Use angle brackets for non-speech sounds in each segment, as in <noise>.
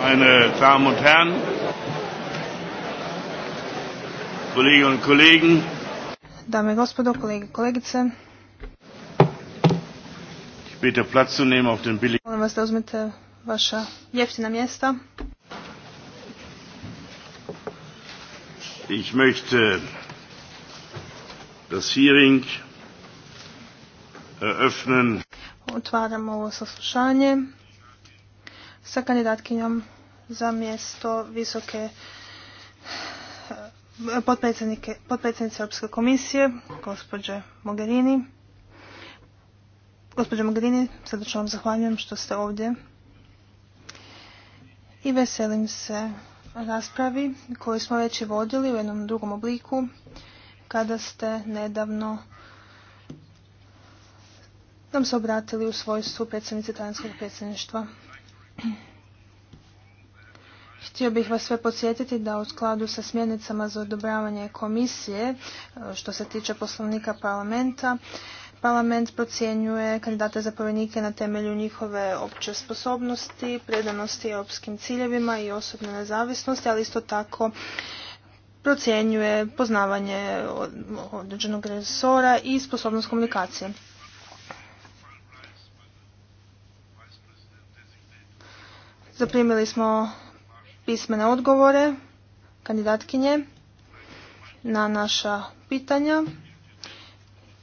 Meine Damen und Herren, Kolleginnen und Kollegen, Dame und gospodo, kolege kolegice, ich bitte Platz zu nehmen auf den billigen. Molim vas da uzmete vaša jeftina mjesta. Ich möchte das Hearing eröffnen. Otvaram ovo saslušanje sa kandidatkinjom za mjesto visoke eh, potpredsjednice Europske komisije, gospođe Mogherini. Gospođe Mogherini, srdečno vam zahvaljujem što ste ovdje i veselim se raspravi koju smo već i vodili u jednom drugom obliku kada ste nedavno nam se obratili u svojstvu predsjednice tajanskog predsjedništva. Htio bih vas sve podsjetiti da u skladu sa smjernicama za odobravanje komisije, e, što se tiče poslovnika parlamenta, Parlament procjenjuje kandidate za povjenike na temelju njihove opće sposobnosti, predanosti europskim ciljevima i osobne nezavisnosti, ali isto tako procjenjuje poznavanje određenog resora i sposobnost komunikacije. Zaprimili smo pismene odgovore kandidatkinje na naša pitanja.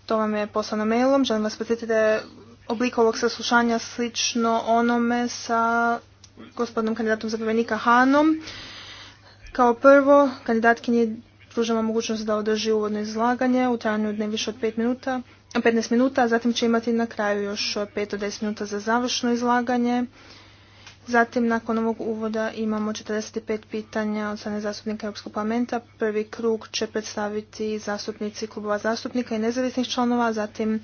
To vam je poslano mailom. Želim vas podsjetiti da je oblik ovog saslušanja slično onome sa gospodinom kandidatom zapovjednika Hanom. Kao prvo, kandidatkinji pružamo mogućnost da održi uvodno izlaganje u trajanju od ne više od 5 minuta, 15 minuta, a zatim će imati na kraju još 5 10 minuta za završno izlaganje Zatim, nakon ovog uvoda imamo 45 pitanja od strane zastupnika Europskog parlamenta. Prvi krug će predstaviti zastupnici klubova zastupnika i nezavisnih članova, zatim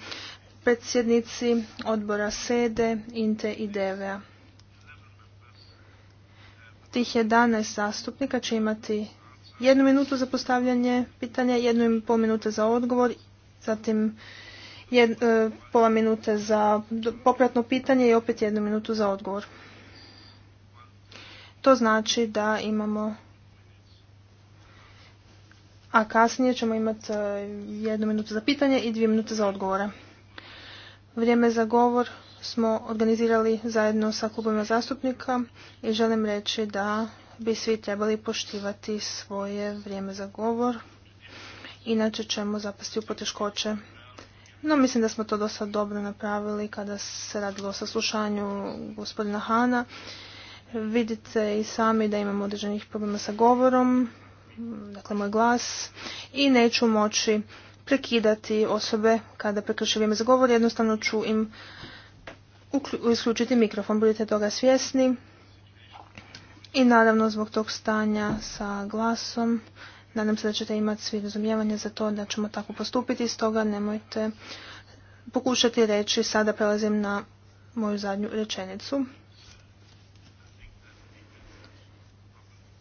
predsjednici odbora SEDE, INTE i DEVEA. Tih 11 zastupnika će imati jednu minutu za postavljanje pitanja, jednu i pol minute za odgovor, zatim e, pola minute za popratno pitanje i opet jednu minutu za odgovor. To znači da imamo a kasnije ćemo imati e, jednu minutu za pitanje i dvije minute za odgovore. Vrijeme za govor smo organizirali zajedno sa klubima zastupnika i želim reći da bi svi trebali poštivati svoje vrijeme za govor, inače ćemo zapasti u poteškoće. No, mislim da smo to dosta dobro napravili kada se radilo o saslušanju gospodina Hana Vidite i sami da imam određenih problema sa govorom, dakle moj glas, i neću moći prekidati osobe kada prekrše vrijeme za govor, jednostavno ću im isključiti mikrofon, budite toga svjesni. I naravno zbog tog stanja sa glasom, nadam se da ćete imati svi razumijevanje za to da ćemo tako postupiti, stoga nemojte pokušati reći, sada prelazim na moju zadnju rečenicu.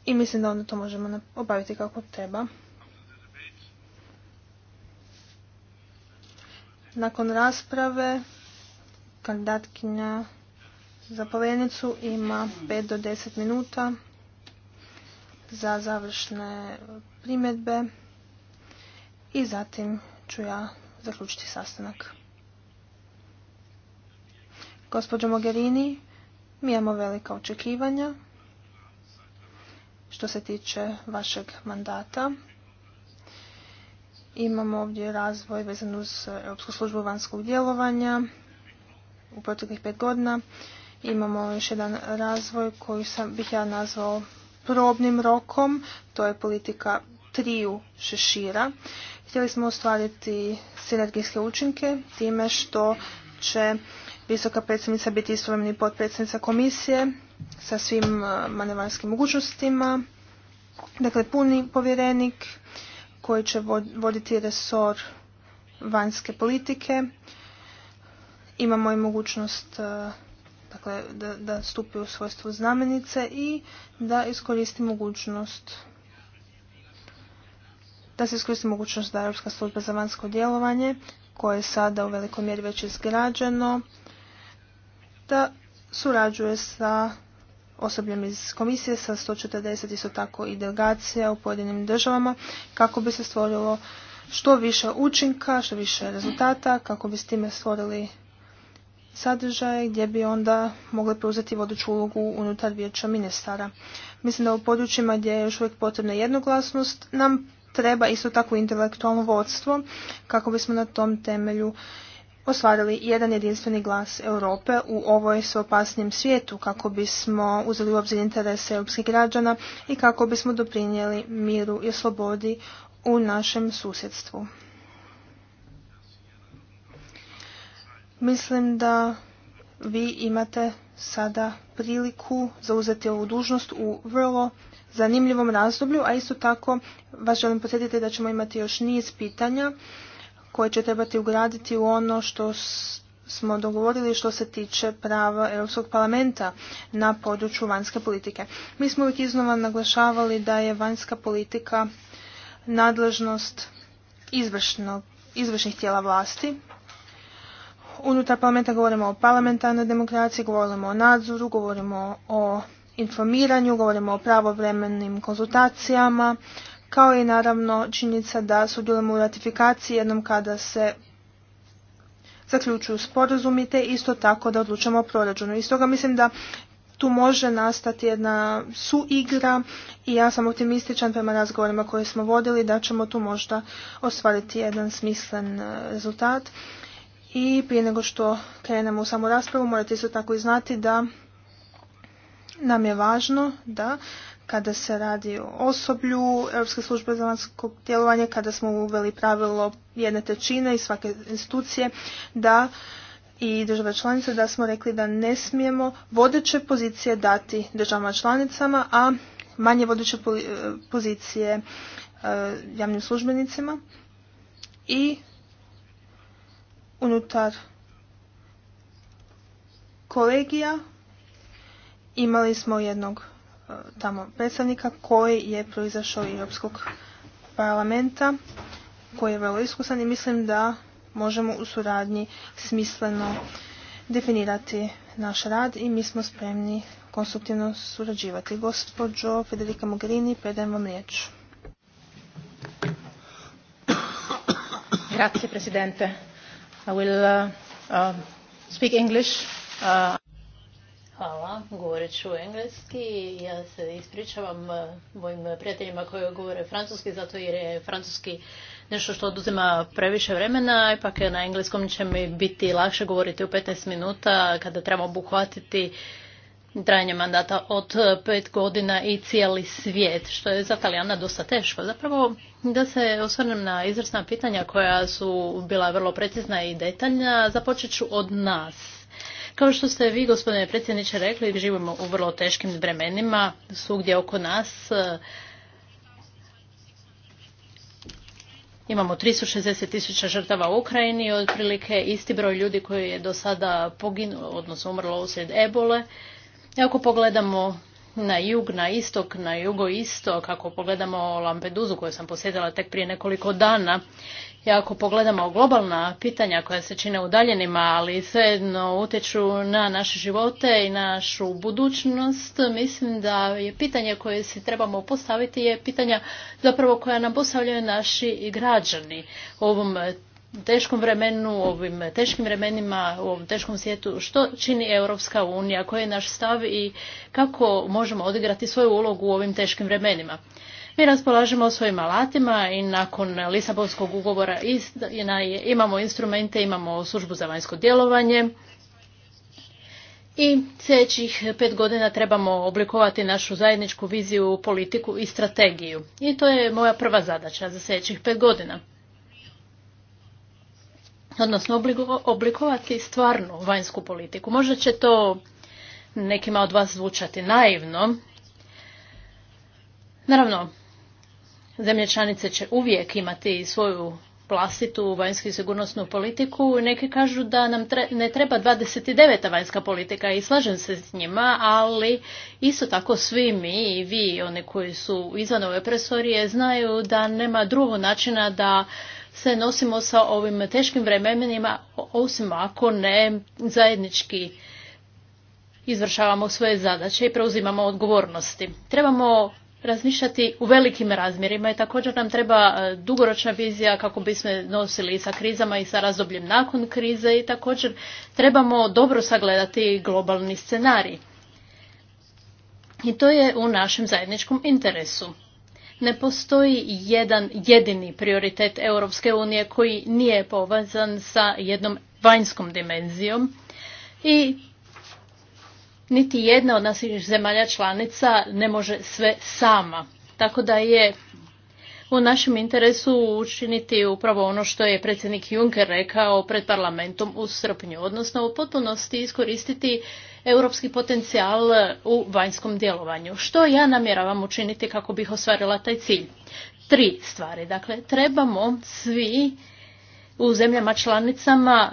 i mislim da onda to možemo obaviti kako treba. Nakon rasprave kandidatkinja za povjerenicu ima 5 do 10 minuta za završne primjedbe i zatim ću ja zaključiti sastanak. Gospođo Mogherini, mi imamo velika očekivanja. Što se tiče vašeg mandata, imamo ovdje razvoj vezan uz Europsku službu vanjskog djelovanja u proteklih pet godina. Imamo još jedan razvoj koji sam, bih ja nazvao probnim rokom, to je politika triju šešira. Htjeli smo ostvariti sinergijske učinke time što će visoka predsjednica biti istovremeni potpredsjednica komisije sa svim uh, manevarskim mogućnostima. Dakle, puni povjerenik koji će voditi resor vanjske politike. Imamo i mogućnost uh, dakle, da, da stupi u svojstvu znamenice i da iskoristi mogućnost da se iskoristi mogućnost da Europska služba za vanjsko djelovanje, koje je sada u velikoj mjeri već izgrađeno, da surađuje sa osobljem iz komisije sa 140 isto tako i delegacija u pojedinim državama kako bi se stvorilo što više učinka, što više rezultata, kako bi s time stvorili sadržaj gdje bi onda mogli preuzeti vodeću ulogu unutar vijeća ministara. Mislim da u područjima gdje je još uvijek potrebna jednoglasnost nam treba isto tako intelektualno vodstvo kako bismo na tom temelju ostvarili jedan jedinstveni glas Europe u ovoj sve opasnijem svijetu kako bismo uzeli u obzir interese europskih građana i kako bismo doprinijeli miru i slobodi u našem susjedstvu. Mislim da vi imate sada priliku zauzeti ovu dužnost u vrlo zanimljivom razdoblju, a isto tako vas želim posjetiti da ćemo imati još niz pitanja koje će trebati ugraditi u ono što smo dogovorili što se tiče prava Europskog parlamenta na području vanjske politike. Mi smo uvijek iznova naglašavali da je vanjska politika nadležnost izvršnih tijela vlasti. Unutar parlamenta govorimo o parlamentarnoj demokraciji, govorimo o nadzoru, govorimo o informiranju, govorimo o pravovremenim konzultacijama, kao i naravno činjenica da sudjelujemo u ratifikaciji jednom kada se zaključuju sporazumi te isto tako da odlučujemo o proračunu. I stoga mislim da tu može nastati jedna suigra i ja sam optimističan prema razgovorima koje smo vodili da ćemo tu možda ostvariti jedan smislen e, rezultat. I prije nego što krenemo u samu raspravu morate isto tako i znati da nam je važno da kada se radi o osoblju Europske službe za vanjsko djelovanje, kada smo uveli pravilo jedne tečine i svake institucije da i države članice da smo rekli da ne smijemo vodeće pozicije dati državama članicama, a manje vodeće e, pozicije e, javnim službenicima i unutar kolegija imali smo jednog tamo predstavnika koji je proizašao Europskog parlamenta, koji je vrlo iskusan i mislim da možemo u suradnji smisleno definirati naš rad i mi smo spremni konstruktivno surađivati. Gospođo Federica Mogherini, predajem vam riječ. Grazie, Presidente. I will uh, uh, speak English. Uh, Hvala, govorit ću engleski. Ja se ispričavam e, mojim prijateljima koji govore francuski, zato jer je francuski nešto što oduzima previše vremena. Ipak na engleskom će mi biti lakše govoriti u 15 minuta kada trebamo obuhvatiti trajanje mandata od pet godina i cijeli svijet, što je za Talijana dosta teško. Zapravo, da se osvrnem na izvrsna pitanja koja su bila vrlo precizna i detaljna, započet ću od nas. Kao što ste vi, gospodine predsjedniče, rekli, živimo u vrlo teškim vremenima, svugdje oko nas. Imamo 360 tisuća žrtava u Ukrajini, otprilike isti broj ljudi koji je do sada poginuo, odnosno umrlo uslijed ebole. Ako pogledamo na jug, na istok, na jugoistok, ako pogledamo Lampeduzu koju sam posjedila tek prije nekoliko dana, i ako pogledamo globalna pitanja koja se čine udaljenima, ali svejedno utječu na naše živote i našu budućnost, mislim da je pitanje koje si trebamo postaviti je pitanja zapravo koja nam postavljaju naši građani u ovom teškom vremenu, u ovim teškim vremenima, u ovom teškom svijetu, što čini Europska unija, koji je naš stav i kako možemo odigrati svoju ulogu u ovim teškim vremenima. Mi raspolažemo svojim alatima i nakon Lisabonskog ugovora imamo instrumente, imamo službu za vanjsko djelovanje i sljedećih pet godina trebamo oblikovati našu zajedničku viziju, politiku i strategiju. I to je moja prva zadaća za sljedećih pet godina. Odnosno, oblikovati stvarnu vanjsku politiku. Možda će to nekima od vas zvučati naivno. Naravno, Zemlje članice će uvijek imati svoju vlastitu vanjsku i sigurnosnu politiku. Neki kažu da nam ne treba 29. vanjska politika i slažem se s njima, ali isto tako svi mi i vi, oni koji su izvan ove presorije, znaju da nema drugog načina da se nosimo sa ovim teškim vremenima, osim ako ne zajednički izvršavamo svoje zadaće i preuzimamo odgovornosti. Trebamo razmišljati u velikim razmjerima i također nam treba e, dugoročna vizija kako bismo nosili i sa krizama i sa razdobljem nakon krize i također trebamo dobro sagledati globalni scenarij. I to je u našem zajedničkom interesu. Ne postoji jedan jedini prioritet Europske unije koji nije povezan sa jednom vanjskom dimenzijom i niti jedna od naših zemalja članica ne može sve sama. Tako da je u našem interesu učiniti upravo ono što je predsjednik Juncker rekao pred parlamentom u srpnju, odnosno u potpunosti iskoristiti europski potencijal u vanjskom djelovanju. Što ja namjeravam učiniti kako bih ostvarila taj cilj? Tri stvari. Dakle, trebamo svi u zemljama članicama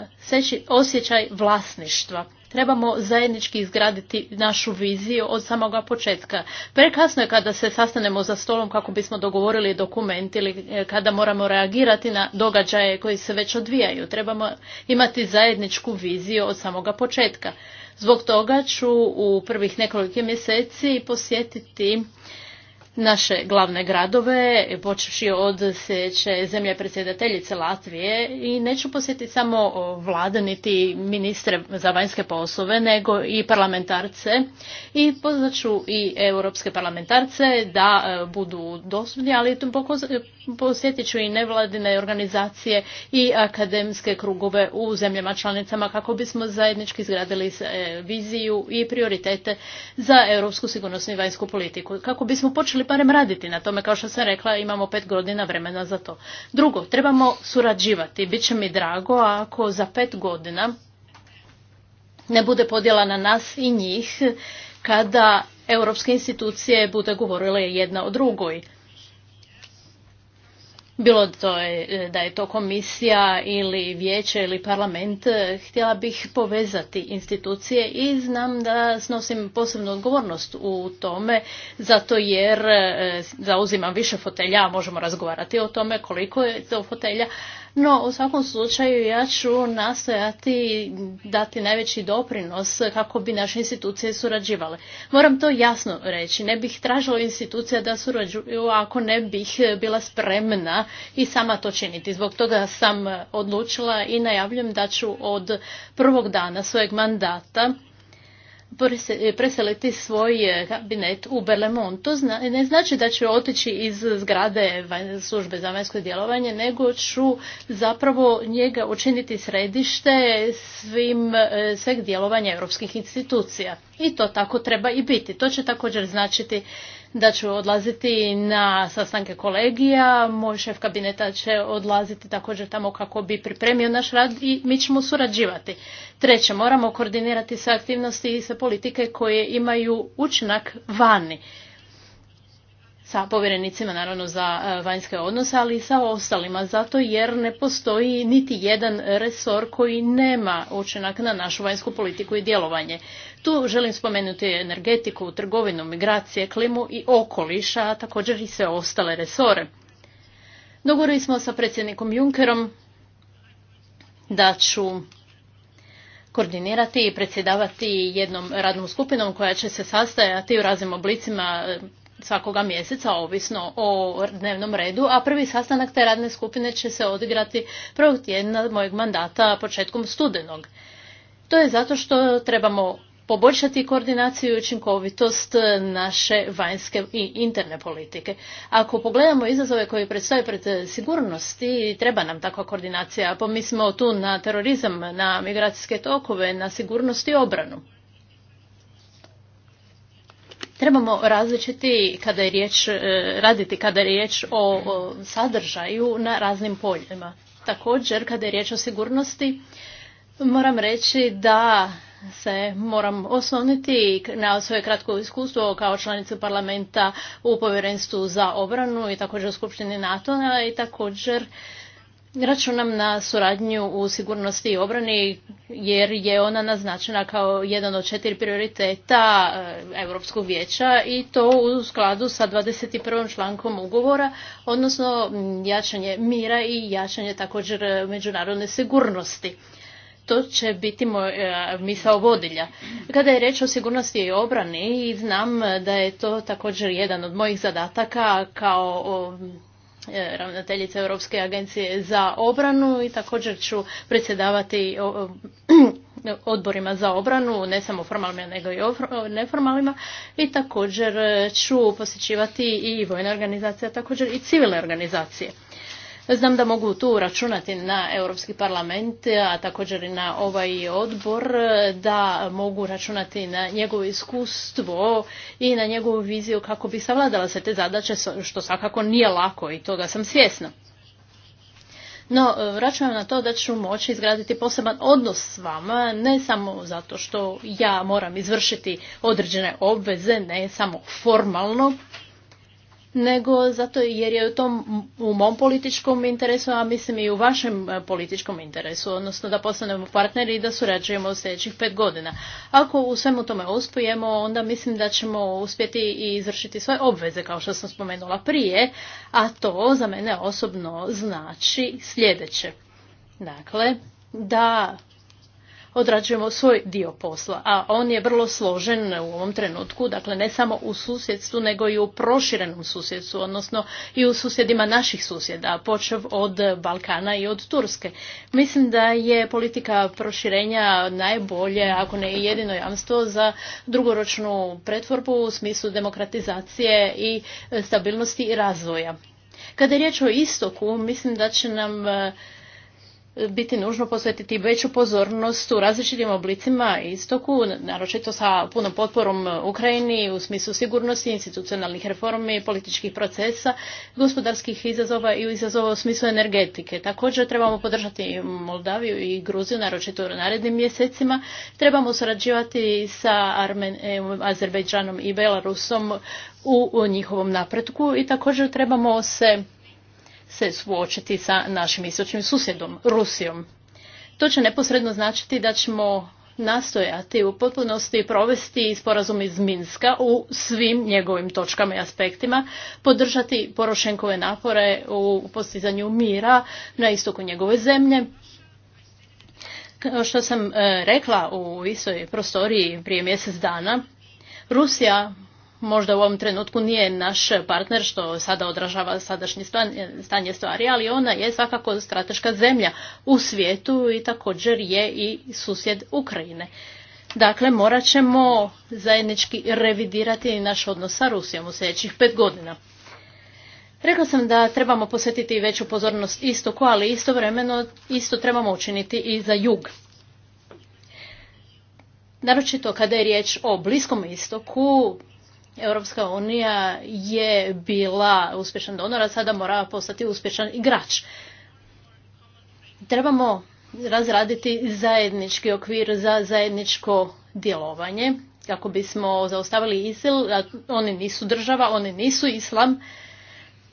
osjećaj vlasništva trebamo zajednički izgraditi našu viziju od samoga početka. Prekasno je kada se sastanemo za stolom kako bismo dogovorili dokument ili e, kada moramo reagirati na događaje koji se već odvijaju. Trebamo imati zajedničku viziju od samoga početka. Zbog toga ću u prvih nekoliko mjeseci posjetiti naše glavne gradove, počeši od sljedeće zemlje predsjedateljice Latvije i neću posjetiti samo vlade niti ministre za vanjske poslove, nego i parlamentarce i pozvaću i europske parlamentarce da e, budu dosudni, ali posjetit ću i nevladine organizacije i akademske krugove u zemljama članicama kako bismo zajednički izgradili e, viziju i prioritete za europsku sigurnosnu i vanjsku politiku. Kako bismo počeli barem raditi na tome, kao što sam rekla, imamo pet godina vremena za to. Drugo, trebamo surađivati. Biće mi drago ako za pet godina ne bude podjela na nas i njih kada europske institucije bude govorile jedna o drugoj bilo to je, e, da je to komisija ili vijeće ili parlament, e, htjela bih povezati institucije i znam da snosim posebnu odgovornost u tome, zato jer e, zauzimam više fotelja, možemo razgovarati o tome koliko je to fotelja, no, u svakom slučaju ja ću nastojati dati najveći doprinos kako bi naše institucije surađivale. Moram to jasno reći. Ne bih tražila institucija da surađuju ako ne bih bila spremna i sama to činiti. Zbog toga sam odlučila i najavljujem da ću od prvog dana svojeg mandata preseliti svoj eh, kabinet u Berlemont. To ne znači da ću otići iz zgrade službe za vanjsko djelovanje, nego ću zapravo njega učiniti središte svim, eh, sveg djelovanja europskih institucija. I to tako treba i biti. To će također značiti da ću odlaziti na sastanke kolegija, moj šef kabineta će odlaziti također tamo kako bi pripremio naš rad i mi ćemo surađivati. Treće, moramo koordinirati sa aktivnosti i sa politike koje imaju učinak vani sa povjerenicima naravno za e, vanjske odnose, ali i sa ostalima, zato jer ne postoji niti jedan resor koji nema učinak na našu vanjsku politiku i djelovanje. Tu želim spomenuti energetiku, trgovinu, migracije, klimu i okoliša, a također i sve ostale resore. Dogovorili smo sa predsjednikom Junkerom da ću koordinirati i predsjedavati jednom radnom skupinom koja će se sastajati u raznim oblicima e, svakoga mjeseca, ovisno o dnevnom redu, a prvi sastanak te radne skupine će se odigrati prvog tjedna mojeg mandata početkom studenog. To je zato što trebamo poboljšati koordinaciju i učinkovitost naše vanjske i interne politike. Ako pogledamo izazove koji predstoje pred sigurnosti, treba nam takva koordinacija. Pomislimo tu na terorizam, na migracijske tokove, na sigurnost i obranu. Trebamo različiti kada je riječ, e, raditi kada je riječ o sadržaju na raznim poljima. Također, kada je riječ o sigurnosti, moram reći da se moram osloniti na svoje kratko iskustvo kao članicu parlamenta u povjerenstvu za obranu i također u Skupštini nato i također računam na suradnju u sigurnosti i obrani jer je ona naznačena kao jedan od četiri prioriteta eh, Europskog vijeća i to u skladu sa 21. člankom ugovora, odnosno mm, jačanje mira i jačanje također međunarodne sigurnosti to će biti moj e, misao vodilja. Kada je reč o sigurnosti i obrani, znam da je to također jedan od mojih zadataka kao e, ravnateljica Europske agencije za obranu i također ću predsjedavati <clears throat> odborima za obranu, ne samo formalnim nego i neformalnima i također ću posjećivati i vojne organizacije, a također i civilne organizacije. Znam da mogu tu računati na Europski parlament, a također i na ovaj odbor, da mogu računati na njegovo iskustvo i na njegovu viziju kako bi savladala se te zadaće, što svakako nije lako i toga sam svjesna. No, računam na to da ću moći izgraditi poseban odnos s vama, ne samo zato što ja moram izvršiti određene obveze, ne samo formalno, nego zato jer je u tom, u mom političkom interesu, a mislim i u vašem e, političkom interesu, odnosno da postanemo partneri i da surađujemo u sljedećih pet godina. Ako u svemu tome uspijemo, onda mislim da ćemo uspjeti i izvršiti svoje obveze, kao što sam spomenula prije, a to za mene osobno znači sljedeće. Dakle, da odrađujemo svoj dio posla, a on je vrlo složen u ovom trenutku, dakle ne samo u susjedstvu, nego i u proširenom susjedstvu, odnosno i u susjedima naših susjeda, počev od Balkana i od Turske. Mislim da je politika proširenja najbolje, ako ne i jedino jamstvo, za drugoročnu pretvorbu u smislu demokratizacije i stabilnosti i razvoja. Kada je riječ o istoku, mislim da će nam biti nužno posvetiti veću pozornost u različitim oblicima istoku, naročito sa punom potporom Ukrajini u smislu sigurnosti, institucionalnih reformi, političkih procesa, gospodarskih izazova i izazova u smislu energetike. Također trebamo podržati Moldaviju i Gruziju, naročito u narednim mjesecima. Trebamo surađivati sa Armen, e, Azerbejdžanom i Belarusom u njihovom napretku i također trebamo se se suočiti sa našim istočnim susjedom, Rusijom. To će neposredno značiti da ćemo nastojati u potpunosti provesti sporazum iz Minska u svim njegovim točkama i aspektima, podržati Porošenkove napore u postizanju mira na istoku njegove zemlje, kao što sam e, rekla u istoj prostoriji prije mjesec dana, Rusija možda u ovom trenutku nije naš partner što sada odražava sadašnje stanje stvari, ali ona je svakako strateška zemlja u svijetu i također je i susjed Ukrajine. Dakle, morat ćemo zajednički revidirati naš odnos sa Rusijom u sljedećih pet godina. Rekla sam da trebamo posjetiti veću pozornost istoku, ali istovremeno isto trebamo učiniti i za jug. Naročito kada je riječ o Bliskom istoku, Europska unija je bila uspješan donor, a sada mora postati uspješan igrač. Trebamo razraditi zajednički okvir za zajedničko djelovanje kako bismo zaustavili ISIL. Oni nisu država, oni nisu islam,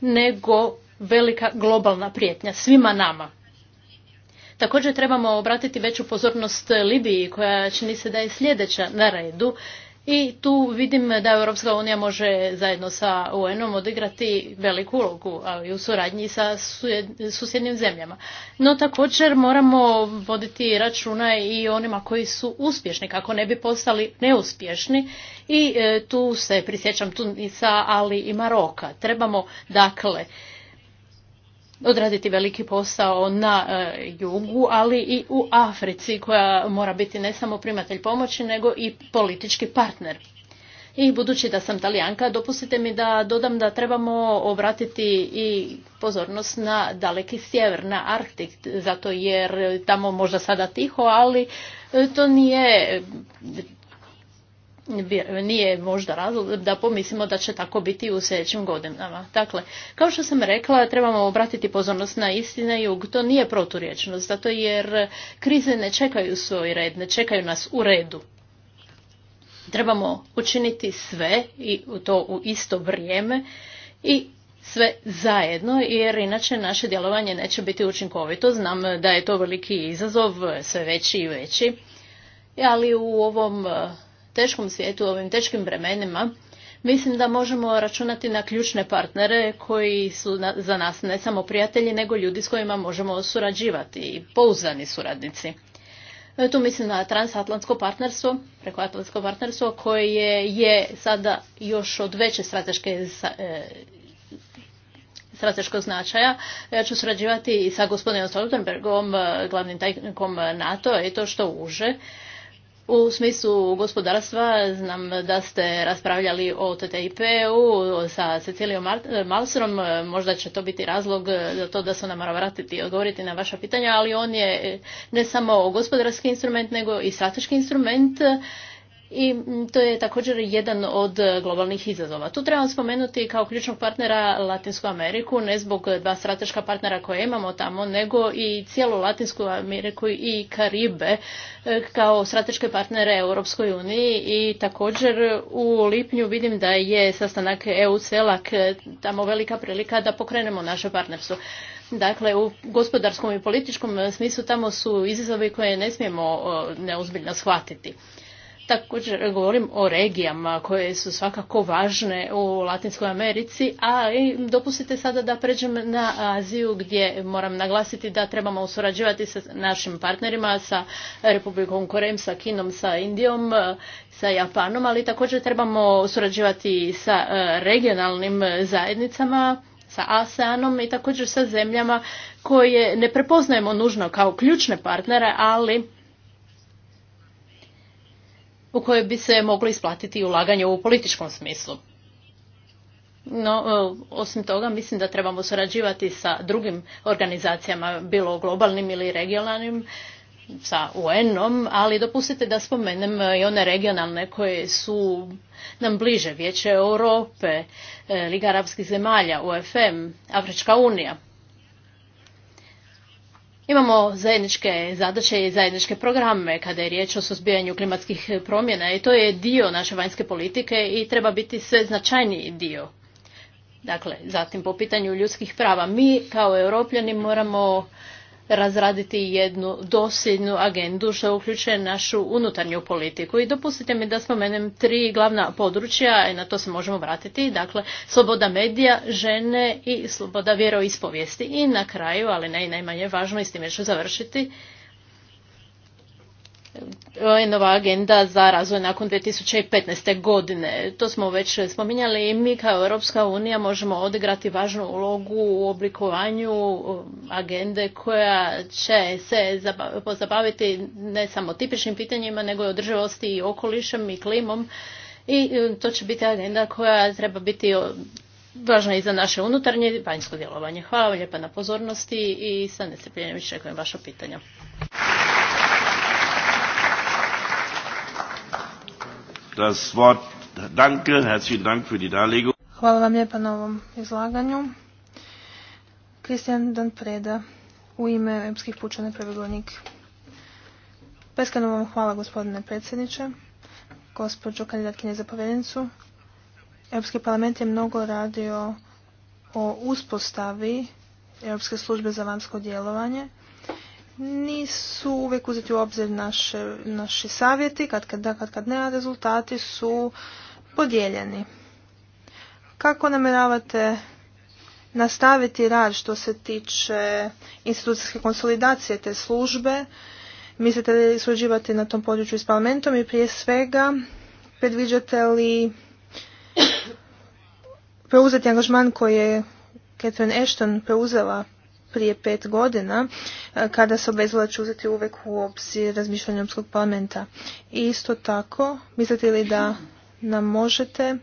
nego velika globalna prijetnja svima nama. Također trebamo obratiti veću pozornost Libiji koja čini se da je sljedeća na redu i tu vidim da Europska unija može zajedno sa UN-om odigrati veliku ulogu, ali u suradnji sa susjednim zemljama. No također moramo voditi računa i onima koji su uspješni, kako ne bi postali neuspješni. I e, tu se prisjećam Tunisa, ali i Maroka. Trebamo, dakle, odraditi veliki posao na e, jugu, ali i u Africi koja mora biti ne samo primatelj pomoći nego i politički partner. I budući da sam talijanka, dopustite mi da dodam da trebamo obratiti i pozornost na daleki sjever, na Arktik, zato jer tamo možda sada tiho, ali e, to nije nije možda razlog da pomislimo da će tako biti u sljedećim godinama. Dakle, kao što sam rekla, trebamo obratiti pozornost na istine i to nije proturječnost, zato jer krize ne čekaju svoj red, ne čekaju nas u redu. Trebamo učiniti sve i to u isto vrijeme i sve zajedno, jer inače naše djelovanje neće biti učinkovito. Znam da je to veliki izazov, sve veći i veći, ali u ovom teškom svijetu, u ovim teškim vremenima, mislim da možemo računati na ključne partnere koji su za nas ne samo prijatelji, nego ljudi s kojima možemo surađivati i pouzdani suradnici. E, tu mislim na transatlantsko partnerstvo, prekoatlantsko partnerstvo koje je sada još od veće strateške e, strateškog značaja. Ja ću surađivati i sa gospodinom Stoltenbergom, e, glavnim tajnikom NATO, i to što uže. U smislu gospodarstva znam da ste raspravljali o TTIP-u sa Cecilijom Malsrom, možda će to biti razlog za to da se nam mora vratiti i odgovoriti na vaša pitanja, ali on je ne samo gospodarski instrument nego i strateški instrument i to je također jedan od e, globalnih izazova. Tu trebam spomenuti kao ključnog partnera Latinsku Ameriku, ne zbog dva strateška partnera koje imamo tamo, nego i cijelu Latinsku Ameriku i Karibe e, kao strateške partnere Europskoj uniji i također u lipnju vidim da je sastanak EU-CELAC e, tamo velika prilika da pokrenemo naše partnerstvo. Dakle, u gospodarskom i političkom smislu tamo su izazovi koje ne smijemo neozbiljno shvatiti. Također govorim o regijama koje su svakako važne u Latinskoj Americi, a i dopustite sada da pređem na Aziju gdje moram naglasiti da trebamo surađivati sa našim partnerima, sa Republikom Korem, sa Kinom, sa Indijom, sa Japanom, ali također trebamo surađivati sa e, regionalnim zajednicama sa ASEANom i također sa zemljama koje ne prepoznajemo nužno kao ključne partnere, ali u kojoj bi se moglo isplatiti ulaganje u političkom smislu. No, e, osim toga, mislim da trebamo surađivati sa drugim organizacijama, bilo globalnim ili regionalnim, sa UN-om, ali dopustite da spomenem e, i one regionalne koje su nam bliže, Vijeće Europe, e, Liga Arabskih zemalja, UFM, Afrička unija. Imamo zajedničke zadaće i zajedničke programe kada je riječ o suzbijanju klimatskih promjena i to je dio naše vanjske politike i treba biti sve značajniji dio. Dakle, zatim po pitanju ljudskih prava. Mi kao europljani moramo razraditi jednu dosljednu agendu što uključuje našu unutarnju politiku. I dopustite mi da spomenem tri glavna područja i na to se možemo vratiti. Dakle, sloboda medija, žene i sloboda vjeroispovijesti. I na kraju, ali ne i najmanje važno i s time ću završiti, E, nova agenda za razvoj nakon 2015. godine. To smo već spominjali i mi kao Europska unija možemo odigrati važnu ulogu u oblikovanju agende koja će se pozabaviti ne samo tipičnim pitanjima nego i održivosti i okolišem i klimom i e, to će biti agenda koja treba biti važna i za naše unutarnje i vanjsko djelovanje. Hvala vam lijepa na pozornosti i sa nestrpljenjem čekujem vaša pitanja. Hvala vam lijepa na ovom izlaganju. Kristijan Dan u ime Europskih pučana prebegovnik. Beskreno vam hvala gospodine predsjedniče, gospođo kandidatkinje za povjerenicu. Europski parlament je mnogo radio o uspostavi Europske službe za vanjsko djelovanje nisu uvijek uzeti u obzir naše, naši savjeti, kad kad, da, kad kad ne, rezultati su podijeljeni. Kako namjeravate nastaviti rad što se tiče institucijske konsolidacije te službe? Mislite li surađivati na tom području s parlamentom i prije svega predviđate li preuzeti angažman koji je Catherine Ashton preuzela prije pet godina e, kada se obvezala ću uzeti uvek u opciji razmišljanja Europskog parlamenta. I isto tako, mislite li da nam možete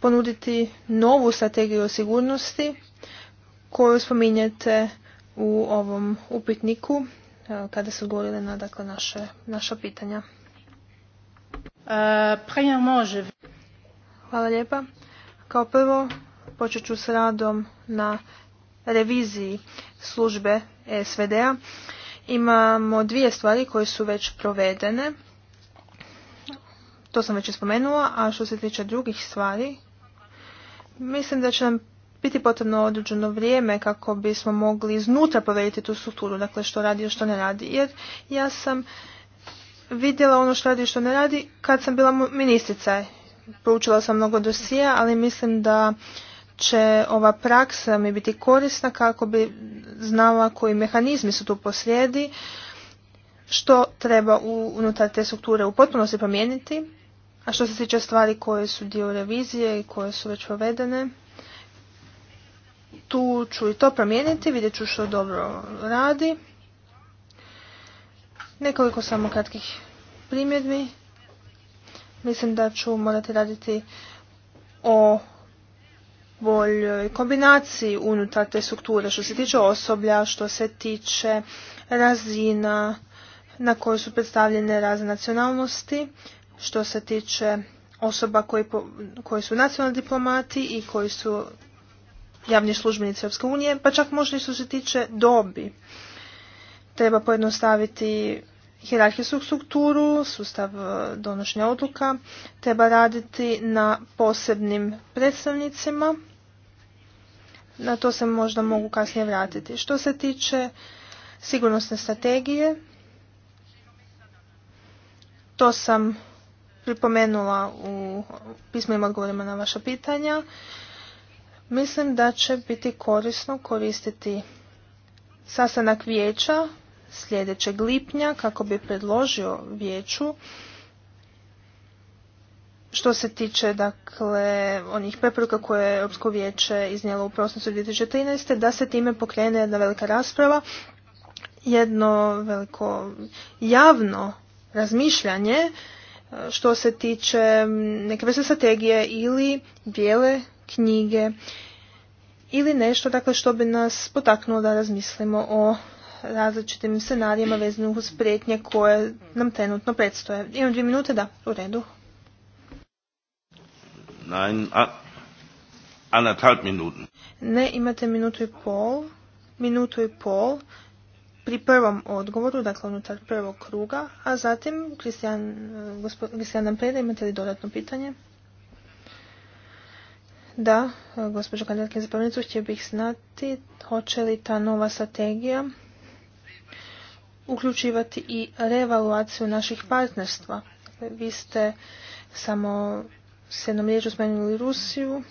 ponuditi novu strategiju o sigurnosti koju spominjete u ovom upitniku e, kada su odgovorili na dakle, naše, naša pitanja. Uh, Hvala lijepa. Kao prvo počet ću s radom na reviziji službe SVD-a imamo dvije stvari koje su već provedene. To sam već spomenula, a što se tiče drugih stvari, mislim da će nam biti potrebno određeno vrijeme kako bismo mogli iznutra povediti tu strukturu, dakle što radi i što ne radi. Jer ja sam vidjela ono što radi i što ne radi kad sam bila ministrica. Proučila sam mnogo dosija, ali mislim da će ova praksa mi biti korisna kako bi znala koji mehanizmi su tu poslijedi, što treba unutar te strukture u potpunosti promijeniti, a što se tiče stvari koje su dio revizije i koje su već provedene, tu ću i to promijeniti, vidjet ću što dobro radi. Nekoliko samo kratkih primjedbi. Mislim da ću morati raditi o boljoj kombinaciji unutar te strukture što se tiče osoblja, što se tiče razina na kojoj su predstavljene razne nacionalnosti, što se tiče osoba koji, su nacionalni diplomati i koji su javni službenici Europske unije, pa čak možda i što se tiče dobi. Treba pojednostaviti hjerarhijsku strukturu, sustav e, donošenja odluka, treba raditi na posebnim predstavnicima. Na to se možda mogu kasnije vratiti. Što se tiče sigurnosne strategije, to sam pripomenula u pismenim odgovorima na vaša pitanja. Mislim da će biti korisno koristiti sastanak vijeća sljedećeg lipnja kako bi predložio vijeću što se tiče dakle onih preporuka koje je Europsko vijeće iznijelo u prosincu 2013. da se time pokrene jedna velika rasprava, jedno veliko javno razmišljanje e, što se tiče neke vrste strategije ili bijele knjige ili nešto dakle što bi nas potaknulo da razmislimo o različitim scenarijima vezanim uz prijetnje koje nam trenutno predstoje. Imam dvije minute, da, u redu. Ne, imate minutu i pol. Minutu i pol pri prvom odgovoru, dakle unutar prvog kruga, a zatim Kristijan, eh, nam Preda, imate li dodatno pitanje? Da, eh, gospođo kandidatke za htio bih znati hoće li ta nova strategija uključivati i revaluaciju naših partnerstva. Vi ste samo s jednom riječu spomenuli Rusiju.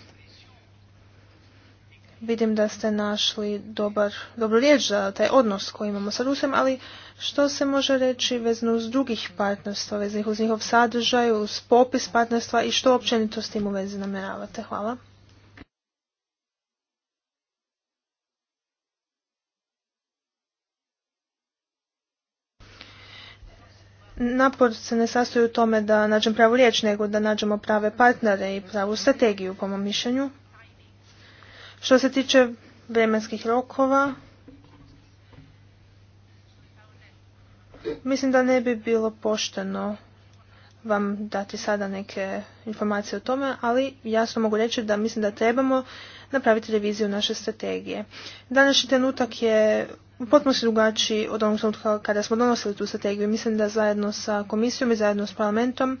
Vidim da ste našli dobar, dobru riječ za taj odnos koji imamo sa Rusijom, ali što se može reći vezno uz drugih partnerstva, vezno uz njihov sadržaj, uz popis partnerstva i što općenito s tim u vezi namjeravate? Hvala. napor se ne sastoji u tome da nađemo pravu riječ, nego da nađemo prave partnere i pravu strategiju, po mom mišljenju. Što se tiče vremenskih rokova, mislim da ne bi bilo pošteno vam dati sada neke informacije o tome, ali jasno mogu reći da mislim da trebamo napraviti reviziju naše strategije. Današnji trenutak je potpuno se drugačiji od onog trenutka kada smo donosili tu strategiju. Mislim da zajedno sa komisijom i zajedno s parlamentom,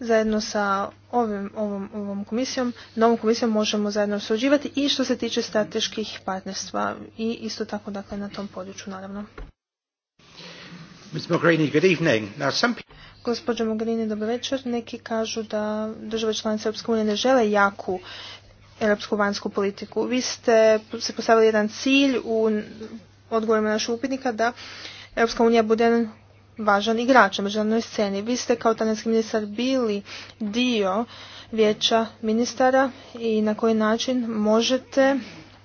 zajedno sa ovim, ovom, ovom komisijom, novom komisijom možemo zajedno surađivati i što se tiče strateških partnerstva i isto tako dakle na tom području naravno. Gospođo Mogherini, dobro večer. Neki kažu da države članice Europske unije ne žele jaku europsku vanjsku politiku. Vi ste se postavili jedan cilj u odgovorima našeg upitnika da Europska unija bude važan igrač na međunarodnoj sceni. Vi ste kao talijanski ministar bili dio vijeća ministara i na koji način možete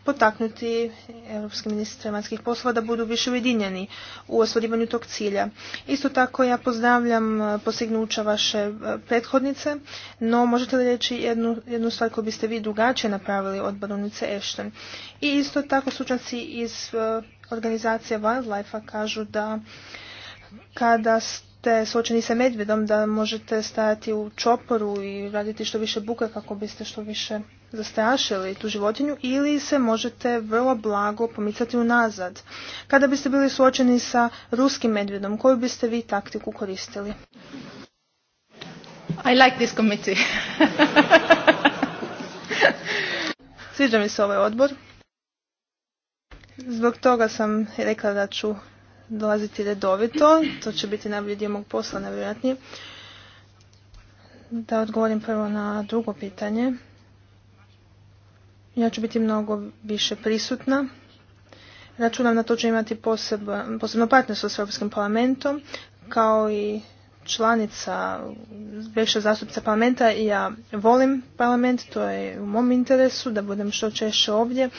potaknuti europske ministre vanjskih poslova da budu više ujedinjeni u ostvarivanju tog cilja. Isto tako ja pozdravljam e, postignuća vaše e, prethodnice, no možete li reći jednu, jednu stvar koju biste vi drugačije napravili od baronice Ešten. I isto tako slučajci iz e, organizacije Wildlife-a kažu da kada ste suočeni sa medvedom, da možete stajati u čoporu i raditi što više buke kako biste što više zastrašili tu životinju ili se možete vrlo blago pomicati unazad. Kada biste bili suočeni sa ruskim medvjedom, koju biste vi taktiku koristili? I like this committee. <laughs> Sviđa mi se ovaj odbor. Zbog toga sam rekla da ću dolaziti redovito. To će biti najbolji dio mog posla, nevjerojatnije. Da odgovorim prvo na drugo pitanje. Ja ću biti mnogo više prisutna. Računam na to će imati posebno, posebno partnerstvo s Europskim parlamentom, kao i članica, veća zastupnica parlamenta i ja volim parlament, to je u mom interesu da budem što češće ovdje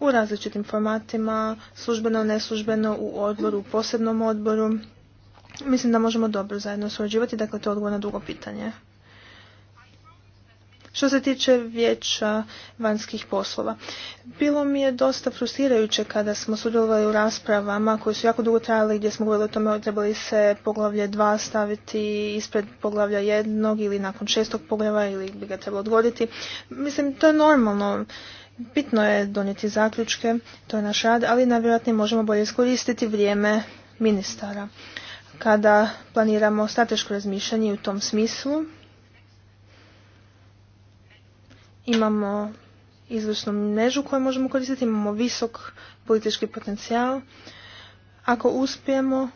u različitim formatima, službeno, neslužbeno, u odboru, u posebnom odboru. Mislim da možemo dobro zajedno surađivati, dakle to je odgovor na drugo pitanje. Što se tiče vijeća vanjskih poslova, bilo mi je dosta frustrirajuće kada smo sudjelovali u raspravama koje su jako dugo trajali gdje smo govorili o tome trebali se poglavlje 2 staviti ispred poglavlja jednog ili nakon šestog poglava ili bi ga trebalo odgoditi. Mislim, to je normalno. Bitno je donijeti zaključke, to je naš rad, ali najvjerojatnije možemo bolje iskoristiti vrijeme ministara kada planiramo strateško razmišljanje u tom smislu Imamo izvršnu mrežu koju možemo koristiti, imamo visok politički potencijal. Ako uspijemo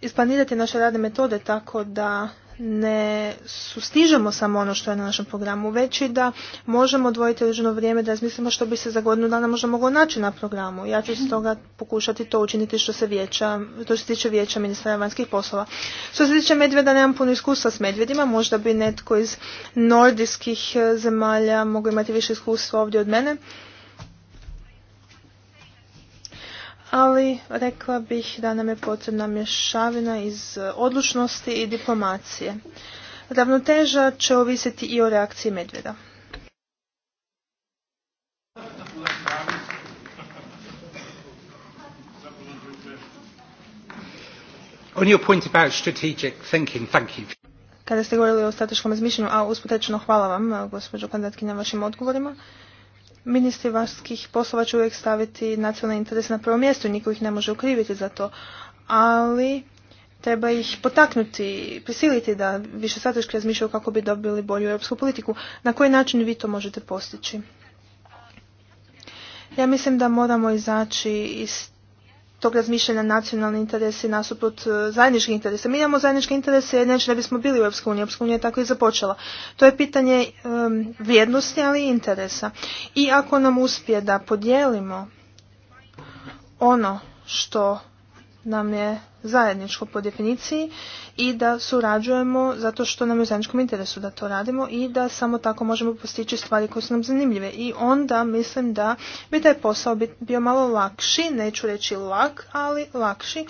isplanirati naše radne metode tako da ne sustižemo samo ono što je na našem programu, već i da možemo odvojiti određeno vrijeme da razmislimo što bi se za godinu dana možda moglo naći na programu. Ja ću stoga pokušati to učiniti što se vijeća, to se tiče vijeća ministra vanjskih poslova. Što se tiče medvjeda, nemam puno iskustva s medvjedima, možda bi netko iz nordijskih eh, zemalja mogao imati više iskustva ovdje od mene. ali rekla bih da nam je potrebna mješavina iz e, odlučnosti i diplomacije. Ravnoteža će ovisiti i o reakciji medvjeda. Kada ste govorili o strateškom razmišljanju, a usputečno hvala vam, e, gospođo kandidatki, na vašim odgovorima ministri vanjskih poslova će uvijek staviti nacionalne interese na prvo mjesto i niko ih ne može ukriviti za to. Ali treba ih potaknuti, prisiliti da više strateški razmišljaju kako bi dobili bolju europsku politiku. Na koji način vi to možete postići? Ja mislim da moramo izaći iz tog razmišljanja nacionalni interesi nasuprot e, zajedničkih interesa. Mi imamo zajedničke interese jer neće da bismo bili u EU. EU je tako i započela. To je pitanje e, vrijednosti, ali i interesa. I ako nam uspije da podijelimo ono što nam je zajedničko po definiciji i da surađujemo zato što nam je u zajedničkom interesu da to radimo i da samo tako možemo postići stvari koje su nam zanimljive. I onda mislim da bi taj posao bio malo lakši, neću reći lak, ali lakši.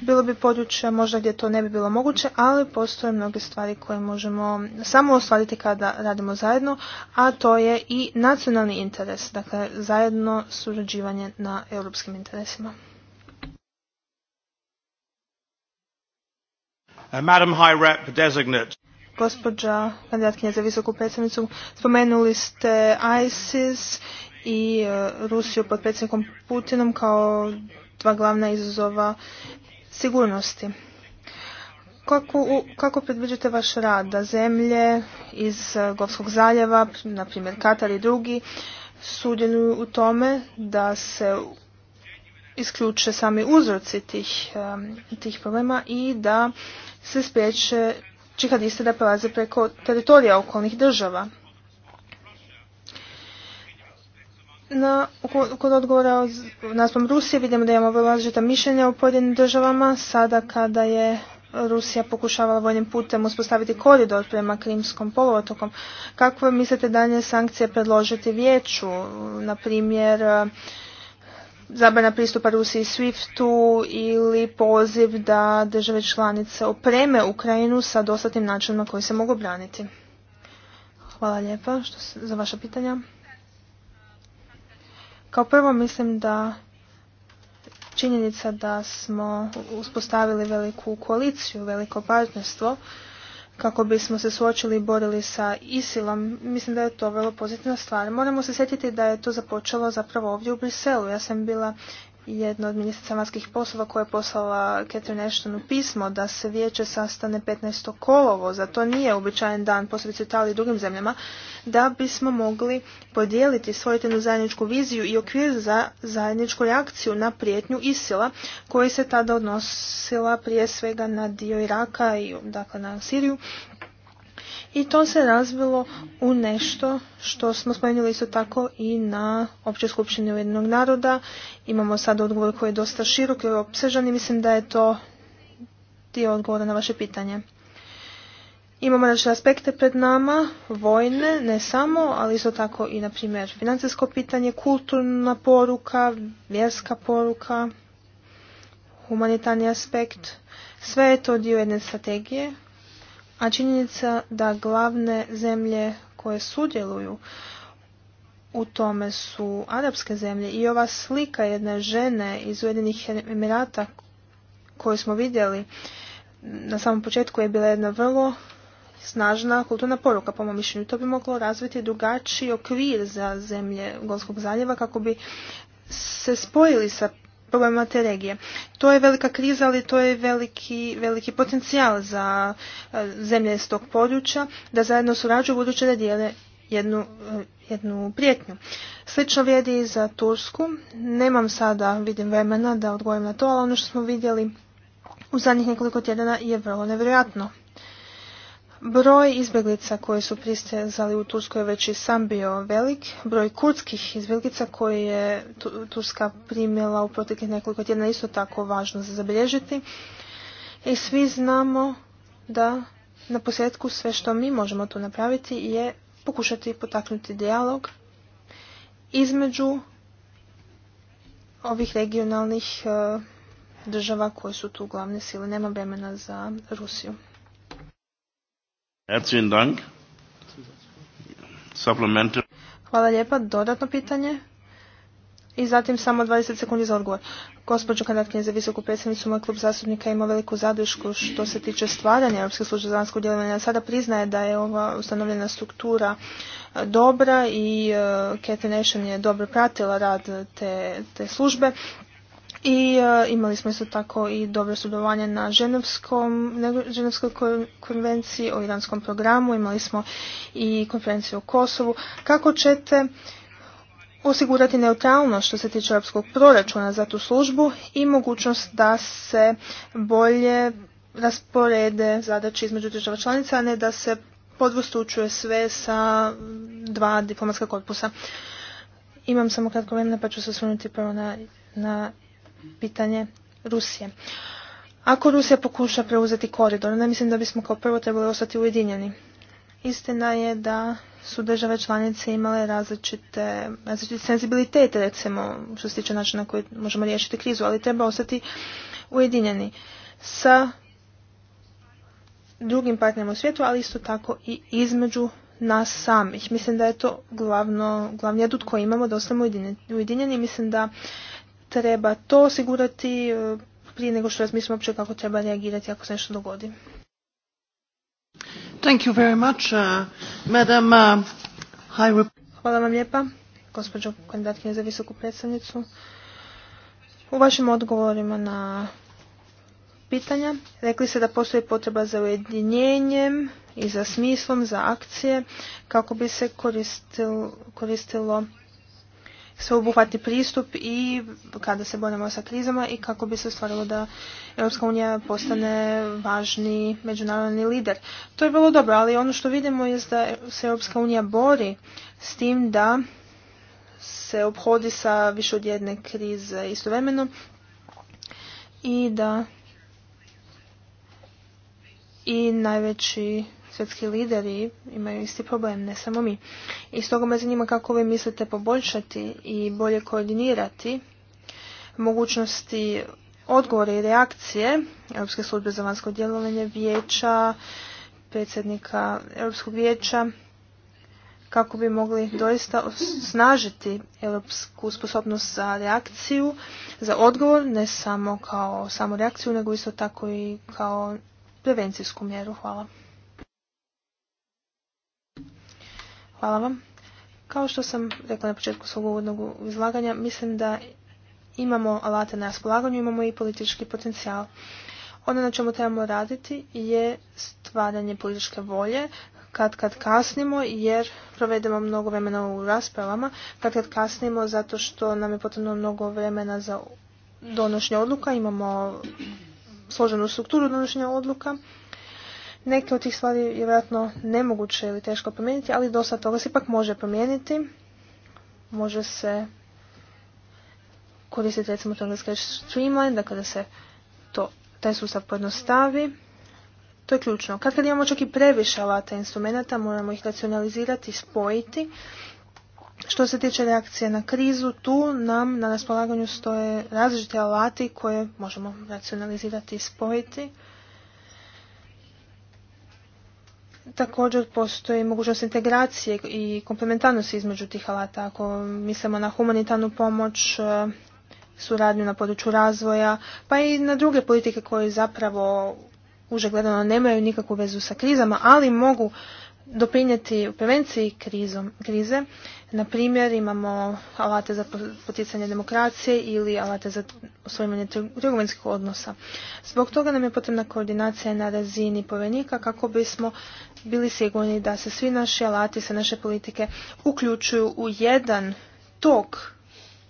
Bilo bi područje možda gdje to ne bi bilo moguće, ali postoje mnoge stvari koje možemo samo ostvariti kada radimo zajedno, a to je i nacionalni interes, dakle zajedno surađivanje na europskim interesima. Uh, Madam High Rep Designate. Gospođa kandidatkinja za visoku predstavnicu, spomenuli ste ISIS i uh, Rusiju pod predsjednikom Putinom kao dva glavna izazova sigurnosti. Kako, kako predviđate vaš rad da zemlje iz uh, Govskog zaljeva, na primjer Katar i drugi, sudjeluju u tome da se isključe sami uzroci tih, tih problema i da se spriječe čihadiste da prelaze preko teritorija okolnih država. Na, kod odgovora naspom Rusije vidimo da imamo vrlo različita mišljenja u pojedinim državama. Sada kada je Rusija pokušavala vojnim putem uspostaviti koridor prema Krimskom poluotokom, kako mislite danje sankcije predložiti vijeću, na primjer zabrana pristupa Rusiji SWIFT-u ili poziv da države članice opreme Ukrajinu sa dostatnim načinima koji se mogu braniti. Hvala lijepa što za vaša pitanja. Kao prvo mislim da činjenica da smo uspostavili veliku koaliciju, veliko partnerstvo kako bismo se suočili i borili sa Isilom. Mislim da je to vrlo pozitivna stvar. Moramo se sjetiti da je to započelo zapravo ovdje u Briselu. Ja sam bila jedna od ministrica vanjskih poslova koja je poslala Catherine Ashtonu pismo da se vijeće sastane 15. kolovo, za to nije uobičajen dan, posebice Italiji i drugim zemljama, da bismo mogli podijeliti svojitinu zajedničku viziju i okvir za zajedničku reakciju na prijetnju Isila, koji se tada odnosila prije svega na dio Iraka i dakle na Siriju, i to se razvilo u nešto što smo spomenuli isto tako i na općoj skupštini Ujedinog naroda. Imamo sad odgovor koji je dosta širok i opsežan i mislim da je to dio odgovora na vaše pitanje. Imamo naše aspekte pred nama, vojne, ne samo, ali isto tako i, na primjer, financijsko pitanje, kulturna poruka, vjerska poruka, humanitarni aspekt. Sve je to dio jedne strategije a činjenica da glavne zemlje koje sudjeluju u tome su arapske zemlje i ova slika jedne žene iz Ujedinih Emirata koju smo vidjeli na samom početku je bila jedna vrlo snažna kulturna poruka po mom mišljenju. To bi moglo razviti drugačiji okvir za zemlje Golskog zaljeva kako bi se spojili sa te regije. To je velika kriza, ali to je veliki, veliki potencijal za e, zemlje iz tog područja da zajedno surađuju buduće da dijele jednu, e, jednu prijetnju. Slično vrijedi i za Tursku. Nemam sada, vidim vremena da odgovorim na to, ali ono što smo vidjeli u zadnjih nekoliko tjedana je vrlo nevjerojatno. Broj izbjeglica koje su pristezali u Turskoj je već i sam bio velik. Broj kurdskih izbjeglica koje je Turska primjela u proteklih nekoliko tjedna isto tako važno za zabilježiti. I svi znamo da na posljedku sve što mi možemo tu napraviti je pokušati potaknuti dijalog između ovih regionalnih e, država koje su tu glavne sile. Nema vremena za Rusiju. Hvala lijepa. Dodatno pitanje. I zatim samo 20 sekundi za odgovor. Gospođo kandidatkinje za visoku predsjednicu moj klub zastupnika ima veliku zadršku što se tiče stvaranja Europske službe za vanjsko djelovanje. Sada priznaje da je ova ustanovljena struktura e, dobra i e, Catherine Nation je dobro pratila rad te, te službe. I e, imali smo isto tako i dobro sudovanje na Ženevskoj konvenciji o iranskom programu, imali smo i konferenciju o Kosovu. Kako ćete osigurati neutralnost što se tiče europskog proračuna za tu službu i mogućnost da se bolje rasporede zadaće između država članica, a ne da se podvostučuje sve sa dva diplomatska korpusa. Imam samo kratko pa ću se osvrnuti prvo na, na pitanje Rusije. Ako Rusija pokuša preuzeti koridor, ne mislim da bismo kao prvo trebali ostati ujedinjeni. Istina je da su države članice imale različite, različite senzibilitete, recimo, što se tiče načina na koji možemo riješiti krizu, ali treba ostati ujedinjeni sa drugim partnerima u svijetu, ali isto tako i između nas samih. Mislim da je to glavno, glavni adut koji imamo, da ostamo ujedinjeni. Mislim da treba to osigurati e, prije nego što razmislimo uopće kako treba reagirati ako se nešto dogodi. Thank you uh, uh, Hvala vam lijepa, gospođo za visoku predstavnicu. U vašim odgovorima na pitanja rekli ste da postoji potreba za ujedinjenjem i za smislom, za akcije kako bi se koristilo sveobuhvatni pristup i kada se borimo sa krizama i kako bi se ostvarilo da Europska unija postane važni međunarodni lider. To je bilo dobro, ali ono što vidimo je da se Europska unija bori s tim da se obhodi sa više od jedne krize istovremeno i da i najveći svjetski lideri imaju isti problem, ne samo mi. I stoga me zanima kako vi mislite poboljšati i bolje koordinirati mogućnosti odgovore i reakcije Europske službe za vanjsko djelovanje, vijeća, predsjednika Europskog vijeća, kako bi mogli doista snažiti europsku sposobnost za reakciju, za odgovor, ne samo kao samo reakciju, nego isto tako i kao prevencijsku mjeru. Hvala. Hvala vam. Kao što sam rekla na početku svog uvodnog izlaganja, mislim da imamo alate na raspolaganju, imamo i politički potencijal. Ono na čemu trebamo raditi je stvaranje političke volje, kad kad kasnimo jer provedemo mnogo vremena u raspravama, kad kad kasnimo zato što nam je potrebno mnogo vremena za donošenje odluka, imamo složenu strukturu donošenja odluka Neke od tih stvari je vjerojatno nemoguće ili teško promijeniti, ali dosta toga se ipak može promijeniti. Može se koristiti recimo to engleska streamline, dakle da se to, taj sustav pojednostavi. To je ključno. Kad kad imamo čak i previše alata instrumenta, moramo ih racionalizirati, spojiti. Što se tiče reakcije na krizu, tu nam na raspolaganju stoje različite alati koje možemo racionalizirati i spojiti. Također postoji mogućnost integracije i komplementarnosti između tih alata. Ako mislimo na humanitarnu pomoć, e, suradnju na području razvoja, pa i na druge politike koje zapravo uže gledano nemaju nikakvu vezu sa krizama, ali mogu doprinijeti u prevenciji krizom, krize. Na primjer imamo alate za poticanje demokracije ili alate za osvojimanje trgovinskih odnosa. Zbog toga nam je potrebna koordinacija na razini povjerenika kako bismo bili sigurni da se svi naši alati, sve naše politike uključuju u jedan tok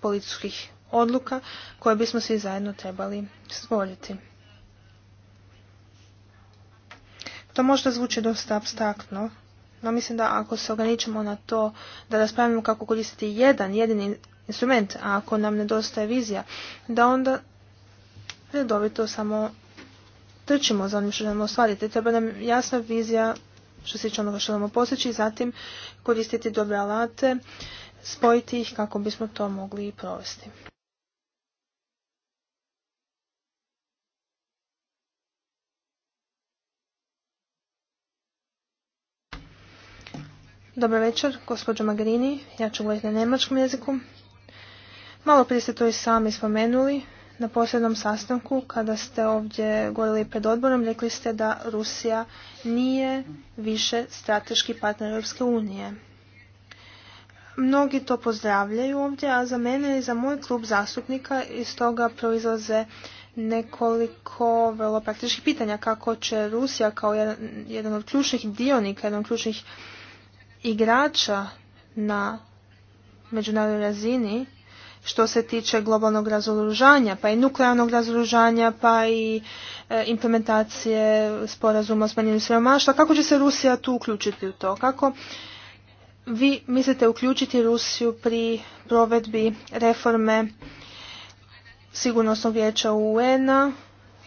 političkih odluka koje bismo svi zajedno trebali stvoriti. To možda zvuči dosta abstraktno, no mislim da ako se ograničimo na to da raspravimo kako koristiti jedan, jedini instrument, a ako nam nedostaje vizija, da onda redovito samo trčimo za onim što nam ostvariti. Treba nam jasna vizija što se tiče onoga što zatim koristiti dobre alate, spojiti ih kako bismo to mogli i provesti. Dobar večer, gospođo Magrini. Ja ću govoriti na nemačkom jeziku. Malo prije ste to i sami spomenuli na posljednom sastanku kada ste ovdje govorili pred odborom, rekli ste da Rusija nije više strateški partner Europske unije. Mnogi to pozdravljaju ovdje, a za mene i za moj klub zastupnika iz toga proizlaze nekoliko vrlo praktičkih pitanja kako će Rusija kao jedan od ključnih dionika, jedan od ključnih igrača na međunarodnoj razini što se tiče globalnog razoružanja, pa i nuklearnog razoružanja, pa i e, implementacije sporazuma o smanjenju siromaštva. Kako će se Rusija tu uključiti u to? Kako vi mislite uključiti Rusiju pri provedbi reforme sigurnosnog vijeća UN-a,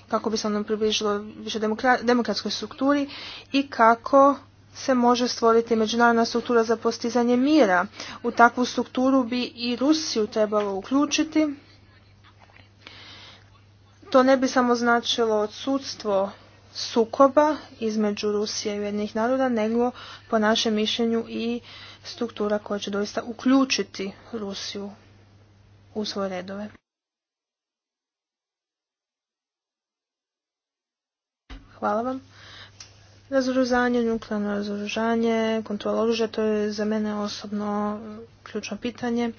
kako bi se ono približilo više demokratskoj strukturi i kako se može stvoriti međunarodna struktura za postizanje mira. U takvu strukturu bi i Rusiju trebalo uključiti. To ne bi samo značilo odsudstvo sukoba između Rusije i jednih naroda, nego po našem mišljenju i struktura koja će doista uključiti Rusiju u svoje redove. Hvala vam. Razoružanje, nuklearno razoružanje, kontrola oružja, to je za mene osobno ključno pitanje.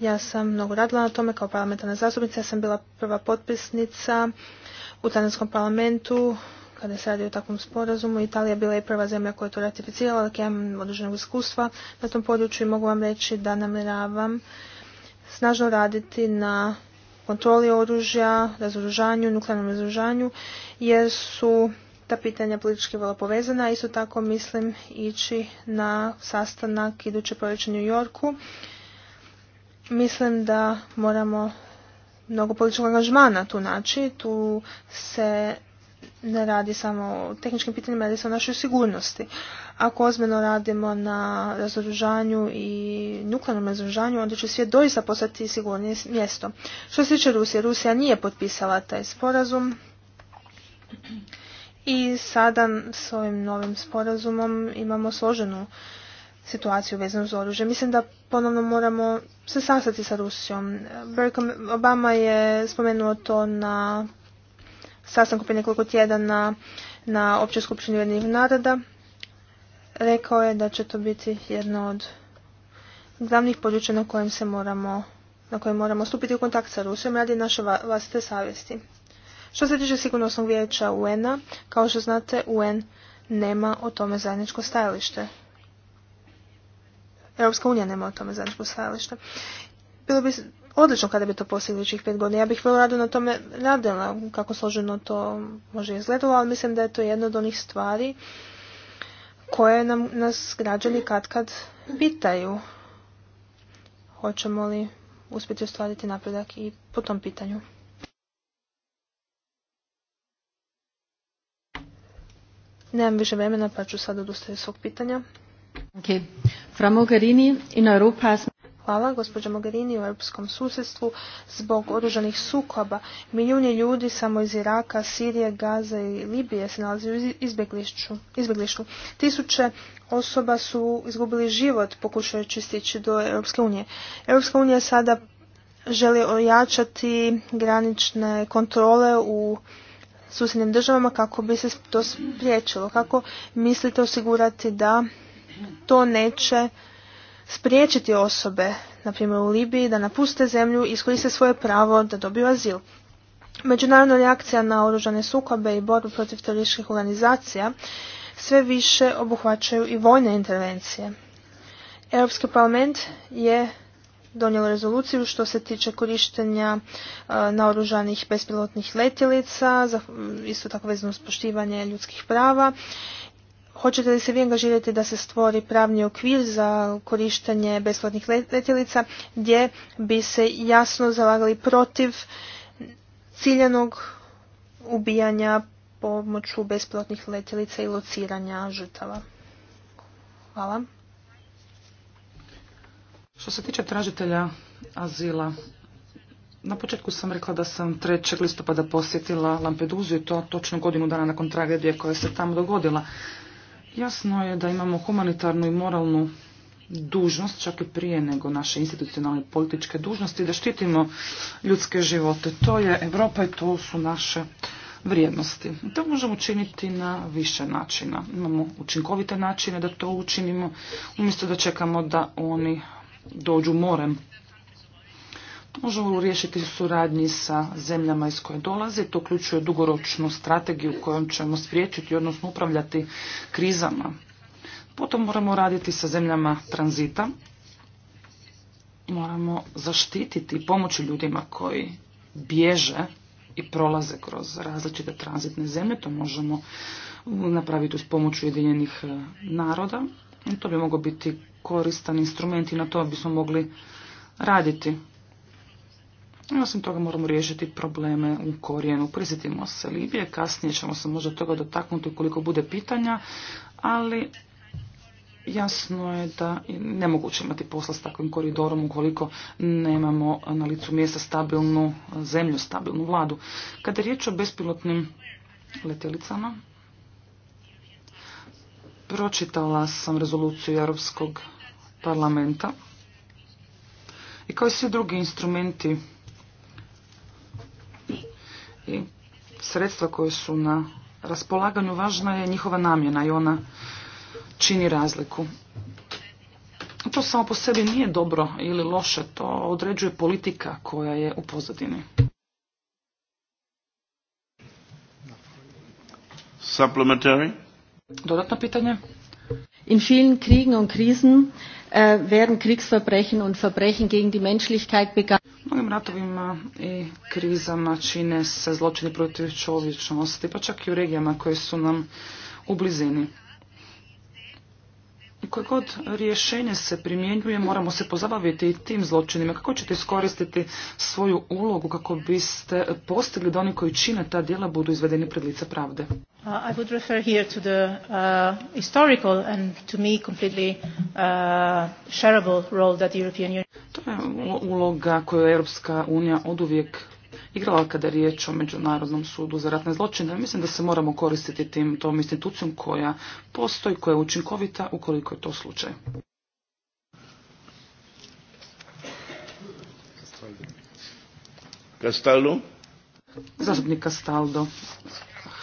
Ja sam mnogo radila na tome kao parlamentarna zastupnica, ja sam bila prva potpisnica u talijanskom parlamentu kada se radi o takvom sporazumu. Italija bila je prva zemlja koja je to ratificirala, ali ja imam određenog iskustva na tom području i mogu vam reći da namjeravam snažno raditi na kontroli oružja, razoružanju, nuklearnom razoružanju, jer su ta pitanja politički vrlo povezana. Isto tako mislim ići na sastanak iduće proječe New Yorku. Mislim da moramo mnogo političkog angažmana tu naći. Tu se ne radi samo o tehničkim pitanjima, radi se o našoj sigurnosti. Ako ozbiljno radimo na razoružanju i nuklearnom razoružanju, onda će svijet doista postati sigurnije mjesto. Što se tiče Rusije, Rusija nije potpisala taj sporazum. I sada s ovim novim sporazumom imamo složenu situaciju vezanu s oružje. Mislim da ponovno moramo se sastati sa Rusijom. Barack Obama je spomenuo to na sastanku prije nekoliko tjedana na Općoj skupštini Ujedinih naroda. Rekao je da će to biti jedno od glavnih područja na kojem se moramo na kojem moramo stupiti u kontakt sa Rusijom radi naše vlastite savjesti. Što se tiče sigurnosnog vijeća UN-a, kao što znate, UN nema o tome zajedničko stajalište. Europska unija nema o tome zajedničko stajalište. Bilo bi odlično kada bi to postigli u pet godina. Ja bih vrlo rado na tome radila, kako složeno to može izgledalo, ali mislim da je to jedna od onih stvari koje nam, nas građani kad kad pitaju. Hoćemo li uspjeti ostvariti napredak i po tom pitanju. Nemam više vremena pa ću sad odustaviti svog pitanja. Hvala, gospođa Mogherini u europskom susjedstvu. Zbog oružanih sukoba milijuni ljudi samo iz Iraka, Sirije, Gaza i Libije se nalaze u izbjeglištu. Tisuće osoba su izgubili život pokušajući stići do Europske unije. Europska unija sada želi ojačati granične kontrole u susjednim državama kako bi se to spriječilo? Kako mislite osigurati da to neće spriječiti osobe, na primjer u Libiji, da napuste zemlju i iskoriste svoje pravo da dobiju azil? Međunarodna reakcija na oružane sukobe i borbu protiv terorističkih organizacija sve više obuhvaćaju i vojne intervencije. Europski parlament je donijelo rezoluciju što se tiče korištenja e, naoružanih bespilotnih letjelica, isto tako vezano uz poštivanje ljudskih prava. Hoćete li se vi angažirati da se stvori pravni okvir za korištenje besplatnih letjelica gdje bi se jasno zalagali protiv ciljanog ubijanja pomoću bespilotnih letjelica i lociranja žrtava? Hvala. Što se tiče tražitelja azila, na početku sam rekla da sam 3. listopada posjetila Lampeduzu i to točno godinu dana nakon tragedije koja se tamo dogodila. Jasno je da imamo humanitarnu i moralnu dužnost, čak i prije nego naše institucionalne političke dužnosti, da štitimo ljudske živote. To je Europa i to su naše vrijednosti. To možemo učiniti na više načina. Imamo učinkovite načine da to učinimo, umjesto da čekamo da oni dođu morem. To možemo riješiti suradnji sa zemljama iz koje dolaze. To uključuje dugoročnu strategiju kojom ćemo spriječiti, odnosno upravljati krizama. Potom moramo raditi sa zemljama tranzita. Moramo zaštititi i pomoći ljudima koji bježe i prolaze kroz različite tranzitne zemlje. To možemo napraviti uz pomoć Ujedinjenih naroda. To bi moglo biti koristan instrument i na to bismo mogli raditi. osim toga moramo riješiti probleme u korijenu. Prisjetimo se Libije, kasnije ćemo se možda toga dotaknuti koliko bude pitanja, ali jasno je da nemoguće imati posla s takvim koridorom ukoliko nemamo na licu mjesta stabilnu zemlju, stabilnu vladu. Kada je riječ o bespilotnim letjelicama, pročitala sam rezoluciju Europskog parlamenta i kao i svi drugi instrumenti i sredstva koje su na raspolaganju, važna je njihova namjena i ona čini razliku. To samo po sebi nije dobro ili loše, to određuje politika koja je u pozadini. Supplementary? Dodatno pitanje. In vielen Kriegen und Krisen äh, werden Kriegsverbrechen und Verbrechen gegen die Menschlichkeit begangen. Mnogim ratovima i krizama čine se zločini protiv čovječnosti, pa čak i u regijama koje su nam u blizini. Koje god rješenje se primjenjuje, moramo se pozabaviti i tim zločinima. Kako ćete iskoristiti svoju ulogu kako biste postigli da oni koji čine ta djela budu izvedeni pred lice pravde? Uh, I would refer here to the uh, historical and to me completely uh, shareable role that the European Union... je uloga koju je Europska unija oduvijek igrala kada je riječ o Međunarodnom sudu za ratne zločine. Mislim da se moramo koristiti tim, tom institucijom koja postoji, koja je učinkovita ukoliko je to slučaj. Castaldo. Zastupnik Castaldo.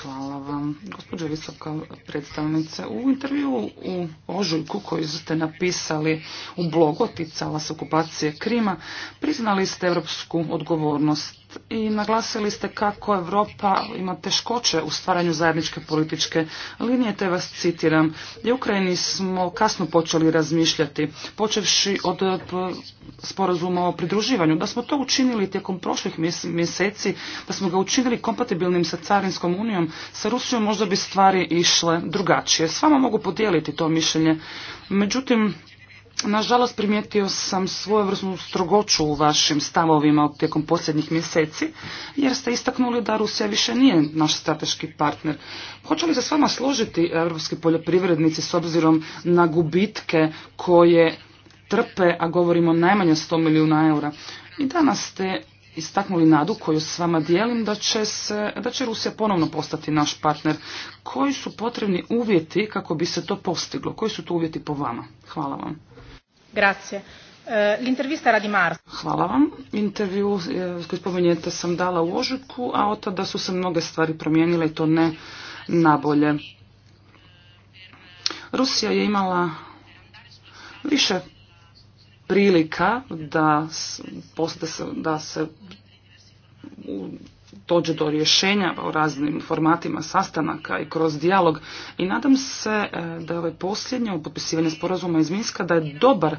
Hvala vam. Gospođo visoka predstavnice, u intervju u Ožujku koju ste napisali u blogu oticala s okupacije Krima, priznali ste evropsku odgovornost i naglasili ste kako Europa ima teškoće u stvaranju zajedničke političke linije, te vas citiram. I Ukrajini smo kasno počeli razmišljati, počevši od sporazuma o pridruživanju, da smo to učinili tijekom prošlih mjeseci, da smo ga učinili kompatibilnim sa Carinskom unijom, sa Rusijom možda bi stvari išle drugačije. S vama mogu podijeliti to mišljenje. Međutim, nažalost primijetio sam svojevrsnu strogoću u vašim stavovima tijekom posljednjih mjeseci, jer ste istaknuli da Rusija više nije naš strateški partner. Hoće li se s vama složiti europski poljoprivrednici s obzirom na gubitke koje trpe, a govorimo najmanje 100 milijuna eura? I danas ste istaknuli nadu koju s vama dijelim da će, se, da će Rusija ponovno postati naš partner. Koji su potrebni uvjeti kako bi se to postiglo? Koji su to uvjeti po vama? Hvala vam. Grazie. Eh, l'intervista radi Mars. Hvala vam. Intervju eh, koji sam dala u ožujku, a od tada su se mnoge stvari promijenile i to ne nabolje. Rusija je imala više prilika da, da se dođe do rješenja o raznim formatima sastanaka i kroz dijalog i nadam se e, da je ovaj posljednje potpisivanje sporazuma iz Minska da je dobar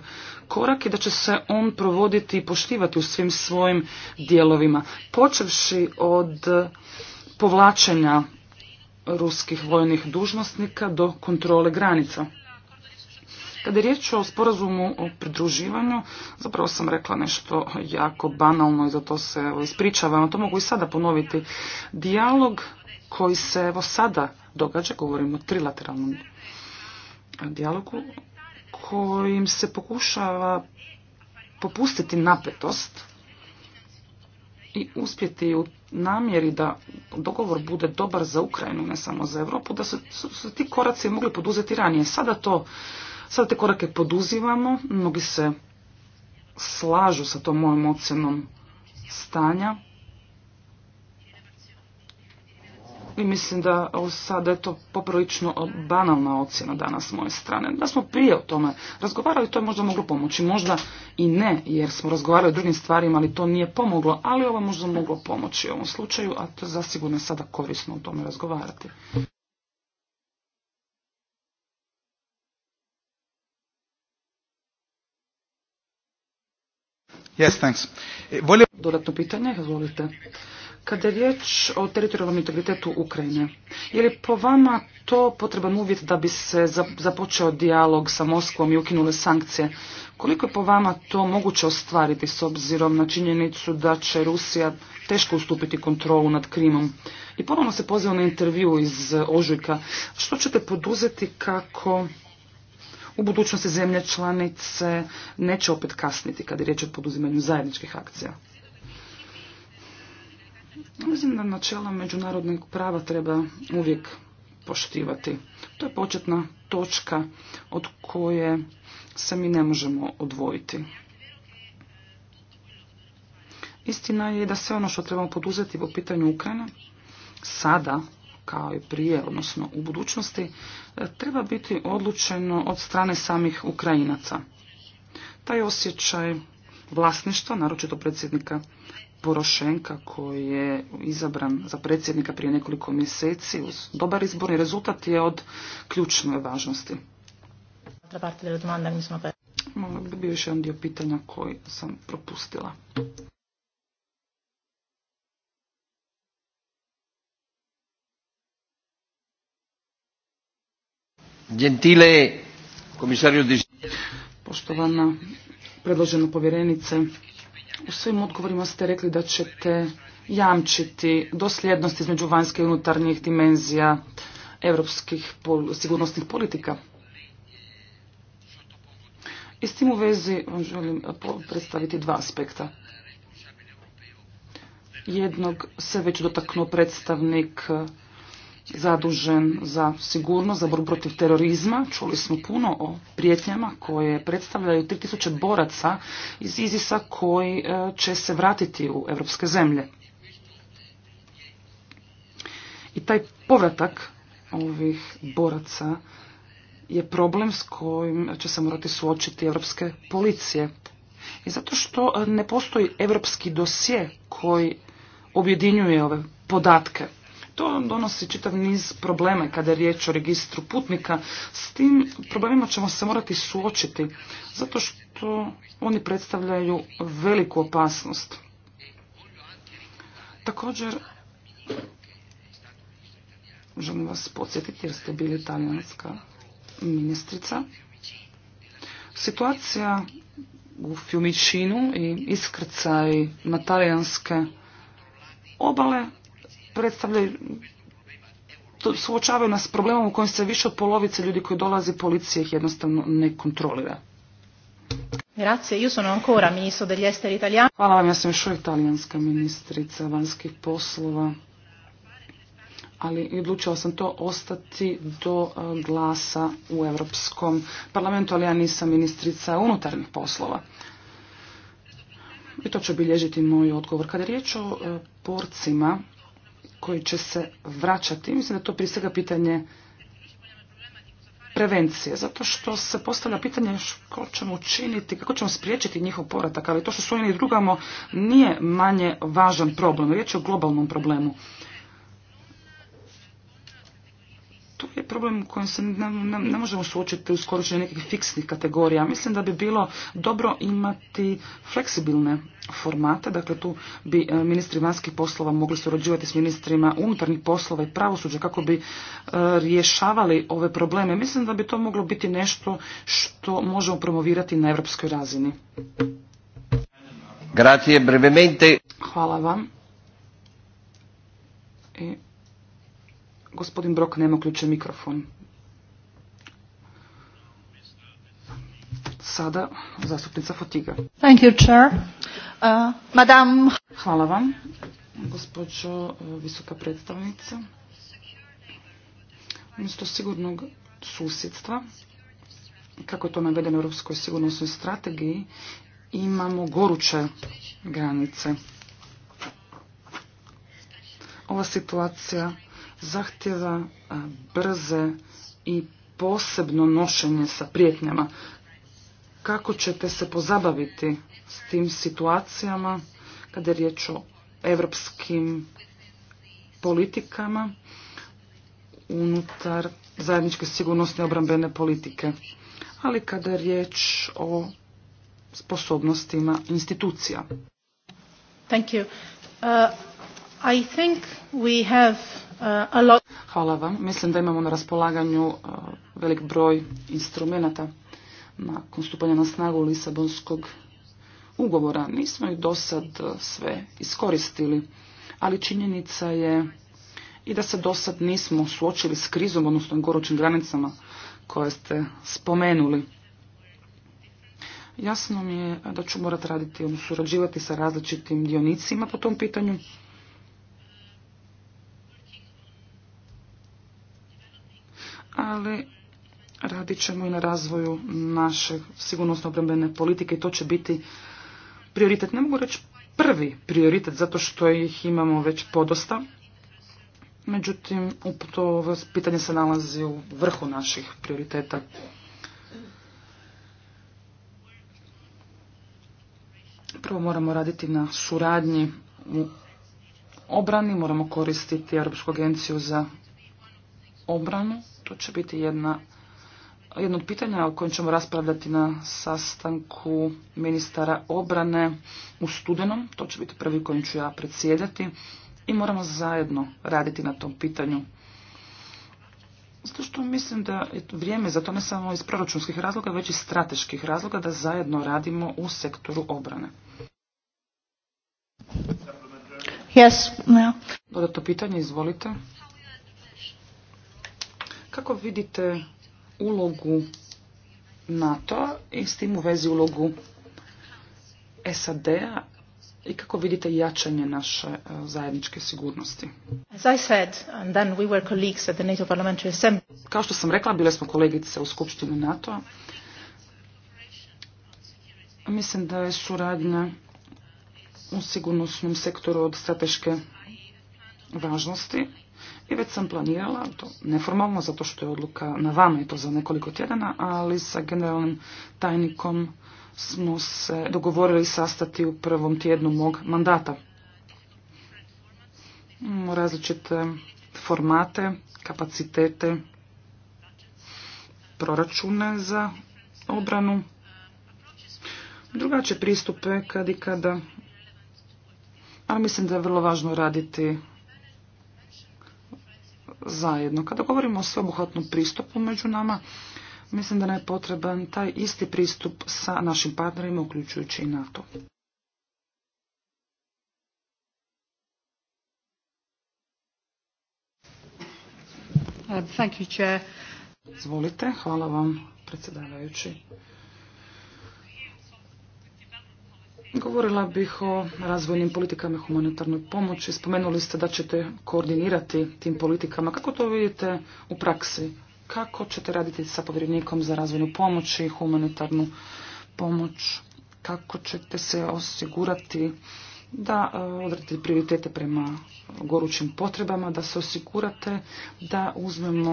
korak i da će se on provoditi i poštivati u svim svojim dijelovima. Počevši od povlačenja ruskih vojnih dužnosnika do kontrole granica. Kada je riječ o sporazumu o pridruživanju, zapravo sam rekla nešto jako banalno i zato se ispričavam, to mogu i sada ponoviti. Dijalog koji se evo sada događa, govorimo o trilateralnom dijalogu, kojim se pokušava popustiti napetost i uspjeti u namjeri da dogovor bude dobar za Ukrajinu, ne samo za Europu, da su, su ti koraci mogli poduzeti ranije. Sada to Sad te korake poduzivamo, mnogi se slažu sa tom mojom ocjenom stanja. I mislim da sad je to poprilično banalna ocjena danas s moje strane. Da smo prije o tome razgovarali, to je možda moglo pomoći. Možda i ne, jer smo razgovarali o drugim stvarima, ali to nije pomoglo. Ali ovo možda moglo pomoći u ovom slučaju, a to je zasigurno sada korisno o tome razgovarati. Yes, thanks. E, Dodatno pitanje, izvolite. Kada je riječ o teritorijalnom integritetu Ukrajine, je li po vama to potreban uvjet da bi se započeo dijalog sa Moskvom i ukinule sankcije? Koliko je po vama to moguće ostvariti s obzirom na činjenicu da će Rusija teško ustupiti kontrolu nad Krimom? I ponovno se poziva na intervju iz Ožujka. Što ćete poduzeti kako u budućnosti zemlje članice neće opet kasniti kad je riječ o poduzimanju zajedničkih akcija. Mislim da načela međunarodnog prava treba uvijek poštivati. To je početna točka od koje se mi ne možemo odvojiti. Istina je da sve ono što trebamo poduzeti po pitanju Ukrajine sada kao i prije, odnosno u budućnosti, e, treba biti odlučeno od strane samih Ukrajinaca. Taj osjećaj vlasništva, naročito predsjednika Porošenka koji je izabran za predsjednika prije nekoliko mjeseci uz dobar izborni rezultat je od ključne važnosti. Bio je još jedan dio pitanja koji sam propustila. Gentile komisario di... Poštovana predložena povjerenice, u svojim odgovorima ste rekli da ćete jamčiti dosljednost između vanjske i unutarnjih dimenzija europskih pol sigurnosnih politika. I s tim u vezi vam želim predstaviti dva aspekta. Jednog se već dotaknuo predstavnik zadužen za sigurnost, za borbu protiv terorizma. Čuli smo puno o prijetnjama koje predstavljaju 3000 boraca iz Izisa koji e, će se vratiti u evropske zemlje. I taj povratak ovih boraca je problem s kojim će se morati suočiti evropske policije. I zato što e, ne postoji evropski dosje koji objedinjuje ove podatke. To donosi čitav niz problema kada je riječ o registru putnika. S tim problemima ćemo se morati suočiti, zato što oni predstavljaju veliku opasnost. Također, želim vas podsjetiti jer ste bili italijanska ministrica. Situacija u Fiumicinu i iskrcaj na talijanske obale predstavljaju suočavaju nas s problemom u kojem se više od polovice ljudi koji dolazi policije ih jednostavno ne kontrolira. Grazie, io sono ancora ministro degli esteri Hvala vam, ja sam još italijanska ministrica vanjskih poslova, ali odlučila sam to ostati do e, glasa u Europskom parlamentu, ali ja nisam ministrica unutarnjih poslova. I to će obilježiti moj odgovor. Kada je riječ o e, porcima, koji će se vraćati. Mislim da je to prije svega pitanje prevencije, zato što se postavlja pitanje što ćemo učiniti, kako ćemo spriječiti njihov povratak, ali to što su oni drugamo nije manje važan problem, riječ je o globalnom problemu to je problem u kojem se ne možemo suočiti u skoročenju nekih fiksnih kategorija. Mislim da bi bilo dobro imati fleksibilne formate, dakle tu bi e, ministri vanjskih poslova mogli surađivati s ministrima unutarnjih poslova i pravosuđa kako bi e, rješavali ove probleme. Mislim da bi to moglo biti nešto što možemo promovirati na europskoj razini. Hvala vam. Gospodin Brok nema ključe mikrofon. Sada zastupnica Fotiga. Thank you, chair. Uh, Hvala vam, gospođo uh, visoka predstavnica. Umjesto sigurnog susjedstva, kako je to navedeno u Europskoj sigurnosnoj strategiji, imamo goruće granice. Ova situacija zahtjeva e, brze i posebno nošenje sa prijetnjama. Kako ćete se pozabaviti s tim situacijama kada je riječ o evropskim politikama unutar zajedničke sigurnosne obrambene politike, ali kada je riječ o sposobnostima institucija. Thank you. Uh, I Uh, Hvala vam. Mislim da imamo na raspolaganju uh, velik broj instrumenata nakon stupanja na snagu Lisabonskog ugovora. Nismo ih do sad uh, sve iskoristili, ali činjenica je i da se do sad nismo suočili s krizom, odnosno gorućim granicama koje ste spomenuli. Jasno mi je da ću morati raditi, surađivati sa različitim dionicima po tom pitanju. ali radit ćemo i na razvoju naše sigurnosno obrambene politike i to će biti prioritet. Ne mogu reći prvi prioritet zato što ih imamo već podosta. Međutim, to pitanje se nalazi u vrhu naših prioriteta. Prvo moramo raditi na suradnji u obrani, moramo koristiti Europsku agenciju za obranu. To će biti jedna, jedno od pitanja o kojem ćemo raspravljati na sastanku ministara obrane u studenom. To će biti prvi kojim ću ja predsjedati i moramo zajedno raditi na tom pitanju. Zato što mislim da je vrijeme za to ne samo iz proračunskih razloga, već i strateških razloga da zajedno radimo u sektoru obrane. Yes, no. Dodatno pitanje, izvolite. Kako vidite ulogu NATO i s tim u vezi ulogu SAD-a i kako vidite jačanje naše e, zajedničke sigurnosti. Kao što sam rekla, bile smo kolegice u Skupštini NATO-a. Mislim da je suradnja u sigurnosnom sektoru od strateške važnosti. I već sam planirala, to neformalno, zato što je odluka na vama i to za nekoliko tjedana, ali sa generalnim tajnikom smo se dogovorili sastati u prvom tjednu mog mandata. Imamo različite formate, kapacitete, proračune za obranu, drugačije pristupe kad i kada, ali mislim da je vrlo važno raditi zajedno. Kada govorimo o sveobuhvatnom pristupu među nama, mislim da nam je potreban taj isti pristup sa našim partnerima, uključujući i NATO. Zvolite, hvala vam predsjedavajući. Govorila bih o razvojnim politikama i humanitarnoj pomoći. Spomenuli ste da ćete koordinirati tim politikama. Kako to vidite u praksi? Kako ćete raditi sa povjerenikom za razvojnu pomoć i humanitarnu pomoć? Kako ćete se osigurati da e, odredite prioritete prema gorućim potrebama, da se osigurate da uzmemo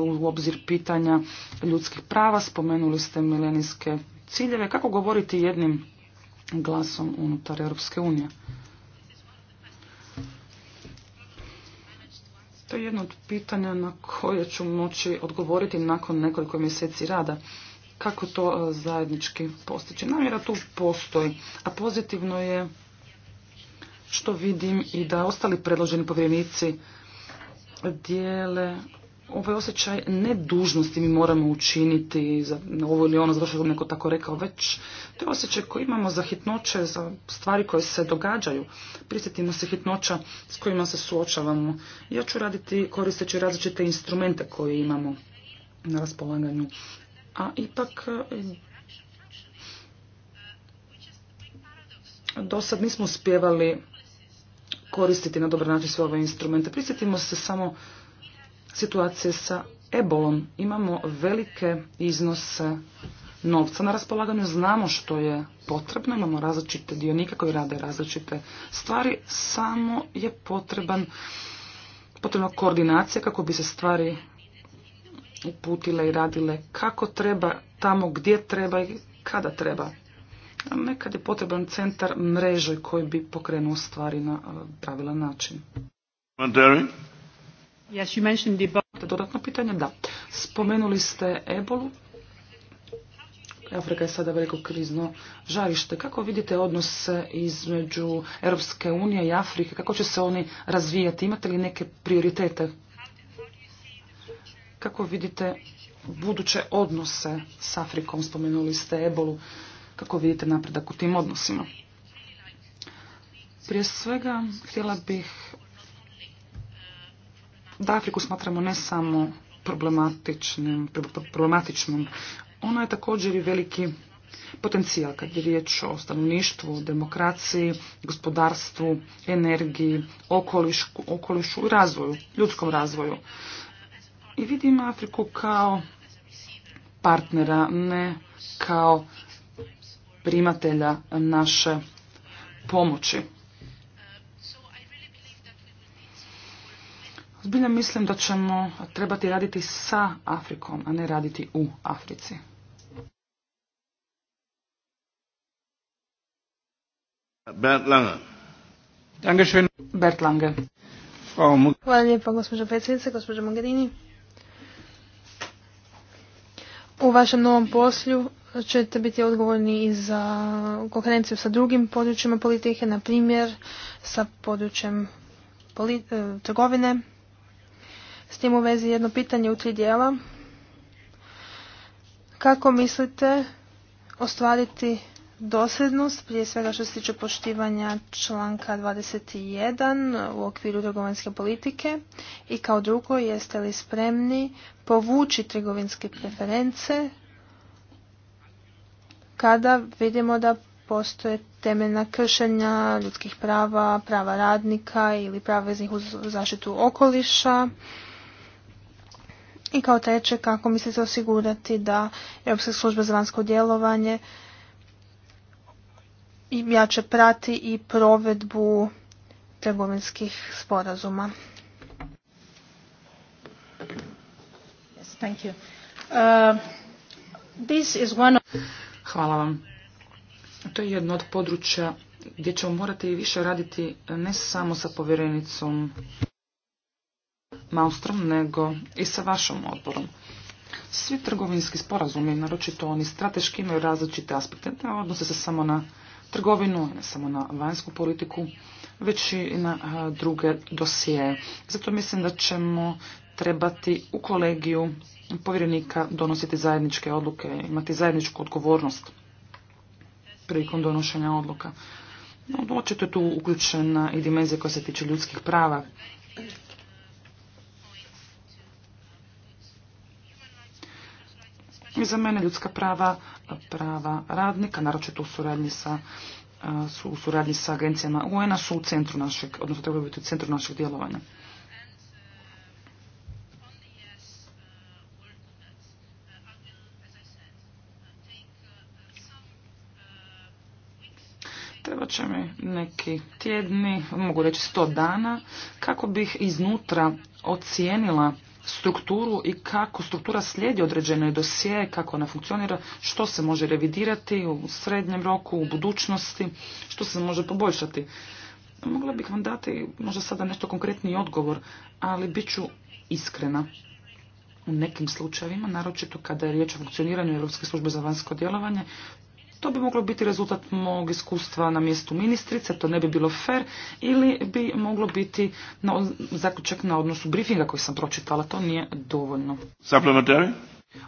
u, u obzir pitanja ljudskih prava, spomenuli ste milenijske ciljeve, kako govoriti jednim glasom unutar Europske unije. To je jedno od pitanja na koje ću moći odgovoriti nakon nekoliko mjeseci rada. Kako to e, zajednički postići? Namjera tu postoji, a pozitivno je što vidim i da ostali predloženi povjerenici dijele ovaj osjećaj nedužnosti mi moramo učiniti za ovo ili ono, zato što neko tako rekao, već to je osjećaj koji imamo za hitnoće, za stvari koje se događaju. Prisjetimo se hitnoća s kojima se suočavamo. Ja ću raditi koristeći različite instrumente koje imamo na raspolaganju. A ipak eh, do sad nismo uspjevali koristiti na dobar način sve ove instrumente. Prisjetimo se samo situacije sa ebolom. Imamo velike iznose novca na raspolaganju, znamo što je potrebno, imamo različite dionike koji rade različite stvari, samo je potreban potrebna koordinacija kako bi se stvari uputile i radile kako treba, tamo gdje treba i kada treba. nekad je potreban centar mreže koji bi pokrenuo stvari na eh, pravilan način. Dodatno pitanje, da. Spomenuli ste ebolu. Afrika je sada veliko krizno žarište. Kako vidite odnose između Europske unije i Afrike? Kako će se oni razvijati? Imate li neke prioritete? Kako vidite buduće odnose s Afrikom? Spomenuli ste ebolu. Kako vidite napredak u tim odnosima? Prije svega htjela bih da Afriku smatramo ne samo problematičnim, problematičnom, ona je također i veliki potencijal kad je riječ o stanovništvu, demokraciji, gospodarstvu, energiji, okolišku, okolišu i razvoju, ljudskom razvoju. I vidim Afriku kao partnera, ne kao primatelja naše pomoći. Zbiljno mislim da ćemo trebati raditi sa Afrikom, a ne raditi u Africi. Bert Lange. Hvala lijepa, gospođo predsjednice, gospođo Mogherini. U vašem novom poslju ćete biti odgovorni i za konkurenciju sa drugim područjima politike, na primjer sa područjem eh, trgovine, s tim u vezi jedno pitanje u tri dijela. Kako mislite ostvariti dosljednost, prije svega što se tiče poštivanja članka 21 u okviru trgovinske politike i kao drugo jeste li spremni povući trgovinske preference kada vidimo da postoje temeljna kršenja ljudskih prava, prava radnika ili prava veznih uz zaštitu okoliša i kao treće, kako mislite osigurati da Europska služba za vanjsko djelovanje jače prati i provedbu trgovinskih sporazuma? Uh, Hvala vam. To je jedno od područja gdje ćemo morati više raditi ne samo sa povjerenicom maustrom nego i sa vašom odborom. Svi trgovinski sporazumi, naročito oni strateški, imaju različite aspekte. Ne odnose se samo na trgovinu, ne samo na vanjsku politiku, već i na druge dosije. Zato mislim da ćemo trebati u kolegiju povjerenika donositi zajedničke odluke, imati zajedničku odgovornost prilikom donošenja odluka. očito je tu uključena i dimenzija koja se tiče ljudskih prava. Za mene ljudska prava, prava radnika, naročito u suradnji sa su u suradnji sa agencijama UN-a su u centru našeg, odnosno trebaju biti u centru našeg djelovanja. Treba će mi neki tjedni, mogu reći sto dana, kako bih iznutra ocijenila strukturu i kako struktura slijedi određene dosije, kako ona funkcionira, što se može revidirati u srednjem roku, u budućnosti, što se može poboljšati. Mogla bih vam dati možda sada nešto konkretniji odgovor, ali bit ću iskrena. U nekim slučajevima, naročito kada je riječ o funkcioniranju Europske službe za vanjsko djelovanje, to bi moglo biti rezultat mog iskustva na mjestu ministrice, to ne bi bilo fair, ili bi moglo biti na, zaključak na odnosu briefinga koji sam pročitala, to nije dovoljno. Supplementary?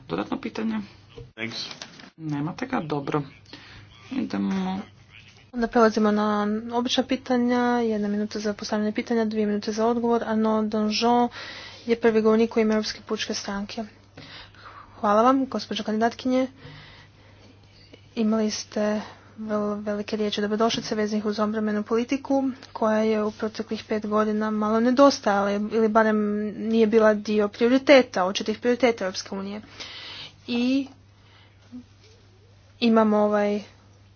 Dodatno pitanje? Thanks. Nemate ga, dobro. Idemo Onda prelazimo na obična pitanja, jedna minuta za postavljanje pitanja, dvije minute za odgovor. Ano Donjon je prvi govornik u ime Europske pučke stranke. Hvala vam, gospođo kandidatkinje. Imali ste velike riječi dobrodošlice veznih uz obrambenu politiku koja je u proteklih pet godina malo nedostajala ili barem nije bila dio prioriteta, očitih prioriteta Europske unije. I imamo ovaj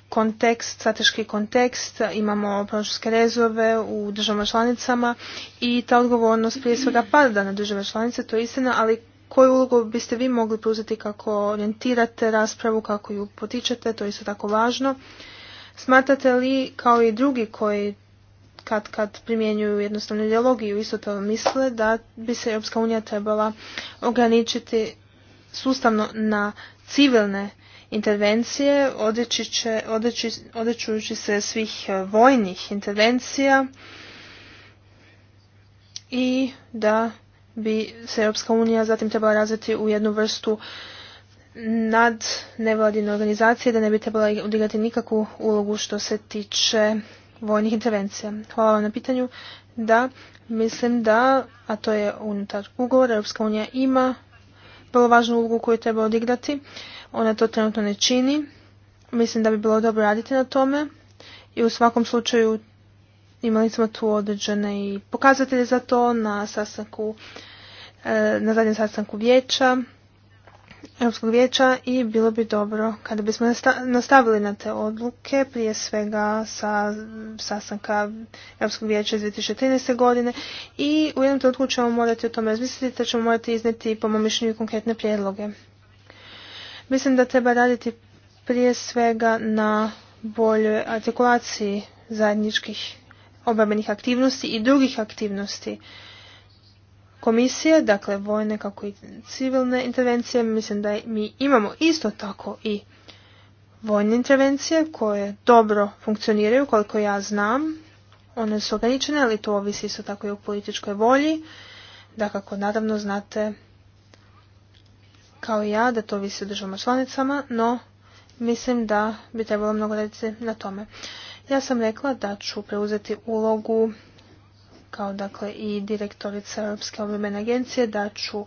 kontekst, strateški kontekst, imamo proračunske rezove u državama članicama i ta odgovornost prije svega pada na države članice, to je istina, ali koju ulogu biste vi mogli preuzeti kako orijentirate raspravu, kako ju potičete, to je isto tako važno. Smatrate li kao i drugi koji kad kad primjenjuju jednostavnu ideologiju isto to misle da bi se Europska unija trebala ograničiti sustavno na civilne intervencije odrećujući se svih e, vojnih intervencija i da bi se Europska unija zatim trebala razviti u jednu vrstu nad nevladine organizacije, da ne bi trebala odigrati nikakvu ulogu što se tiče vojnih intervencija. Hvala vam na pitanju. Da, mislim da, a to je unutar ugovor, Europska unija ima vrlo važnu ulogu koju treba odigrati. Ona to trenutno ne čini. Mislim da bi bilo dobro raditi na tome i u svakom slučaju Imali smo tu određene i pokazatelje za to na sastanku, e, na zadnjem sastanku vijeća, Europskog vijeća i bilo bi dobro kada bismo nastavili na te odluke, prije svega sa sastanka Europskog vijeća iz 2013. godine i u jednom trenutku ćemo morati o tome razmisliti te ćemo morati izneti po mom mišljenju konkretne prijedloge. Mislim da treba raditi prije svega na boljoj artikulaciji zajedničkih obrambenih aktivnosti i drugih aktivnosti komisije, dakle vojne kako i civilne intervencije. Mislim da mi imamo isto tako i vojne intervencije koje dobro funkcioniraju koliko ja znam. One su ograničene, ali to ovisi isto tako i o političkoj volji. kako naravno znate kao i ja da to ovisi o državama članicama, no mislim da bi trebalo mnogo raditi na tome. Ja sam rekla da ću preuzeti ulogu kao dakle i direktorica Europske obrambene agencije da ću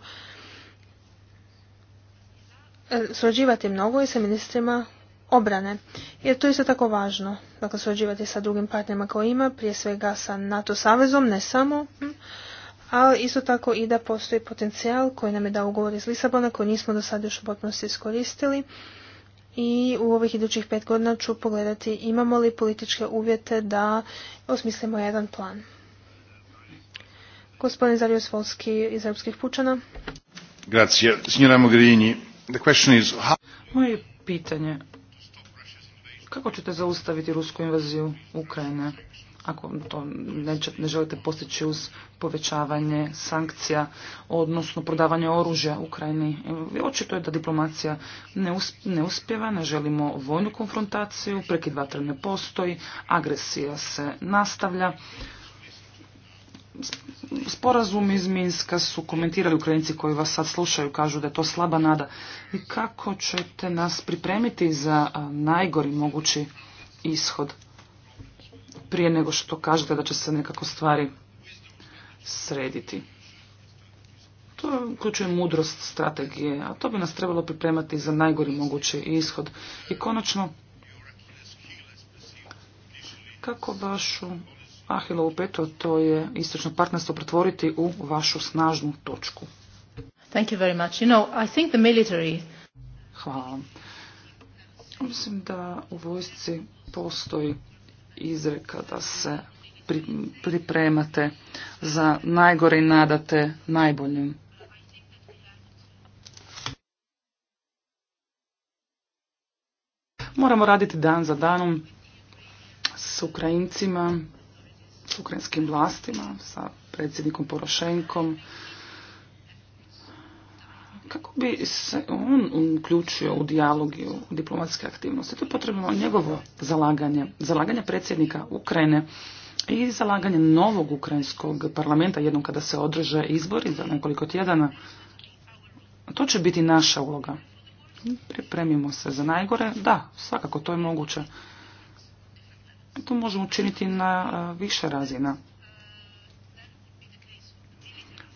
e, surađivati mnogo i sa ministrima obrane. Jer to je isto tako važno, dakle surađivati sa drugim partnerima koji ima, prije svega sa NATO savezom, ne samo, hm, ali isto tako i da postoji potencijal koji nam je dao ugovor iz Lisabona koji nismo do sada još u potpunosti iskoristili i u ovih idućih pet godina ću pogledati imamo li političke uvjete da osmislimo jedan plan. Gospodin Zarius Volski iz Europskih pučana. Grazie. Signora Mogherini, the question is how... Moje pitanje, kako ćete zaustaviti rusku invaziju Ukrajine? ako to ne želite postići uz povećavanje sankcija, odnosno prodavanje oružja Ukrajini. E, očito je da diplomacija ne uspjeva, ne želimo vojnu konfrontaciju, prekid vatre ne postoji, agresija se nastavlja. Sporazum iz Minska su komentirali Ukrajinci koji vas sad slušaju, kažu da je to slaba nada. I kako ćete nas pripremiti za najgori mogući ishod? prije nego što kažete da će se nekako stvari srediti. To uključuje mudrost strategije, a to bi nas trebalo pripremati za najgori mogući ishod. I konačno, kako vašu Ahilovu petu, to je istočno partnerstvo, pretvoriti u vašu snažnu točku? Thank you very much. You know, I think the military... Hvala vam. Mislim da u vojsci postoji izreka da se pripremate za najgore i nadate najboljim. Moramo raditi dan za danom s Ukrajincima, s ukrajinskim vlastima, sa predsjednikom Porošenkom, kako bi se on uključio u dijalog i u diplomatske aktivnosti. To je potrebno njegovo zalaganje, zalaganje predsjednika Ukrajine i zalaganje novog ukrajinskog parlamenta jednom kada se održe izbori za nekoliko tjedana. To će biti naša uloga. Pripremimo se za najgore. Da, svakako to je moguće. To možemo učiniti na više razina.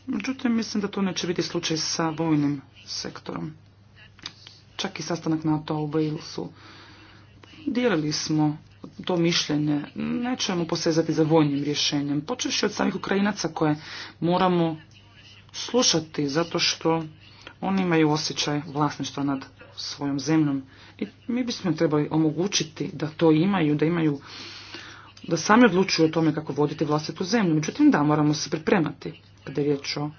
Međutim, mislim da to neće biti slučaj sa vojnim sektorom. Čak i sastanak NATO u Bailsu. Dijelili smo to mišljenje. Nećemo posezati za vojnim rješenjem. Počeš od samih Ukrajinaca koje moramo slušati zato što oni imaju osjećaj vlasništva nad svojom zemljom. I mi bismo trebali omogućiti da to imaju, da imaju da sami odlučuju o tome kako voditi vlastitu zemlju. Međutim, da, moramo se pripremati kada je riječ o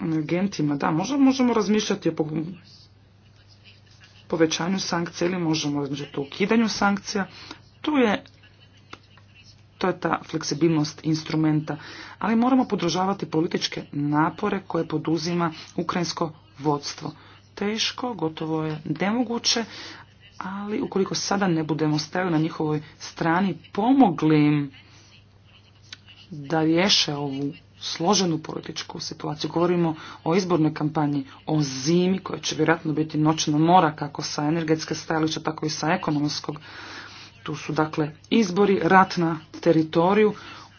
energentima. Da, možemo razmišljati o povećanju sankcija ili možemo razmišljati o ukidanju sankcija. Tu je to je ta fleksibilnost instrumenta, ali moramo podržavati političke napore koje poduzima ukrajinsko vodstvo. Teško, gotovo je nemoguće, ali ukoliko sada ne budemo stajali na njihovoj strani, pomogli im da riješe ovu složenu političku situaciju. Govorimo o izbornoj kampanji, o zimi koja će vjerojatno biti noćna mora kako sa energetske stajališta, tako i sa ekonomskog. Tu su dakle izbori, rat na teritoriju.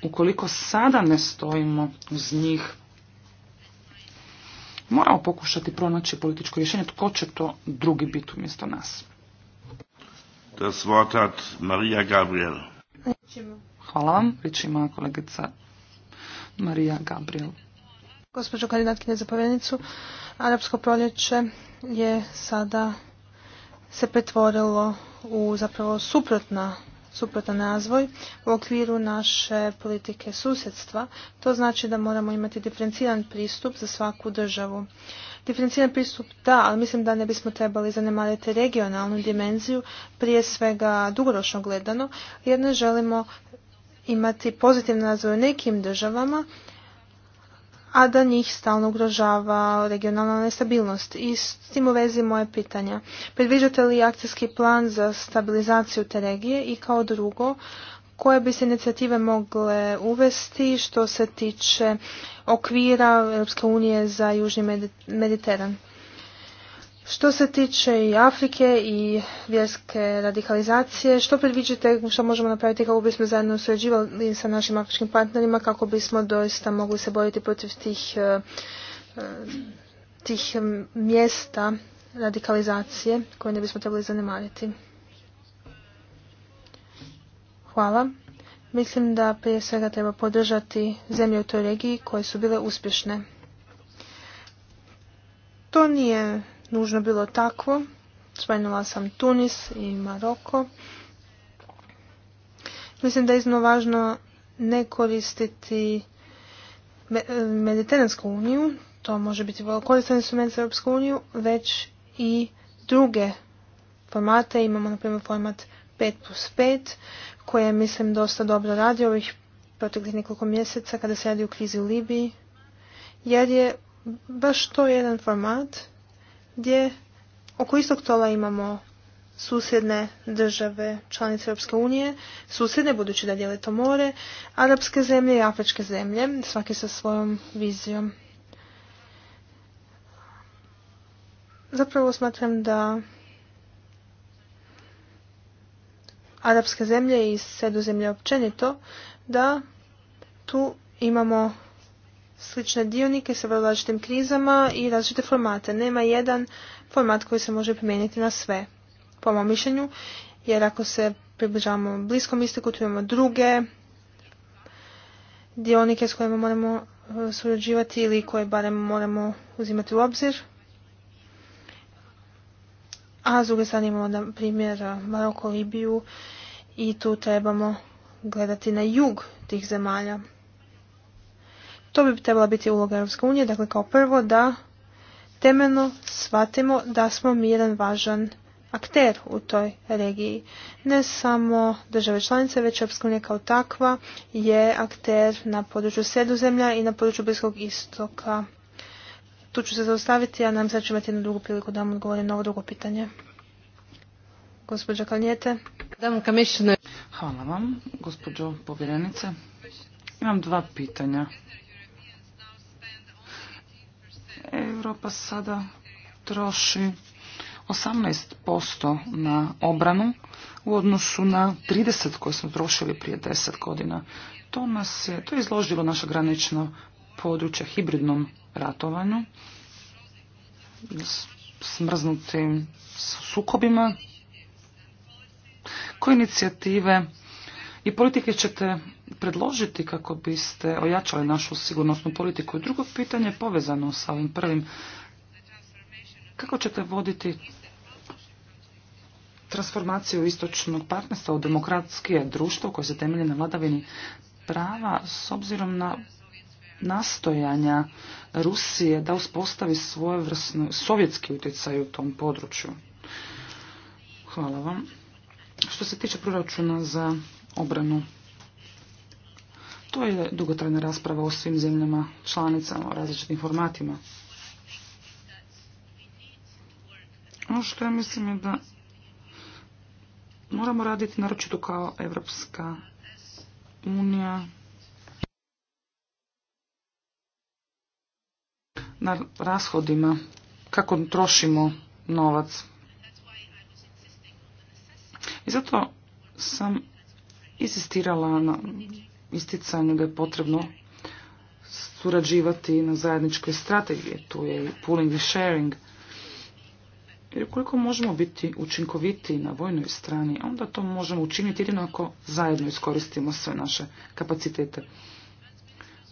Ukoliko sada ne stojimo uz njih, moramo pokušati pronaći političko rješenje. Tko će to drugi biti umjesto nas? Das Wort hat Maria Gabriel. Hvala vam. ima kolegica Marija Gabriel. Gospođo kandidatkinje za arapsko proljeće je sada se pretvorilo u zapravo suprotna suprotan razvoj u okviru naše politike susjedstva. To znači da moramo imati diferenciran pristup za svaku državu. Diferenciran pristup da, ali mislim da ne bismo trebali zanemariti regionalnu dimenziju, prije svega dugoročno gledano, jer ne želimo imati pozitivni razvoj u nekim državama, a da njih stalno ugrožava regionalna nestabilnost. I s tim u vezi moje pitanja. Predviđate li akcijski plan za stabilizaciju te regije i kao drugo, koje bi se inicijative mogle uvesti što se tiče okvira Europske unije za Južni Mediteran? Što se tiče i Afrike i vjerske radikalizacije, što predviđate, što možemo napraviti kako bismo zajedno surađivali sa našim afričkim partnerima, kako bismo doista mogli se boriti protiv tih, eh, eh, tih mjesta radikalizacije koje ne bismo trebali zanemariti? Hvala. Mislim da prije svega treba podržati zemlje u toj regiji koje su bile uspješne. To nije nužno bilo takvo. Spomenula sam Tunis i Maroko. Mislim da je iznimno važno ne koristiti e, Mediteransku uniju, to može biti vrlo koristan instrument za Europsku uniju, već i druge formate. Imamo, na primjer, format 5 plus 5, koje, je, mislim, dosta dobro radi ovih proteklih nekoliko mjeseca kada se radi o krizi u Libiji, jer je baš to jedan format gdje oko istog tola imamo susjedne države članice Europske unije, susjedne budući da dijele to more, arapske zemlje i afričke zemlje, svaki sa svojom vizijom. Zapravo smatram da arapske zemlje i sredozemlje općenito, da tu imamo slične dionike sa vrlo različitim krizama i različite formate. Nema jedan format koji se može primijeniti na sve, po mom mišljenju, jer ako se približavamo bliskom istiku, tu imamo druge dionike s kojima moramo e, surađivati ili koje barem moramo uzimati u obzir. A s druge strane imamo primjer Maroko, Libiju i tu trebamo gledati na jug tih zemalja. To bi trebala biti uloga Europske unije, dakle kao prvo da temeljno shvatimo da smo mi jedan važan akter u toj regiji. Ne samo države članice, već Europska unija kao takva je akter na području sredozemlja i na području Bliskog istoka. Tu ću se zaustaviti, a nam sad ću imati jednu drugu priliku da vam odgovorim na ovo drugo pitanje. Gospođa Kalnijete. Hvala vam, gospođo povjerenice. Imam dva pitanja. Europa sada troši 18% na obranu u odnosu na 30 koje smo trošili prije 10 godina. To, nas je, to izložilo naše granično područje hibridnom ratovanju, smrznutim sukobima. Koje inicijative i politike ćete predložiti kako biste ojačali našu sigurnosnu politiku? I drugo pitanje je povezano sa ovim prvim. Kako ćete voditi transformaciju istočnog partnerstva u demokratske društvo koje se temelji na vladavini prava s obzirom na nastojanja Rusije da uspostavi vrstne sovjetski utjecaj u tom području. Hvala vam. Što se tiče proračuna za obranu to je dugotrajna rasprava o svim zemljama, članicama, o različitim formatima. Ono što ja mislim je da moramo raditi naročito kao Evropska unija, na rashodima, kako trošimo novac. I zato sam insistirala na isticanju da je potrebno surađivati na zajedničkoj strategiji. Tu je i pooling i sharing. Jer koliko možemo biti učinkoviti na vojnoj strani, onda to možemo učiniti jedino ako zajedno iskoristimo sve naše kapacitete.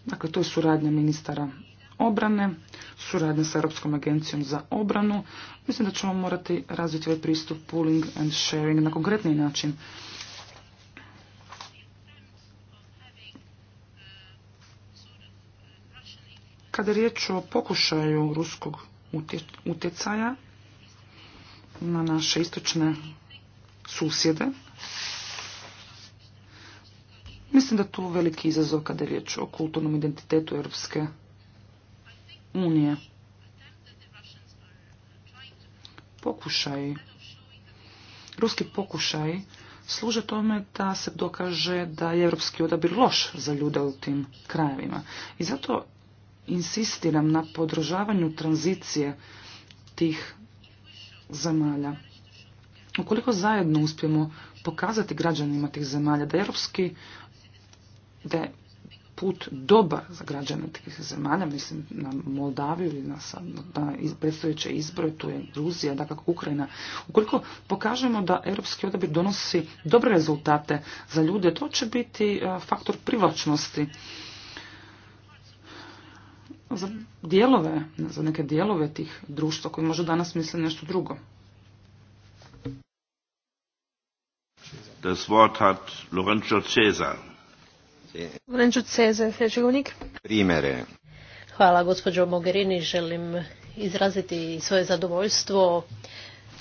Dakle, to je suradnja ministara obrane, suradnja sa Europskom agencijom za obranu. Mislim da ćemo morati razviti ovaj pristup pooling and sharing na konkretni način. Kada je riječ o pokušaju ruskog utjecaja na naše istočne susjede, mislim da tu veliki izazov kada je riječ o kulturnom identitetu Europske unije. Pokušaj, ruski pokušaj služe tome da se dokaže da je europski odabir loš za ljude u tim krajevima. I zato insistiram na podržavanju tranzicije tih zemalja. Ukoliko zajedno uspijemo pokazati građanima tih zemalja da je europski da je put dobar za građane tih zemalja, mislim na Moldaviju ili na, na predstojeće izbore, tu je Gruzija, da kako Ukrajina. Ukoliko pokažemo da europski odabir donosi dobre rezultate za ljude, to će biti faktor privlačnosti za dijelove, za neke dijelove tih društva koji možda danas misle nešto drugo. Das Wort hat Lorenzo Cesar. Lorenzo Cesar, govnik. Primere. Hvala gospođo Mogherini, želim izraziti svoje zadovoljstvo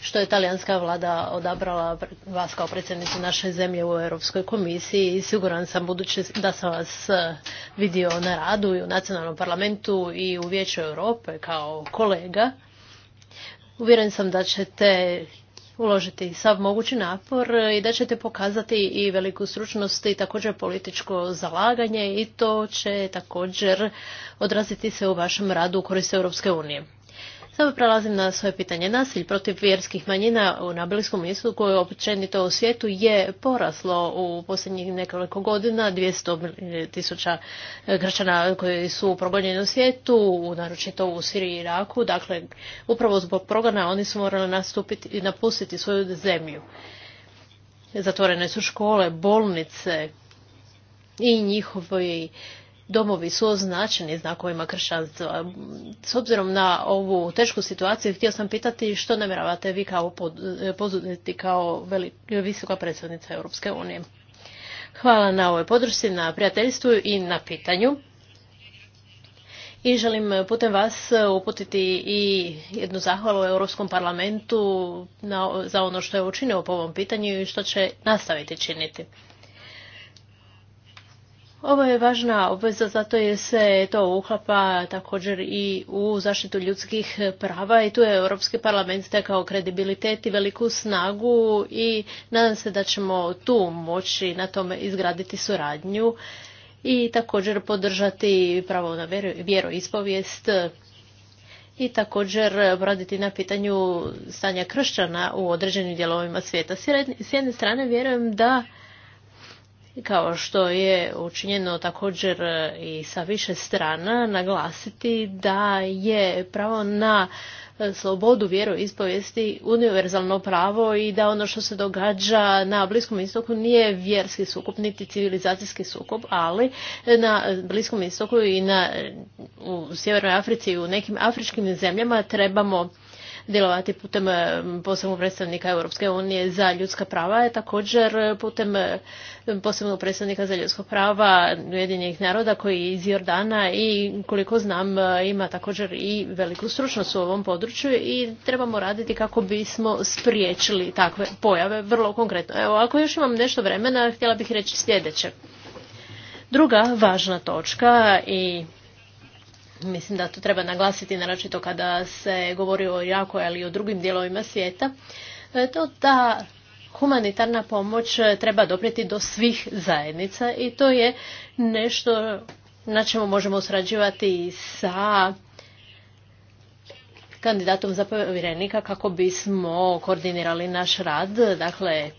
što je talijanska vlada odabrala vas kao predsjednicu naše zemlje u Europskoj komisiji i siguran sam budući da sam vas e, vidio na radu i u nacionalnom parlamentu i u Vijeću Europe kao kolega. Uvjeren sam da ćete uložiti sav mogući napor i da ćete pokazati i veliku stručnost i također političko zalaganje i to će također odraziti se u vašem radu u korist Europske unije. Sada prelazim na svoje pitanje. Nasilj protiv vjerskih manjina na Bliskom istoku koje je općenito u svijetu je poraslo u posljednjih nekoliko godina. 200 tisuća građana koji su progonjeni u svijetu, naročito u Siriji i Iraku. Dakle, upravo zbog progona oni su morali nastupiti i napustiti svoju zemlju. Zatvorene su škole, bolnice i njihovi domovi su označeni znakovima kršćanstva. S obzirom na ovu tešku situaciju, htio sam pitati što namjeravate vi kao poduzeti eh, kao visoka predsjednica Europske unije. Hvala na ovoj podršci, na prijateljstvu i na pitanju. I želim putem vas uputiti i jednu zahvalu Europskom parlamentu za ono što je učinio po ovom pitanju i što će nastaviti činiti. Ovo je važna obveza zato je se to uklapa također i u zaštitu ljudskih prava i tu je Europski parlament stekao kredibilitet i veliku snagu i nadam se da ćemo tu moći na tome izgraditi suradnju i također podržati pravo na vjeroispovijest i također poraditi na pitanju stanja kršćana u određenim dijelovima svijeta. S jedne strane vjerujem da kao što je učinjeno također e, i sa više strana, naglasiti da je pravo na e, slobodu vjeroispovijesti univerzalno pravo i da ono što se događa na Bliskom istoku nije vjerski sukob niti civilizacijski sukob, ali na Bliskom istoku i na, u Sjevernoj Africi i u nekim afričkim zemljama trebamo djelovati putem e, posebnog predstavnika Europske unije za ljudska prava je također putem e, posebnog predstavnika za ljudska prava Ujedinjenih naroda koji je iz Jordana i koliko znam e, ima također i veliku stručnost u ovom području i trebamo raditi kako bismo spriječili takve pojave vrlo konkretno. Evo, ako još imam nešto vremena, htjela bih reći sljedeće. Druga važna točka i Mislim da to treba naglasiti, naročito kada se govori o Iraku ali i o drugim dijelovima svijeta. E, to da humanitarna pomoć treba dopriti do svih zajednica i to je nešto na čemu možemo srađivati sa kandidatom za povjerenika kako bismo koordinirali naš rad, dakle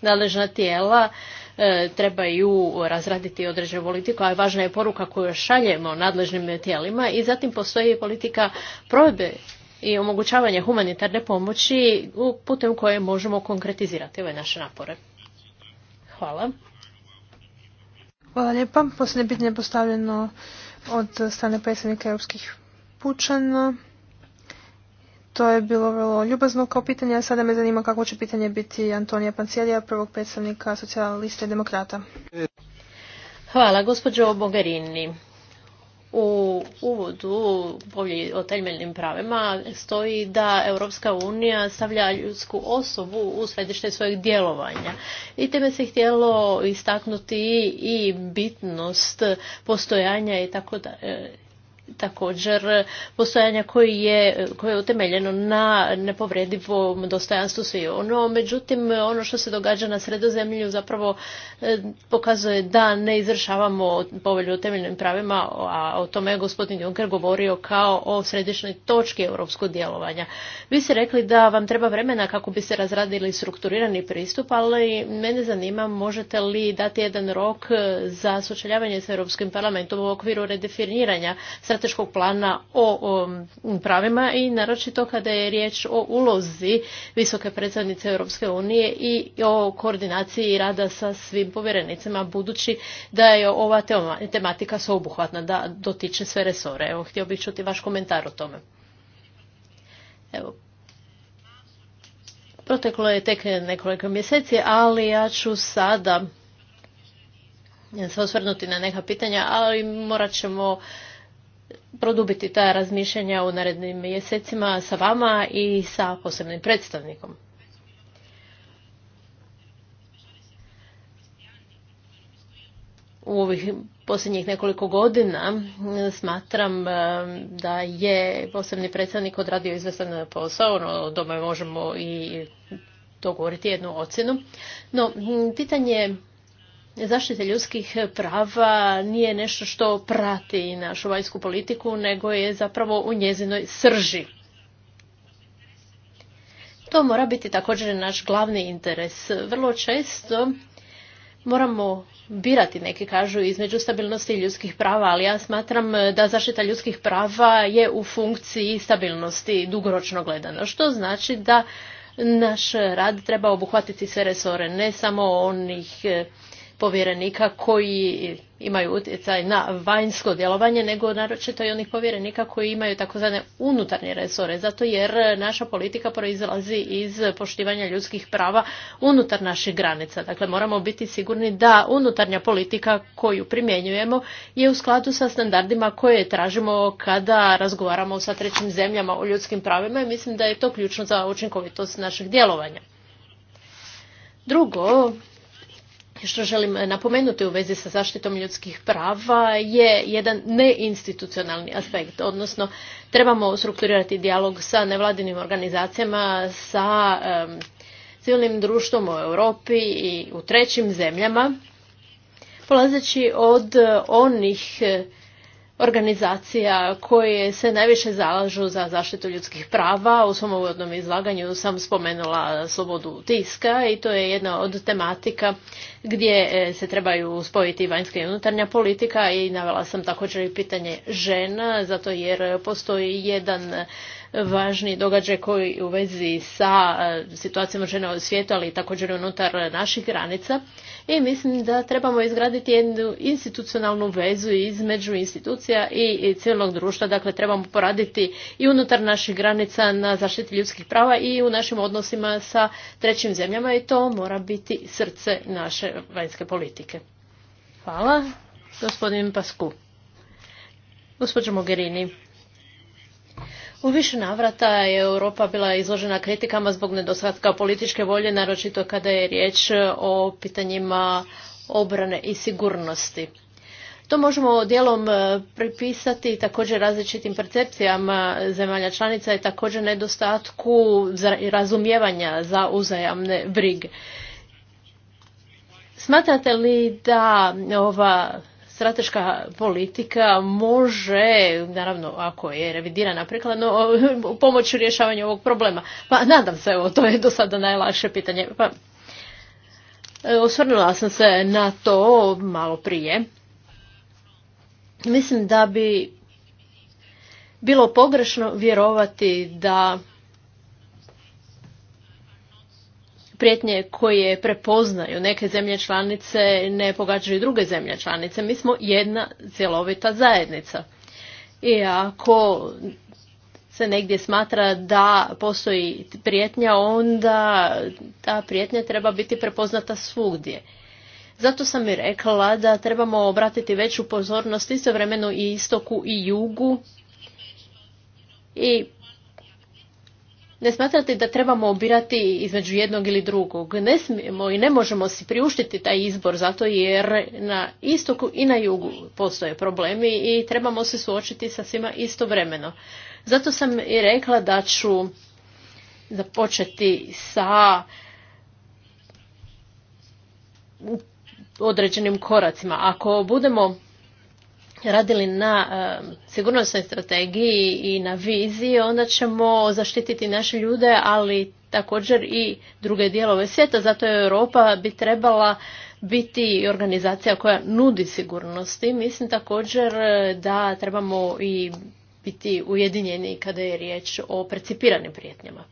nadležna tijela E, trebaju razraditi određenu politiku, a važna je poruka koju šaljemo nadležnim tijelima i zatim postoji politika provedbe i omogućavanja humanitarne pomoći putem koje možemo konkretizirati ove naše napore. Hvala. Hvala lijepa. Posljednje pitanje je postavljeno od strane predsjednika europskih pučana. To je bilo vrlo ljubazno kao pitanje, a sada me zanima kako će pitanje biti Antonija Pancijelija, prvog predstavnika socijaliste i demokrata. Hvala, gospođo Bogarini. U uvodu o temeljnim pravima stoji da Europska unija stavlja ljudsku osobu u središte svojeg djelovanja. I time se htjelo istaknuti i bitnost postojanja i tako da, također postojanja koji je, koje je utemeljeno na nepovredivom dostojanstvu svi ono. Međutim, ono što se događa na sredozemlju zapravo e, pokazuje da ne izvršavamo povelju o temeljnim pravima, a o tome je gospodin Juncker govorio kao o središnjoj točki europskog djelovanja. Vi ste rekli da vam treba vremena kako bi se razradili strukturirani pristup, ali mene zanima možete li dati jedan rok za sučeljavanje s Europskim parlamentom u okviru redefiniranja strategije strateškog plana o, pravima i naročito kada je riječ o ulozi visoke predstavnice Europske unije i o koordinaciji rada sa svim povjerenicima budući da je ova tematika sveobuhvatna da dotiče sve resore. Evo, htio bih čuti vaš komentar o tome. Evo, Proteklo je tek nekoliko mjeseci, ali ja ću sada se osvrnuti na neka pitanja, ali morat ćemo produbiti ta razmišljanja u narednim mjesecima sa vama i sa posebnim predstavnikom. u ovih posljednjih nekoliko godina smatram eh, da je posebni predstavnik odradio izvestan posao, no doma možemo i dogovoriti jednu ocjenu. No, pitanje zaštite ljudskih prava nije nešto što prati našu vanjsku politiku, nego je zapravo u njezinoj srži. To mora biti također naš glavni interes. Vrlo često moramo birati, neki kažu, između stabilnosti i ljudskih prava, ali ja smatram da zaštita ljudskih prava je u funkciji stabilnosti dugoročno gledano, što znači da naš rad treba obuhvatiti sve resore, ne samo onih eh, povjerenika koji imaju utjecaj na vanjsko djelovanje, nego naročito i onih povjerenika koji imaju takozvane unutarnje resore, zato jer naša politika proizlazi iz poštivanja ljudskih prava unutar naših granica. Dakle, moramo biti sigurni da unutarnja politika koju primjenjujemo je u skladu sa standardima koje tražimo kada razgovaramo sa trećim zemljama o ljudskim pravima i mislim da je to ključno za učinkovitost našeg djelovanja. Drugo, što želim napomenuti u vezi sa zaštitom ljudskih prava je jedan neinstitucionalni aspekt, odnosno trebamo strukturirati dijalog sa nevladinim organizacijama, sa civilnim društvom u Europi i u trećim zemljama, polazeći od onih organizacija koje se najviše zalažu za zaštitu ljudskih prava. U svom uvodnom izlaganju sam spomenula slobodu tiska i to je jedna od tematika gdje e, se trebaju spojiti vanjska i unutarnja politika i navela sam također i pitanje žena, zato jer postoji jedan važni događaj koji u vezi sa e, situacijom žena u svijetu, ali i također unutar naših granica i mislim da trebamo izgraditi jednu institucionalnu vezu između institucija i civilnog društva. Dakle, trebamo poraditi i unutar naših granica na zaštiti ljudskih prava i u našim odnosima sa trećim zemljama i to mora biti srce naše vanjske politike. Hvala. Gospodin Pasku. Gospođo Mogherini, u više navrata je Europa bila izložena kritikama zbog nedostatka političke volje, naročito kada je riječ o pitanjima obrane i sigurnosti. To možemo dijelom e, pripisati također različitim percepcijama zemalja članica i također nedostatku razumijevanja za uzajamne brige. Smatrate li da ova strateška politika može, naravno ako je revidirana prikladno, <laughs> pomoći u rješavanju ovog problema? Pa nadam se, evo, to je do sada najlakše pitanje. Pa, e, osvrnula sam se na to malo prije. Mislim da bi bilo pogrešno vjerovati da prijetnje koje prepoznaju neke zemlje članice ne pogađaju druge zemlje članice. Mi smo jedna cjelovita zajednica. I ako se negdje smatra da postoji prijetnja, onda ta prijetnja treba biti prepoznata svugdje. Zato sam i rekla da trebamo obratiti veću pozornost istovremeno i istoku i jugu i ne smatrate da trebamo obirati između jednog ili drugog. Ne smijemo i ne možemo si priuštiti taj izbor zato jer na istoku i na jugu postoje problemi i trebamo se suočiti sa svima istovremeno. Zato sam i rekla da ću započeti sa određenim koracima. Ako budemo radili na e, sigurnosnoj strategiji i na viziji, onda ćemo zaštititi naše ljude, ali također i druge dijelove svijeta. Zato je Europa bi trebala biti organizacija koja nudi sigurnosti. mislim također e, da trebamo i biti ujedinjeni kada je riječ o precipiranim prijetnjama.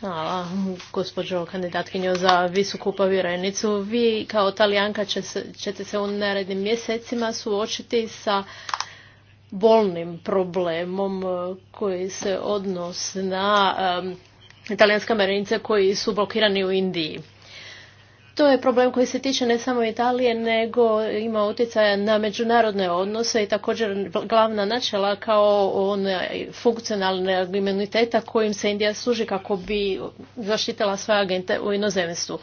Hvala, gospođo kandidatkinjo za visoku povjerenicu. Vi kao talijanka ćete se u narednim mjesecima suočiti sa bolnim problemom e, koji se odnosi na italijanske marinice koji su blokirani u Indiji. To je problem koji se tiče ne samo Italije, nego ima utjecaja na međunarodne odnose i također glavna načela kao on funkcionalne imuniteta kojim se Indija služi kako bi zaštitila svoje agente u inozemstvu.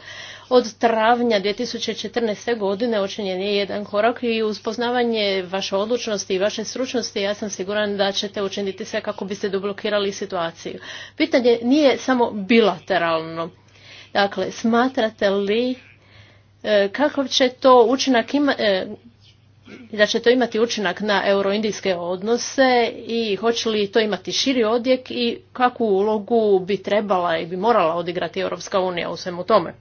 Od travnja 2014. godine učinjen je jedan korak i uz poznavanje vaše odlučnosti i vaše stručnosti ja sam siguran da ćete učiniti sve kako biste doblokirali situaciju. Pitanje nije samo bilateralno. Dakle, smatrate li E, kakav će to učinak ima, e, da će to imati učinak na euroindijske odnose i hoće li to imati širi odjek i kakvu ulogu bi trebala i bi morala odigrati Europska unija u svemu tome.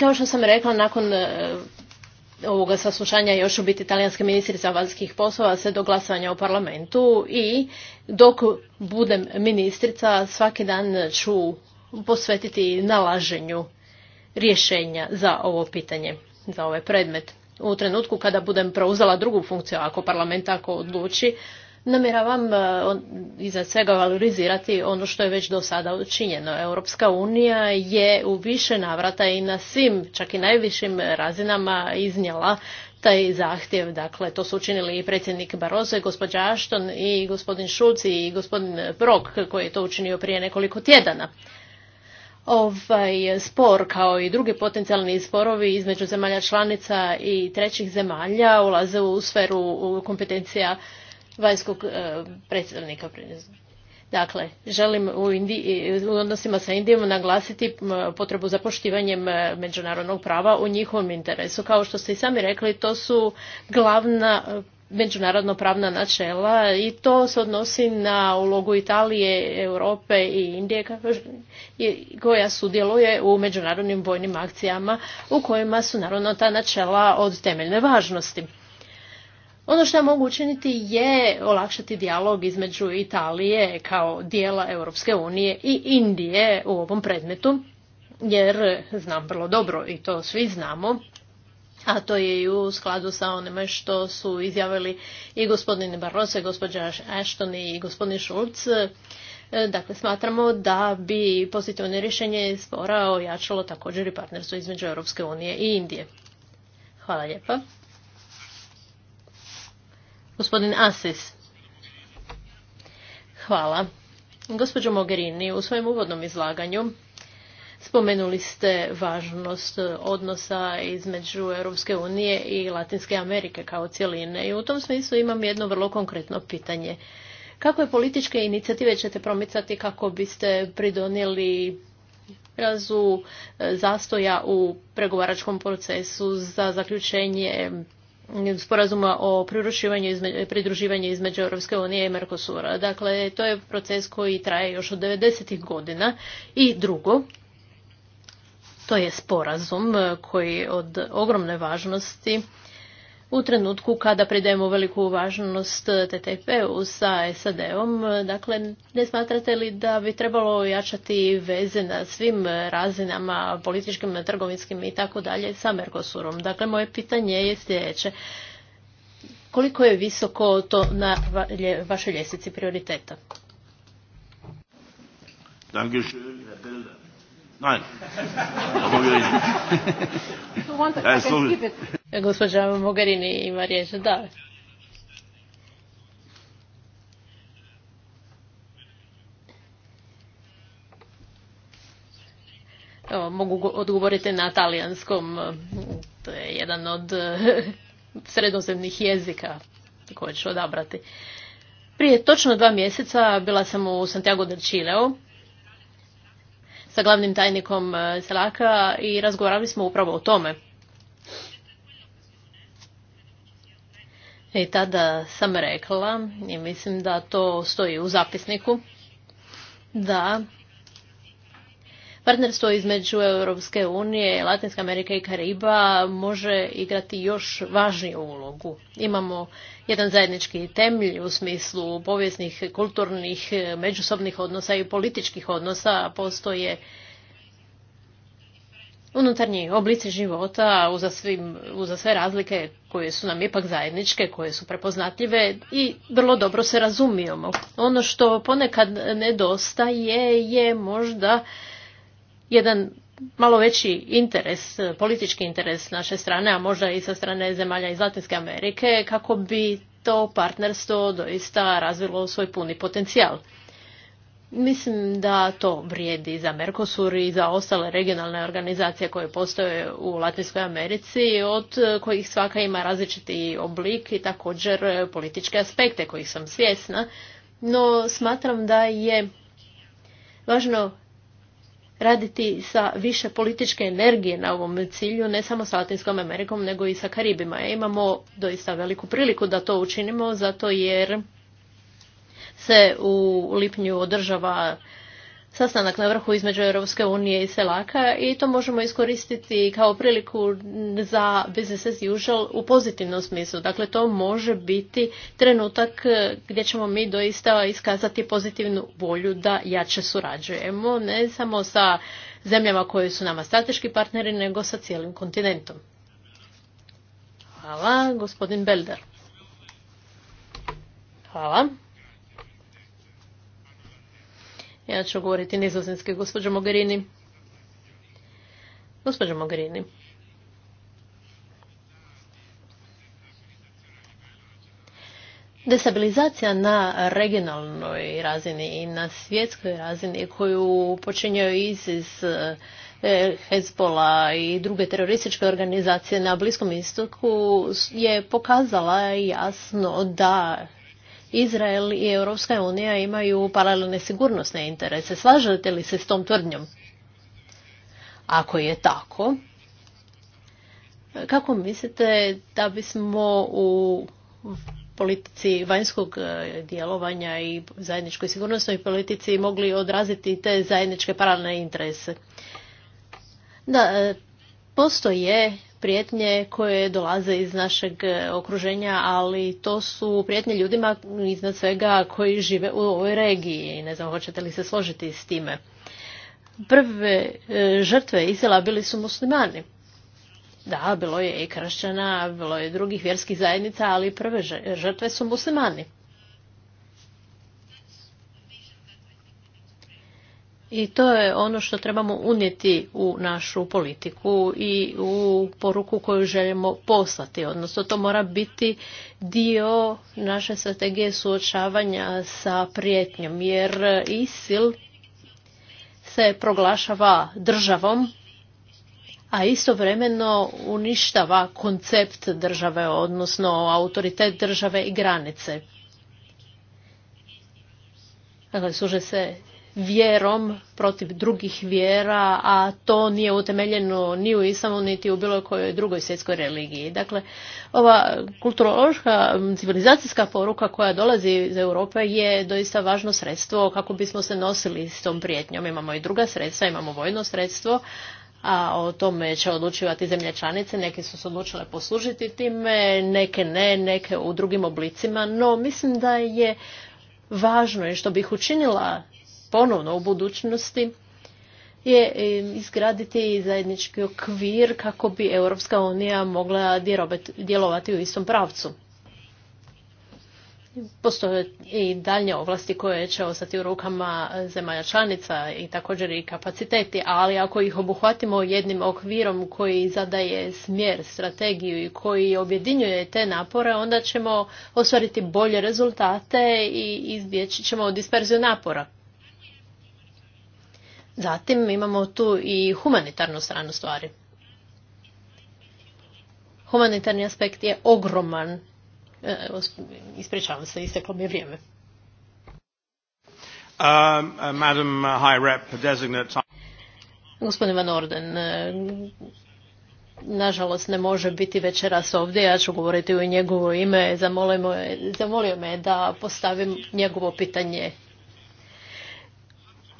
Kao što sam rekla, nakon e, ovoga saslušanja još u biti talijanska ministrica vanjskih poslova sve do glasovanja u parlamentu i dok budem ministrica svaki dan ću posvetiti nalaženju rješenja za ovo pitanje, za ovaj predmet. U trenutku kada budem preuzela drugu funkciju, ako parlament tako odluči, namjeravam e, iza svega valorizirati ono što je već do sada učinjeno. Europska unija je u više navrata i na svim, čak i najvišim razinama iznijela taj zahtjev. Dakle, to su učinili i predsjednik Barroso, i gospođa Ashton i gospodin Schulz i gospodin Brok koji je to učinio prije nekoliko tjedana ovaj spor kao i drugi potencijalni sporovi između zemalja članica i trećih zemalja ulaze u sferu kompetencija vanjskog predsjednika. Eh, predstavnika. Dakle, želim u, u odnosima sa Indijom naglasiti potrebu za poštivanjem eh, međunarodnog prava u njihovom interesu. Kao što ste i sami rekli, to su glavna međunarodno pravna načela i to se odnosi na ulogu Italije, Europe i Indije koja sudjeluje u međunarodnim vojnim akcijama u kojima su naravno ta načela od temeljne važnosti. Ono što ja mogu učiniti je olakšati dijalog između Italije kao dijela Europske unije i Indije u ovom predmetu, jer znam vrlo dobro i to svi znamo a to je i u skladu sa onime što su izjavili i gospodin Barroso, gospođa Ashton i gospodin Schulz. E, dakle, smatramo da bi pozitivno rješenje spora ojačalo također i partnerstvo između Europske unije i Indije. Hvala lijepa. Gospodin Asis. Hvala. Gospođo Mogherini, u svojem uvodnom izlaganju Spomenuli ste važnost e, odnosa između Europske unije i Latinske Amerike kao cjeline i u tom smislu imam jedno vrlo konkretno pitanje. Kakve političke inicijative ćete promicati kako biste pridonijeli razu e, zastoja u pregovaračkom procesu za zaključenje sporazuma o pridruživanju između Europske unije i Mercosura. Dakle, to je proces koji traje još od 90. godina. I drugo, to je sporazum e, koji je od ogromne važnosti u trenutku kada pridajemo veliku važnost TTIP-u sa SAD-om, dakle, ne smatrate li da bi trebalo jačati veze na svim razinama, političkim, trgovinskim i tako dalje sa Mercosurom? Dakle, moje pitanje je sljedeće. Koliko je visoko to na vašoj ljestvici prioriteta? E, gospođa Mogherini ima riječ, da. mogu odgovoriti na talijanskom. To je jedan od eh, sredozemnih jezika koje ću odabrati. Prije točno dva mjeseca bila sam u Santiago del Chileu sa glavnim tajnikom e, Selaka i razgovarali smo upravo o tome. I tada sam rekla, i mislim da to stoji u zapisniku, da partnerstvo između Europske unije, Latinske Amerike i Kariba može igrati još važniju ulogu. Imamo jedan zajednički temelj u smislu povijesnih, kulturnih, e, međusobnih odnosa i političkih odnosa. Postoje unutarnji oblici života uza, svim, uza sve razlike koje su nam ipak zajedničke, koje su prepoznatljive i vrlo dobro se razumijemo. Ono što ponekad nedostaje je možda jedan malo veći interes, politički interes naše strane, a možda i sa strane zemalja iz Latinske Amerike, kako bi to partnerstvo doista razvilo svoj puni potencijal. Mislim da to vrijedi za Mercosur i za ostale regionalne organizacije koje postoje u Latinskoj Americi, od kojih svaka ima različiti oblik i također političke aspekte kojih sam svjesna. No smatram da je važno raditi sa više političke energije na ovom cilju, ne samo sa Latinskom Amerikom, nego i sa Karibima. E, imamo doista veliku priliku da to učinimo, zato jer se u lipnju održava sastanak na vrhu između Europske unije i Selaka i to možemo iskoristiti kao priliku za business as usual u pozitivnom smislu. Dakle, to može biti trenutak gdje ćemo mi doista iskazati pozitivnu volju da jače surađujemo, ne samo sa zemljama koje su nama strateški partneri, nego sa cijelim kontinentom. Hvala, gospodin Belder. Hvala. Ja ću govoriti nizozemski, gospođo Mogherini. Gospođo Mogherini. Destabilizacija na regionalnoj razini i na svjetskoj razini koju počinjaju ISIS, e, Hezbola i druge terorističke organizacije na Bliskom istoku je pokazala jasno da Izrael i Europska unija imaju paralelne sigurnosne interese. Slažete li se s tom tvrdnjom? Ako je tako, kako mislite da bismo u politici vanjskog e, djelovanja i zajedničkoj sigurnosnoj politici mogli odraziti te zajedničke paralelne interese? Da, e, postoje prijetnje koje dolaze iz našeg e, okruženja, ali to su prijetnje ljudima iznad svega koji žive u ovoj regiji. Ne znam, hoćete li se složiti s time. Prve e, žrtve Izela bili su muslimani. Da, bilo je i kršćana, bilo je drugih vjerskih zajednica, ali prve žrtve su muslimani. I to je ono što trebamo unijeti u našu politiku i u poruku koju želimo poslati. Odnosno to mora biti dio naše strategije suočavanja sa prijetnjom jer ISIL se proglašava državom a istovremeno uništava koncept države, odnosno autoritet države i granice. Dakle, služe se vjerom protiv drugih vjera, a to nije utemeljeno ni u islamu niti u bilo kojoj drugoj svjetskoj religiji. Dakle, ova kulturološka, civilizacijska poruka koja dolazi iz Europe je doista važno sredstvo kako bismo se nosili s tom prijetnjom. Imamo i druga sredstva, imamo vojno sredstvo, a o tome će odlučivati zemlje članice. Neke su se odlučile poslužiti time, neke ne, neke u drugim oblicima, no mislim da je važno i što bih učinila ponovno u budućnosti je e, izgraditi zajednički okvir kako bi Europska unija mogla djelovati u istom pravcu. Postoje i dalje ovlasti koje će ostati u rukama zemalja članica i također i kapaciteti, ali ako ih obuhvatimo jednim okvirom koji zadaje smjer, strategiju i koji objedinjuje te napore, onda ćemo ostvariti bolje rezultate i izbjeći ćemo disperziju napora. Zatim imamo tu i humanitarnu stranu stvari. Humanitarni aspekt je ogroman. E, ispričavam se, isteklo mi je vrijeme. Um, uh, uh, Gospodin Van Orden, e, nažalost ne može biti večeras ovdje, ja ću govoriti u njegovo ime, zamolio me, zamolio me da postavim njegovo pitanje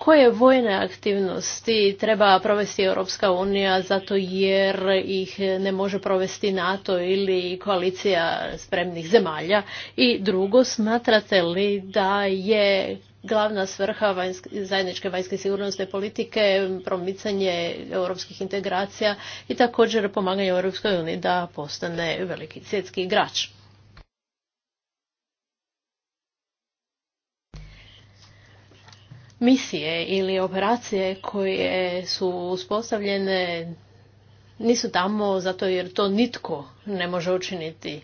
koje vojne aktivnosti treba provesti Europska unija zato jer ih ne može provesti NATO ili koalicija spremnih zemalja? I drugo, smatrate li da je glavna svrha zajedničke vanjske sigurnosne politike promicanje europskih integracija i također pomaganje Europskoj uniji da postane veliki svjetski igrač? misije ili operacije koje su uspostavljene nisu tamo zato jer to nitko ne može učiniti.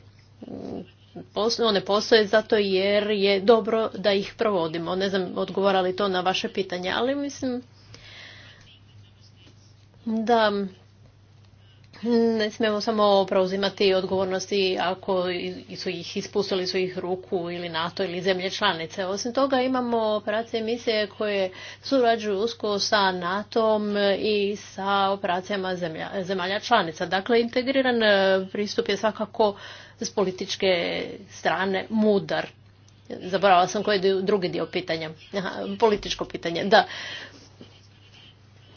One postoje zato jer je dobro da ih provodimo. Ne znam odgovara to na vaše pitanje, ali mislim da ne smijemo samo preuzimati odgovornosti ako su ih ispustili su ih ruku ili NATO ili zemlje članice. Osim toga imamo operacije misije koje surađuju usko sa NATO-om i sa operacijama zemlja, zemalja članica. Dakle, integriran e, pristup je svakako s političke strane mudar. Zaboravila sam koji je drugi dio pitanja. Aha, političko pitanje, da.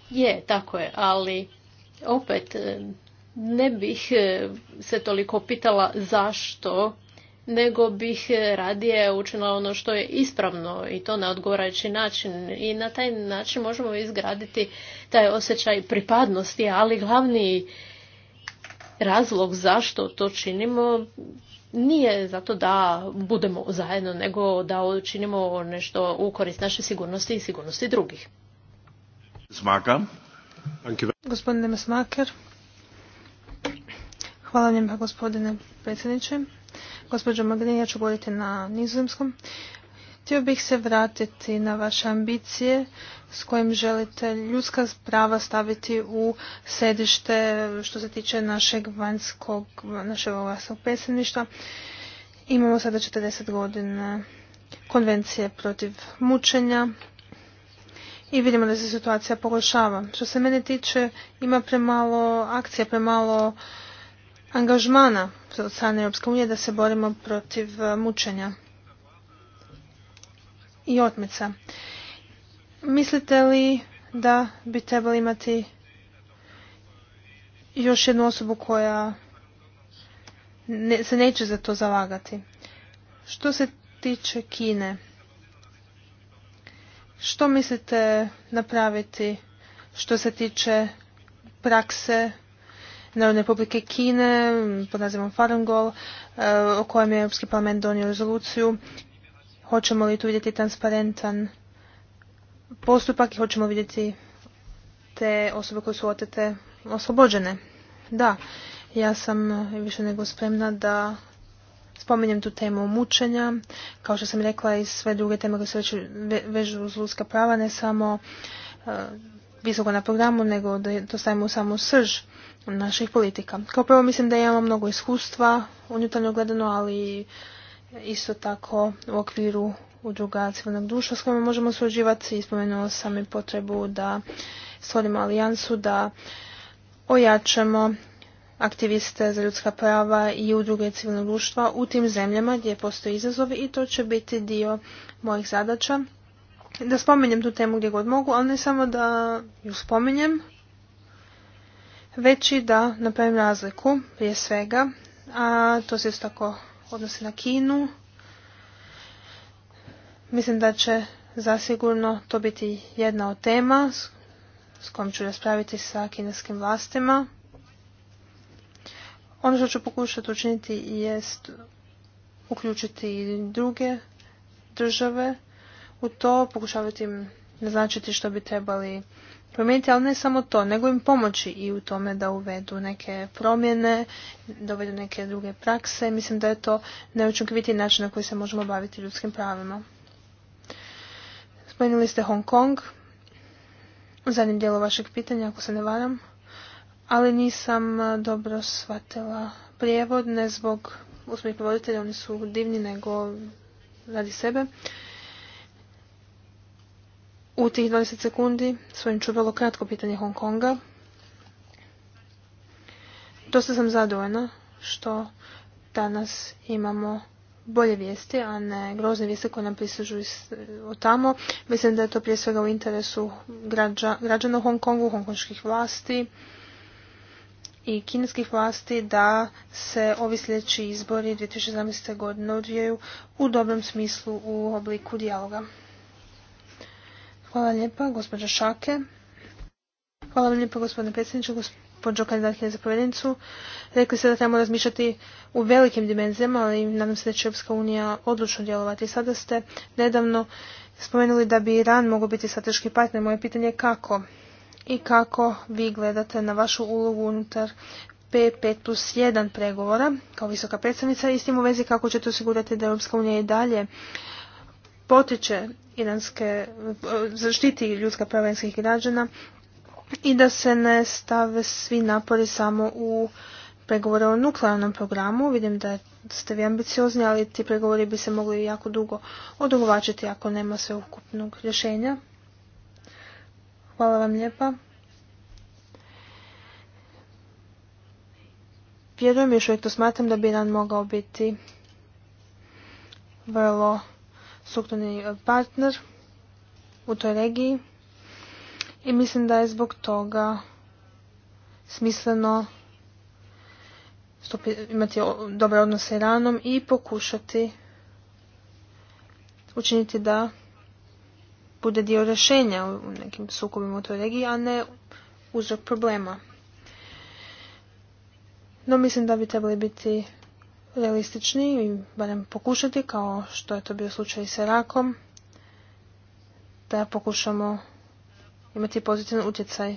Je, tako je, ali opet e, ne bih e, se toliko pitala zašto, nego bih e, radije učinila ono što je ispravno i to na odgovarajući način. I na taj način možemo izgraditi taj osjećaj pripadnosti, ali glavni razlog zašto to činimo nije zato da budemo zajedno, nego da učinimo nešto u korist naše sigurnosti i sigurnosti drugih. Smaka. Gospodine Smaker. Hvala lijepa gospodine predsjedniče. Gospođo Magrini, ja ću govoriti na nizozemskom. Htio bih se vratiti na vaše ambicije s kojim želite ljudska prava staviti u središte što se tiče našeg vanjskog, našeg vlasnog predsjedništva. Imamo sada 40 godina konvencije protiv mučenja i vidimo da se situacija pogoršava. Što se mene tiče, ima premalo akcija, premalo angažmana od strane Europske unije da se borimo protiv e, mučenja i otmica. Mislite li da bi trebali imati još jednu osobu koja se neće za to zalagati? Što se tiče Kine, što mislite napraviti što se tiče prakse Narodne republike Kine pod nazivom Farangol eh, o kojem je Europski parlament donio rezoluciju. Hoćemo li tu vidjeti transparentan postupak i hoćemo vidjeti te osobe koje su otete oslobođene. Da, ja sam više nego spremna da spominjem tu temu mučenja, kao što sam rekla i sve druge teme koje se vežu uz ljudska prava, ne samo eh, visoko na programu, nego da to stavimo u samu srž naših politika. Kao prvo mislim da imamo mnogo iskustva unutarnjo gledano, ali isto tako u okviru udruga civilnog društva s kojima možemo surađivati i spomenuo sam i potrebu da stvorimo alijansu, da ojačamo aktiviste za ljudska prava i udruge civilnog društva u tim zemljama gdje postoje izazovi i to će biti dio mojih zadaća da spominjem tu temu gdje god mogu, ali ne samo da ju spominjem, već i da napravim razliku prije svega, a to se isto tako odnosi na Kinu. Mislim da će zasigurno to biti jedna od tema s kojom ću raspraviti sa kineskim vlastima. Ono što ću pokušati učiniti jest uključiti i druge države u to, pokušavati im naznačiti što bi trebali promijeniti, ali ne samo to, nego im pomoći i u tome da uvedu neke promjene, dovedu neke druge prakse. Mislim da je to najučinkovitiji način na koji se možemo baviti ljudskim pravima. Spomenuli ste Hong Kong, u zadnjem dijelu vašeg pitanja, ako se ne varam, ali nisam dobro shvatila prijevod, ne zbog usmih prevoditelja, oni su divni, nego radi sebe u tih 20 sekundi svojim ću kratko pitanje Hong Konga. Dosta sam zadovoljna što danas imamo bolje vijesti, a ne grozne vijesti koje nam prisežu od tamo. Mislim da je to prije svega u interesu građana Hong Kongu, hongkonških vlasti i kineskih vlasti da se ovi sljedeći izbori 2017. godine odvijaju u dobrom smislu u obliku dijaloga. Hvala lijepa, gospođa Šake. Hvala vam lijepa, gospodine predsjedniče, gospođo kandidatke za povedenicu. Rekli ste da trebamo razmišljati u velikim dimenzijama, ali nadam se da će Europska unija odlučno djelovati. Sada ste nedavno spomenuli da bi Iran mogao biti strateški partner. Moje pitanje je kako? I kako vi gledate na vašu ulogu unutar P5 plus 1 pregovora kao visoka predstavnica i s tim u vezi kako ćete osigurati da Europska unija i dalje potiče iranske, zaštiti ljudska prava iranskih građana i da se ne stave svi napori samo u pregovore o nuklearnom programu. Vidim da ste vi ambiciozni, ali ti pregovori bi se mogli jako dugo odugovačiti ako nema sveukupnog rješenja. Hvala vam lijepa. Vjerujem još uvijek to smatram da bi Iran mogao biti vrlo strukturni partner u toj regiji i mislim da je zbog toga smisleno imati dobre odnose s Iranom i pokušati učiniti da bude dio rješenja u nekim sukobima u toj regiji, a ne uzrok problema. No mislim da bi trebali biti realistični, barem pokušati, kao što je to bio slučaj sa rakom, da pokušamo imati pozitivan utjecaj.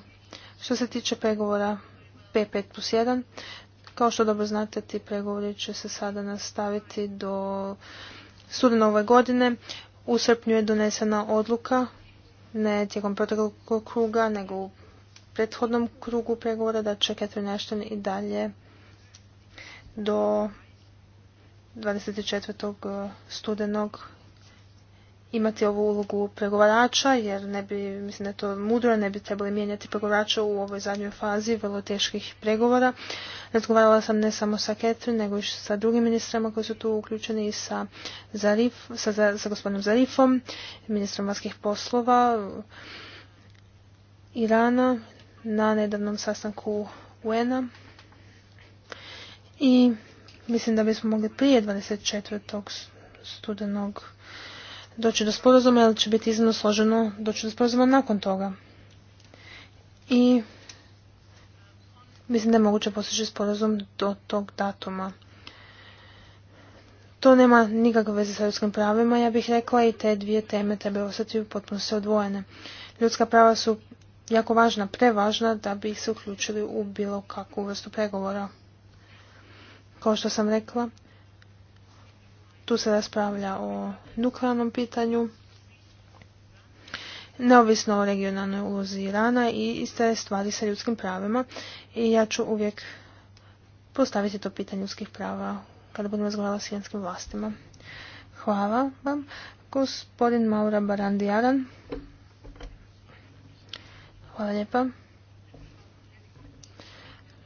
Što se tiče pregovora P5 plus 1, kao što dobro znate, ti pregovori će se sada nastaviti do studena ove godine. U srpnju je donesena odluka, ne tijekom proteklog kruga, nego u prethodnom krugu pregovora, da će Catherine i dalje do 24. E, studenog imati ovu ulogu pregovarača, jer ne bi, mislim da je to mudro, ne bi trebali mijenjati pregovarača u ovoj zadnjoj fazi vrlo teških pregovora. Razgovarala sam ne samo sa Ketrin, nego i sa drugim ministrama koji su tu uključeni i sa, Zarif, sa, sa gospodinom Zarifom, ministrom vanjskih poslova Irana na nedavnom sastanku un I Mislim da bismo mogli prije 24. studenog doći do sporazuma, ali će biti iznimno složeno doći do sporazuma nakon toga. I mislim da je moguće postići sporazum do tog datuma. To nema nikakve veze sa ljudskim pravima, ja bih rekla, i te dvije teme trebaju ostati potpuno se odvojene. Ljudska prava su jako važna, prevažna da bi ih se uključili u bilo kakvu vrstu pregovora. Kao što sam rekla, tu se raspravlja o nuklearnom pitanju, neovisno o regionalnoj ulozi Irana i iste stvari sa ljudskim pravima. I ja ću uvijek postaviti to pitanje ljudskih prava kada budem razgovarala s iranskim vlastima. Hvala vam. Gospodin Maura Barandijaran. Hvala lijepa.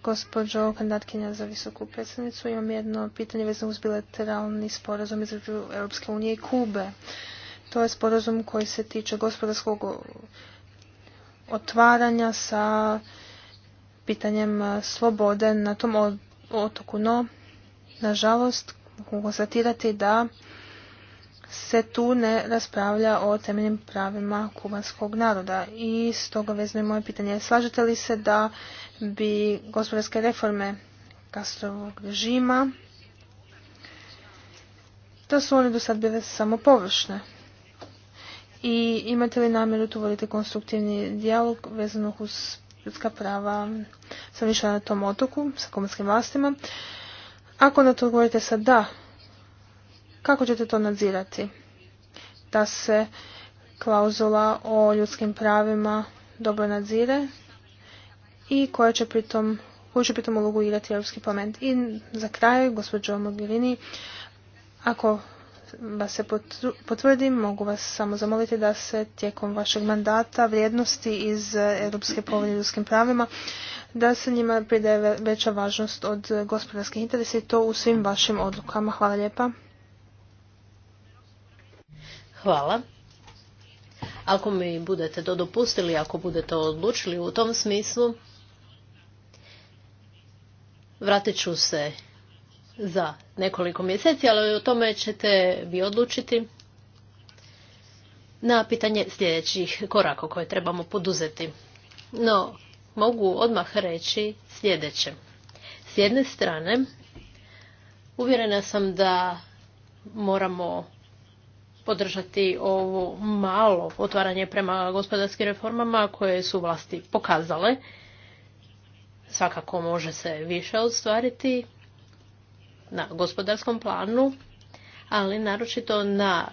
Gospođo kandidatkinja za visoku predsjednicu, imam jedno pitanje vezano uz bilateralni sporazum između Europske unije i Kube. To je sporazum koji se tiče gospodarskog otvaranja sa pitanjem slobode na tom otoku. No, nažalost, mogu konstatirati da se tu ne raspravlja o temeljnim pravima kubanskog naroda. I stoga vezno je moje pitanje. Slažete li se da bi gospodarske reforme Kastrovog režima da su one do sad bile samo površne. I imate li namjeru tu konstruktivni dijalog vezano uz ljudska prava sam išla na tom otoku sa komarskim vlastima. Ako na to govorite sa da, kako ćete to nadzirati? Da se klauzula o ljudskim pravima dobro nadzire i koja će pritom koju će pritom ulogu igrati Europski parlament. I za kraj, gospođo Mogherini, ako vas se potvrdim, mogu vas samo zamoliti da se tijekom vašeg mandata vrijednosti iz Europske povelje ljudskim pravima, da se njima pridaje veća važnost od gospodarskih interesa i to u svim vašim odlukama. Hvala lijepa. Hvala. Ako mi budete to dopustili, ako budete odlučili u tom smislu, Vratit ću se za nekoliko mjeseci, ali o tome ćete vi odlučiti na pitanje sljedećih koraka koje trebamo poduzeti. No, mogu odmah reći sljedeće. S jedne strane, uvjerena sam da moramo podržati ovo malo otvaranje prema gospodarskim reformama koje su vlasti pokazale Svakako može se više ostvariti na gospodarskom planu, ali naročito na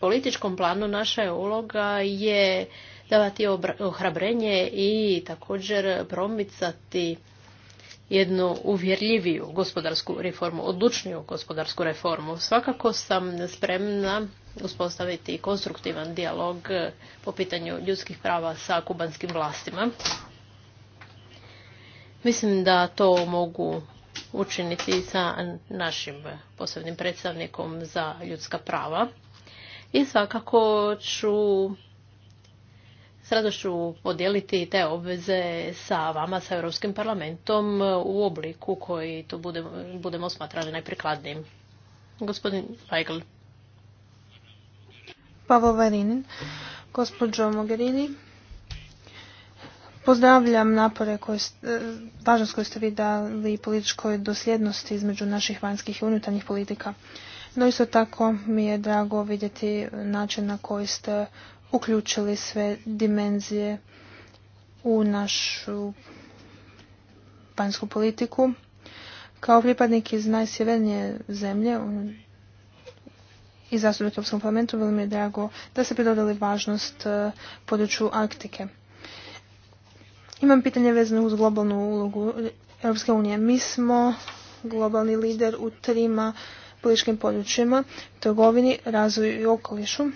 političkom planu naša uloga je davati ohrabrenje i također promicati jednu uvjerljiviju gospodarsku reformu, odlučniju gospodarsku reformu. Svakako sam spremna uspostaviti konstruktivan dijalog po pitanju ljudskih prava sa kubanskim vlastima. Mislim da to mogu učiniti sa našim posebnim predstavnikom za ljudska prava. I svakako ću s radošću podijeliti te obveze sa vama, sa Europskim parlamentom u obliku koji to budemo, budemo smatrali najprikladnijim. Gospodin Feigl. Pavel Varinin. Mogherini, Pozdravljam napore koje, e, važnost koju ste vi dali političkoj dosljednosti između naših vanjskih i unutarnjih politika. No isto tako mi je drago vidjeti način na koji ste uključili sve dimenzije u našu vanjsku politiku. Kao pripadnik iz najsjevernije zemlje i zastupnik u Europskom parlamentu bilo mi je drago da ste pridodali važnost e, području Arktike. Imam pitanje vezano uz globalnu ulogu Europske unije. Mi smo globalni lider u trima političkim područjima, trgovini, razvoju i okolišu.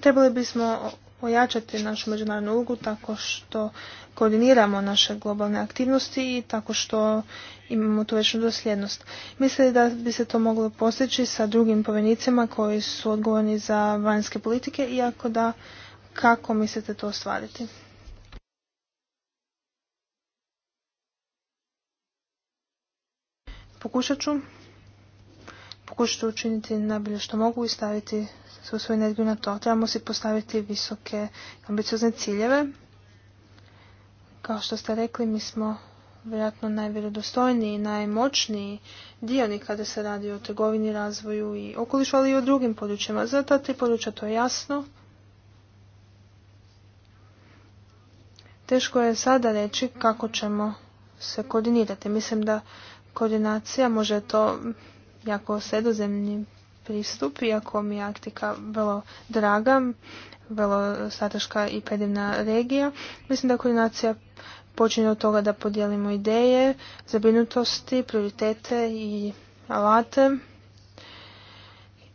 Trebali bismo ojačati našu međunarodnu ulogu tako što koordiniramo naše globalne aktivnosti i tako što imamo tu veću dosljednost. Mislim da bi se to moglo postići sa drugim povjenicima koji su odgovorni za vanjske politike iako da, kako mislite to ostvariti? Pokušat ću. Pokušat ću učiniti najbolje što mogu i staviti svu svoju energiju na to. Trebamo si postaviti visoke ambiciozne ciljeve. Kao što ste rekli, mi smo vjerojatno najvjerodostojniji i najmoćniji dionik kada se radi o trgovini, razvoju i okolišu, ali i o drugim područjima. Za ta tri područja to je jasno. Teško je sada reći kako ćemo se koordinirati. Mislim da koordinacija, može to jako sredozemni pristup, iako mi je Arktika vrlo draga, vrlo strateška i predivna regija. Mislim da koordinacija počinje od toga da podijelimo ideje, zabrinutosti, prioritete i alate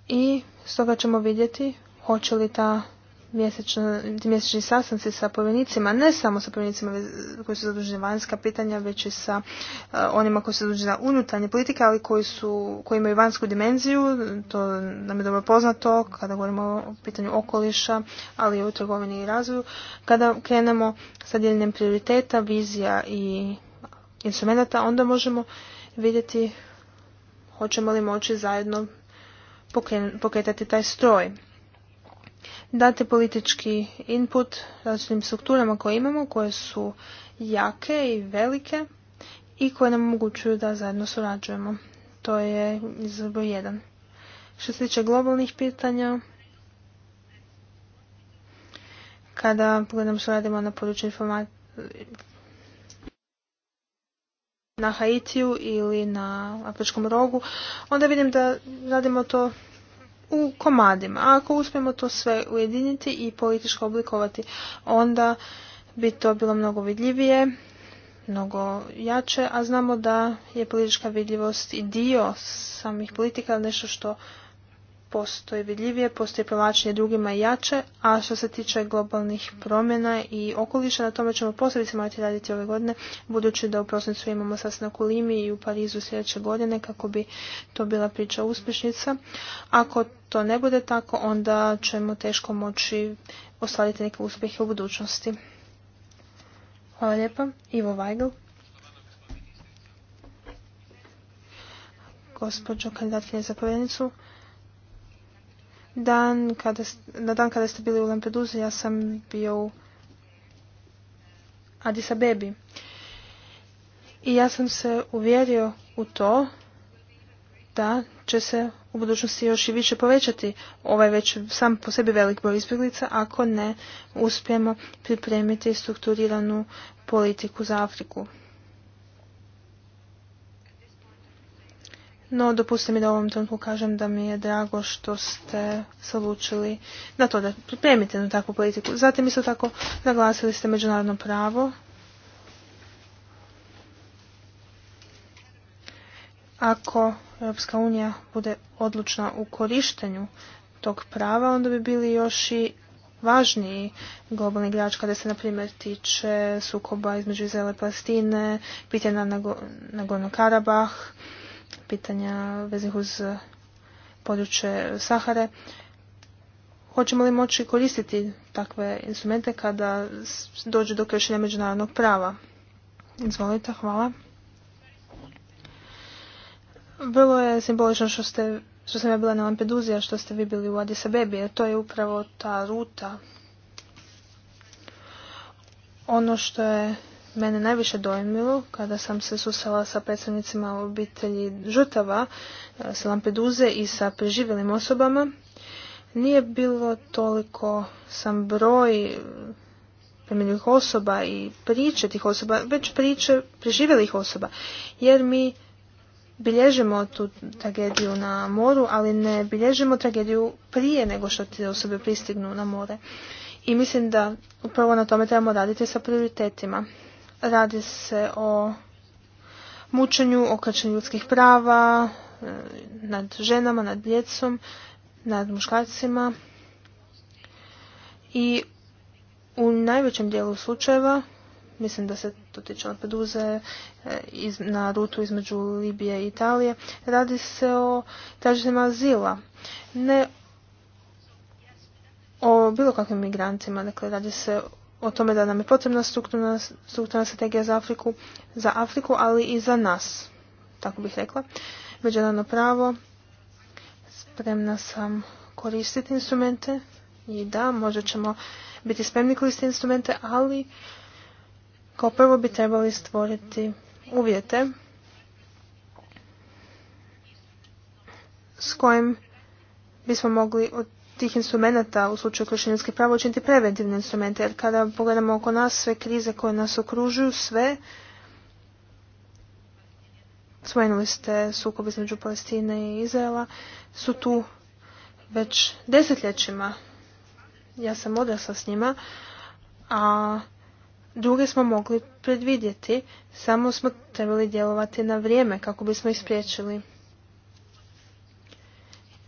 i stoga ćemo vidjeti hoće li ta mjesečni sastanci sa povjenicima, ne samo sa povjenicima koji su zaduženi vanjska pitanja, već i sa eh, onima koji su zaduženi na unutarnje politike, ali koji, su, koji imaju vanjsku dimenziju, to nam je dobro poznato kada govorimo o pitanju okoliša, ali i o trgovini i razvoju. Kada krenemo sa dijeljenjem prioriteta, vizija i instrumenta, onda možemo vidjeti hoćemo li moći zajedno pokretati taj stroj dati politički input različitim strukturama koje imamo, koje su jake i velike i koje nam omogućuju da zajedno surađujemo. To je izvor jedan. Što se tiče globalnih pitanja, kada pogledamo što radimo na području informacije, na Haitiju ili na Afričkom rogu, onda vidim da radimo to u komadima. A ako uspijemo to sve ujediniti i političko oblikovati, onda bi to bilo mnogo vidljivije, mnogo jače, a znamo da je politička vidljivost i dio samih politika nešto što postoji vidljivije, postoji privlačenje drugima i jače, a što se tiče globalnih promjena i okoliša, na tome ćemo posebice morati raditi ove godine, budući da u prosincu imamo sastanak u Limi i u Parizu sljedeće godine kako bi to bila priča uspješnica. Ako to ne bude tako, onda ćemo teško moći ostvariti neke uspjehe u budućnosti. Hvala lijepa. Ivo Weigl. Gospođo kandidatkinje za povjednicu, dan kada, na dan kada ste bili u Lampeduzi, ja sam bio u Addis I ja sam se uvjerio u to da će se u budućnosti još i više povećati ovaj već sam po sebi velik broj izbjeglica ako ne uspijemo pripremiti strukturiranu politiku za Afriku. No, dopustite mi da u ovom trenutku kažem da mi je drago što ste se odlučili na to da pripremite na takvu politiku. Zatim isto tako naglasili ste međunarodno pravo. Ako Europska unija bude odlučna u korištenju tog prava, onda bi bili još i važniji globalni igrač kada se, na primjer, tiče sukoba između Izraela i Palestine, pitanja na Nagorno-Karabah, pitanja vezih uz područje Sahare. Hoćemo li moći koristiti takve instrumente kada dođe do kršenja međunarodnog prava? Izvolite, hvala. Vrlo je simbolično što ste što sam ja bila na Lampeduzi, što ste vi bili u Addis jer to je upravo ta ruta. Ono što je mene najviše dojmilo kada sam se susala sa predstavnicima obitelji žrtava e, sa Lampeduze i sa preživjelim osobama nije bilo toliko sam broj temeljnih e, osoba i priče tih osoba, već priče preživjelih osoba. Jer mi bilježimo tu tragediju na moru, ali ne bilježimo tragediju prije nego što te osobe pristignu na more. I mislim da upravo na tome trebamo raditi sa prioritetima. Radi se o mučenju, o ljudskih prava, e, nad ženama, nad djecom, nad muškarcima. I u najvećem dijelu slučajeva, mislim da se to tiče od e, na rutu između Libije i Italije, radi se o tražitima azila, ne o bilo kakvim migrantima, dakle radi se o tome da nam je potrebna strukturna, strukturna strategija za Afriku, za Afriku, ali i za nas, tako bih rekla. Međunarodno pravo, spremna sam koristiti instrumente i da, možda ćemo biti spremni koristiti instrumente, ali kao prvo bi trebali stvoriti uvjete s kojim bismo mogli tih instrumenta u slučaju kršenja ljudskih prava učiniti preventivne instrumente, jer kada pogledamo oko nas sve krize koje nas okružuju, sve spomenuli ste sukob između Palestine i Izraela, su tu već desetljećima. Ja sam odrasla s njima, a druge smo mogli predvidjeti, samo smo trebali djelovati na vrijeme kako bismo ispriječili.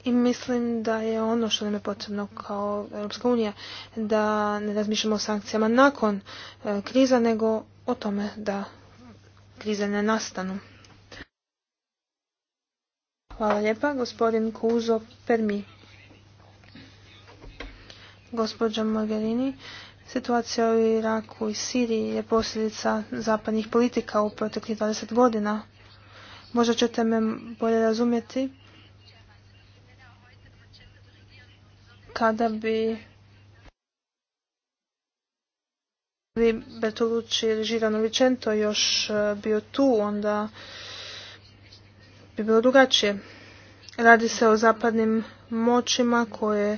I mislim da je ono što nam je potrebno kao Europska unija da ne razmišljamo o sankcijama nakon e, kriza, nego o tome da krize ne nastanu. Hvala lijepa, gospodin Kuzo Permi. Gospođa Mogherini, situacija u Iraku i Siriji je posljedica zapadnih politika u proteklih 20 godina. Možda ćete me bolje razumjeti kada bi Bertolucci ili Žirano Vicento još e, bio tu, onda bi bilo drugačije. Radi se o zapadnim moćima koje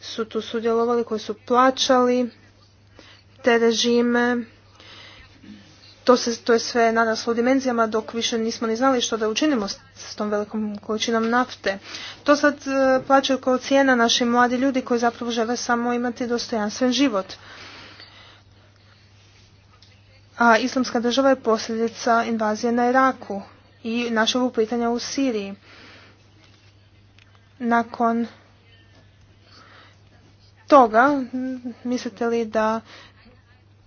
su tu sudjelovali, koje su plaćali te režime to, se, to je sve naraslo u dimenzijama dok više nismo ni znali što da učinimo s, tom velikom količinom nafte. To sad e, plaćaju kao cijena naši mladi ljudi koji zapravo žele samo imati dostojanstven život. A islamska država je posljedica invazije na Iraku i našeg upitanja u Siriji. Nakon toga, mislite li da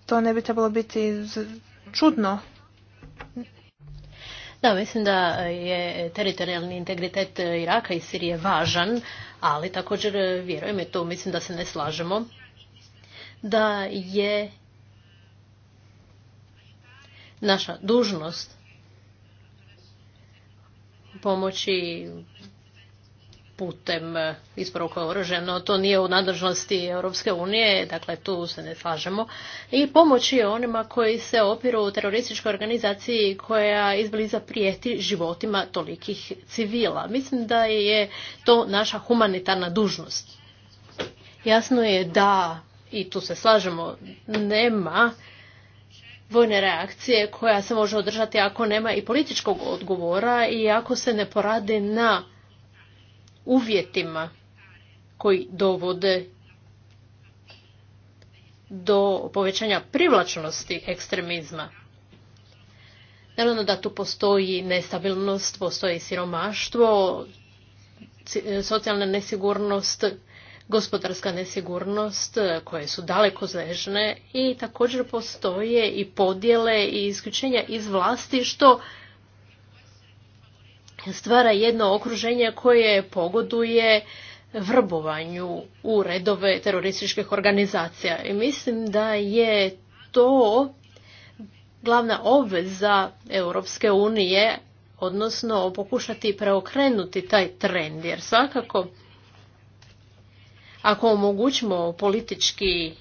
to ne bi trebalo biti čudno. Da, mislim da je teritorijalni integritet Iraka i Sirije važan, ali također vjerujem je to, mislim da se ne slažemo, da je naša dužnost pomoći putem e, isporuka oružja, no to nije u nadležnosti Europske unije, dakle tu se ne slažemo. I pomoći onima koji se opiru u terorističkoj organizaciji koja izbliza prijeti životima tolikih civila. Mislim da je to naša humanitarna dužnost. Jasno je da, i tu se slažemo, nema vojne reakcije koja se može održati ako nema i političkog odgovora i ako se ne poradi na uvjetima koji dovode do povećanja privlačnosti ekstremizma. Naravno da tu postoji nestabilnost, postoji siromaštvo, e, socijalna nesigurnost, gospodarska nesigurnost e, koje su daleko zežne i također postoje i podjele i isključenja iz vlasti što stvara jedno okruženje koje pogoduje vrbovanju u redove terorističkih organizacija. I mislim da je to glavna obveza Europske unije, odnosno pokušati preokrenuti taj trend, jer svakako ako omogućimo politički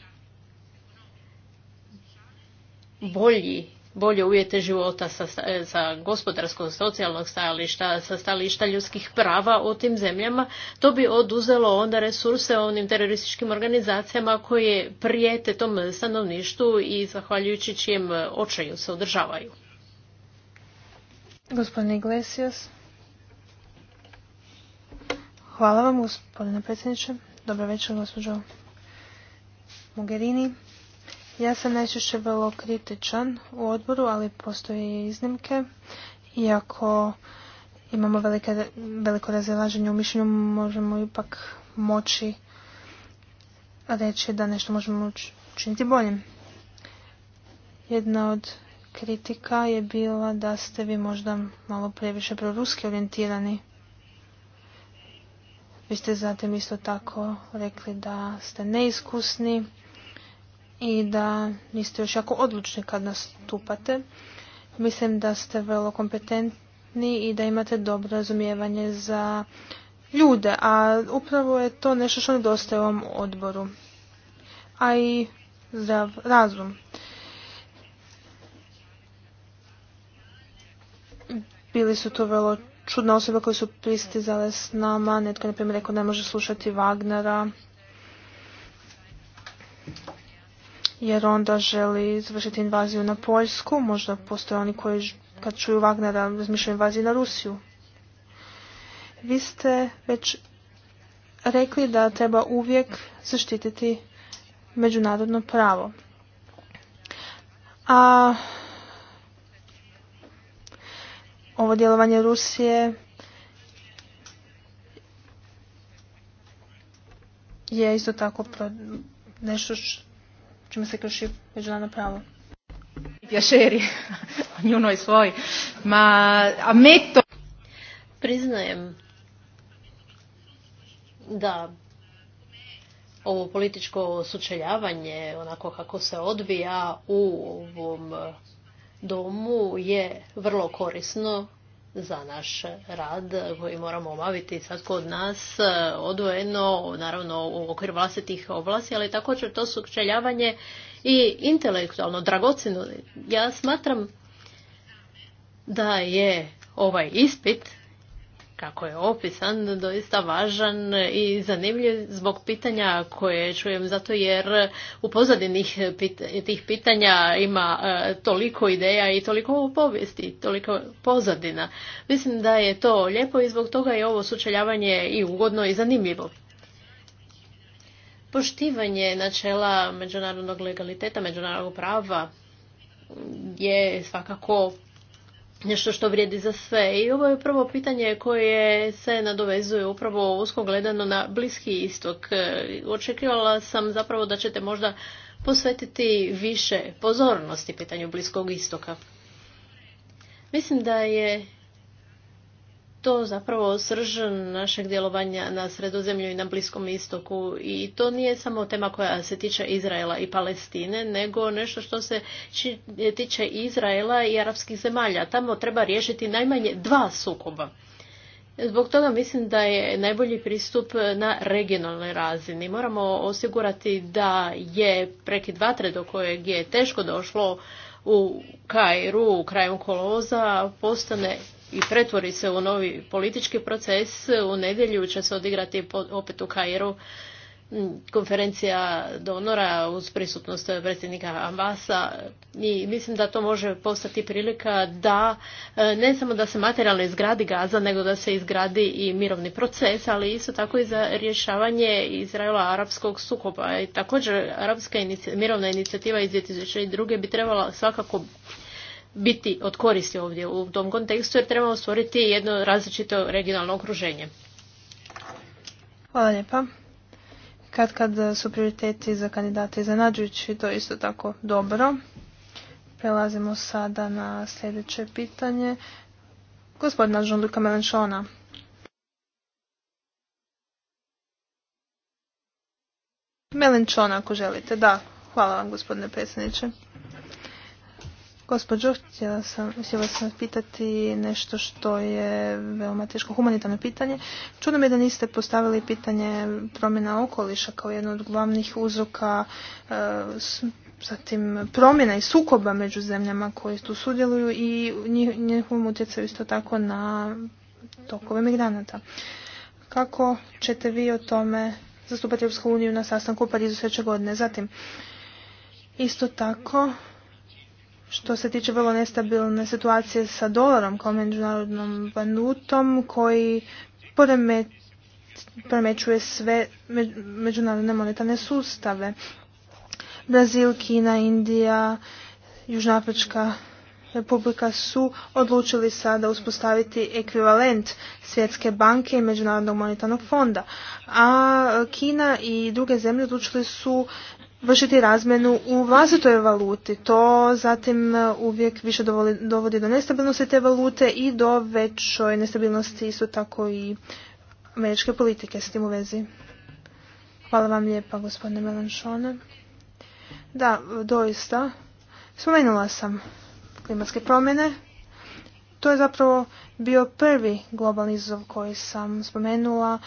bolji bolje uvjete života sa, sa gospodarskog, socijalnog stajališta, sa stajališta ljudskih prava u tim zemljama, to bi oduzelo onda resurse onim terorističkim organizacijama koje prijete tom stanovništvu i zahvaljujući čijem očaju se održavaju. Gospodine Iglesias. Hvala vam, gospodine predsjedniče. Dobro večer, gospođo Mogherini. Ja sam najčešće vrlo kritičan u odboru, ali postoje i iznimke. Iako imamo veliko razilaženje u mišljenju, možemo ipak moći reći da nešto možemo učiniti boljim. Jedna od kritika je bila da ste vi možda malo previše proruski orijentirani. Vi ste zatim isto tako rekli da ste neiskusni i da niste još jako odlučni kad nastupate. Mislim da ste vrlo kompetentni i da imate dobro razumijevanje za ljude, a upravo je to nešto što nedostaje ovom odboru. A i zdrav razum. Bili su to vrlo čudne osobe koje su pristizale s nama. Netko je, na primjer, rekao ne može slušati Wagnera jer onda želi izvršiti invaziju na Poljsku, možda postoje oni koji kad čuju Wagnera razmišljaju invaziju na Rusiju. Vi ste već rekli da treba uvijek zaštititi međunarodno pravo. A ovo djelovanje Rusije je isto tako nešto čime se krši međunarodno pravo. Pjašeri, <laughs> njunoj svoj. Ma, a meto... Priznajem da ovo političko sučeljavanje, onako kako se odvija u ovom domu, je vrlo korisno za naš rad koji moramo obaviti sad kod nas e, odvojeno, naravno u okviru vlastitih ovlasti, ali također to sučeljavanje i intelektualno, dragocjeno. Ja smatram da je ovaj ispit kako je opisan, doista važan i zanimljiv zbog pitanja koje čujem, zato jer u pozadini tih pitanja ima e, toliko ideja i toliko povijesti, toliko pozadina. Mislim da je to lijepo i zbog toga je ovo sučeljavanje i ugodno i zanimljivo. Poštivanje načela međunarodnog legaliteta, međunarodnog prava je svakako nešto što vrijedi za sve. I ovo je prvo pitanje koje se nadovezuje upravo usko gledano na Bliski istok. E, očekivala sam zapravo da ćete možda posvetiti više pozornosti pitanju Bliskog istoka. Mislim da je to zapravo srž našeg djelovanja na sredozemlju i na Bliskom istoku i to nije samo tema koja se tiče Izraela i Palestine, nego nešto što se tiče Izraela i arapskih zemalja. Tamo treba riješiti najmanje dva sukoba. Zbog toga mislim da je najbolji pristup na regionalnoj razini. Moramo osigurati da je prekid vatre do kojeg je teško došlo u Kairu krajem koloza, postane i pretvori se u novi politički proces. U nedjelju će se odigrati opet u Kairu konferencija donora uz prisutnost predsjednika Ambasa i mislim da to može postati prilika da e, ne samo da se materijalno izgradi Gaza, nego da se izgradi i mirovni proces, ali isto tako i za rješavanje Izraela-arapskog sukoba. I također, arapska mirovna inicijativa iz 2002. bi trebala svakako biti od koristi ovdje u tom kontekstu jer trebamo stvoriti jedno različito regionalno okruženje. Hvala lijepa. Kad kad su prioriteti za kandidate iznenađujući, to je isto tako dobro. Prelazimo sada na sljedeće pitanje. Gospodina Žunduka Melenšona. Melančona ako želite, da. Hvala vam gospodine predsjedniče. Gospođo, htjela sam, htjela sam pitati nešto što je veoma teško humanitarno pitanje. Čudno mi je da niste postavili pitanje promjena okoliša kao jedno od glavnih uzroka e, zatim promjena i sukoba među zemljama koje tu sudjeluju i njihovom utjecaju isto tako na tokove migranata. Kako ćete vi o tome zastupati Europsku uniju na sastanku u Parizu sljedeće godine? Zatim, isto tako, što se tiče vrlo nestabilne situacije sa dolarom kao međunarodnom vanutom koji premećuje sve međunarodne monetarne sustave. Brazil, Kina, Indija, Južnoafrička republika su odlučili sada uspostaviti ekvivalent Svjetske banke i Međunarodnog monetarnog fonda. A Kina i druge zemlje odlučili su vršiti razmenu u vlastitoj valuti. To zatim e, uvijek više dovodi do nestabilnosti te valute i do većoj nestabilnosti isto tako i američke politike s tim u vezi. Hvala vam lijepa gospodine Melanšone. Da, doista. Spomenula sam klimatske promjene. To je zapravo bio prvi globalni izazov koji sam spomenula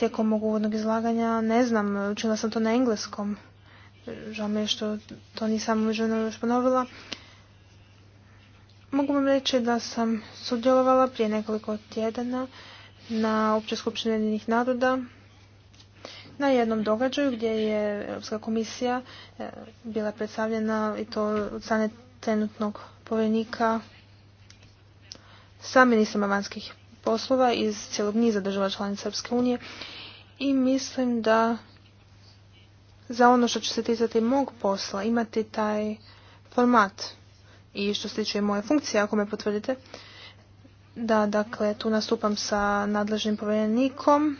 tijekom mog uvodnog izlaganja, ne znam, učila sam to na engleskom, žao mi je što to nisam uđeno još ponovila. Mogu vam reći da sam sudjelovala prije nekoliko tjedana na opće Skupštine Jedinih naroda na jednom događaju gdje je Europska komisija e, bila predstavljena i to od strane trenutnog povjerenika sa ministrima vanjskih poslova iz cijelog niza država članica Srpske unije i mislim da za ono što će se ticati mog posla imati taj format i što se tiče moje funkcije, ako me potvrdite, da dakle tu nastupam sa nadležnim povjerenikom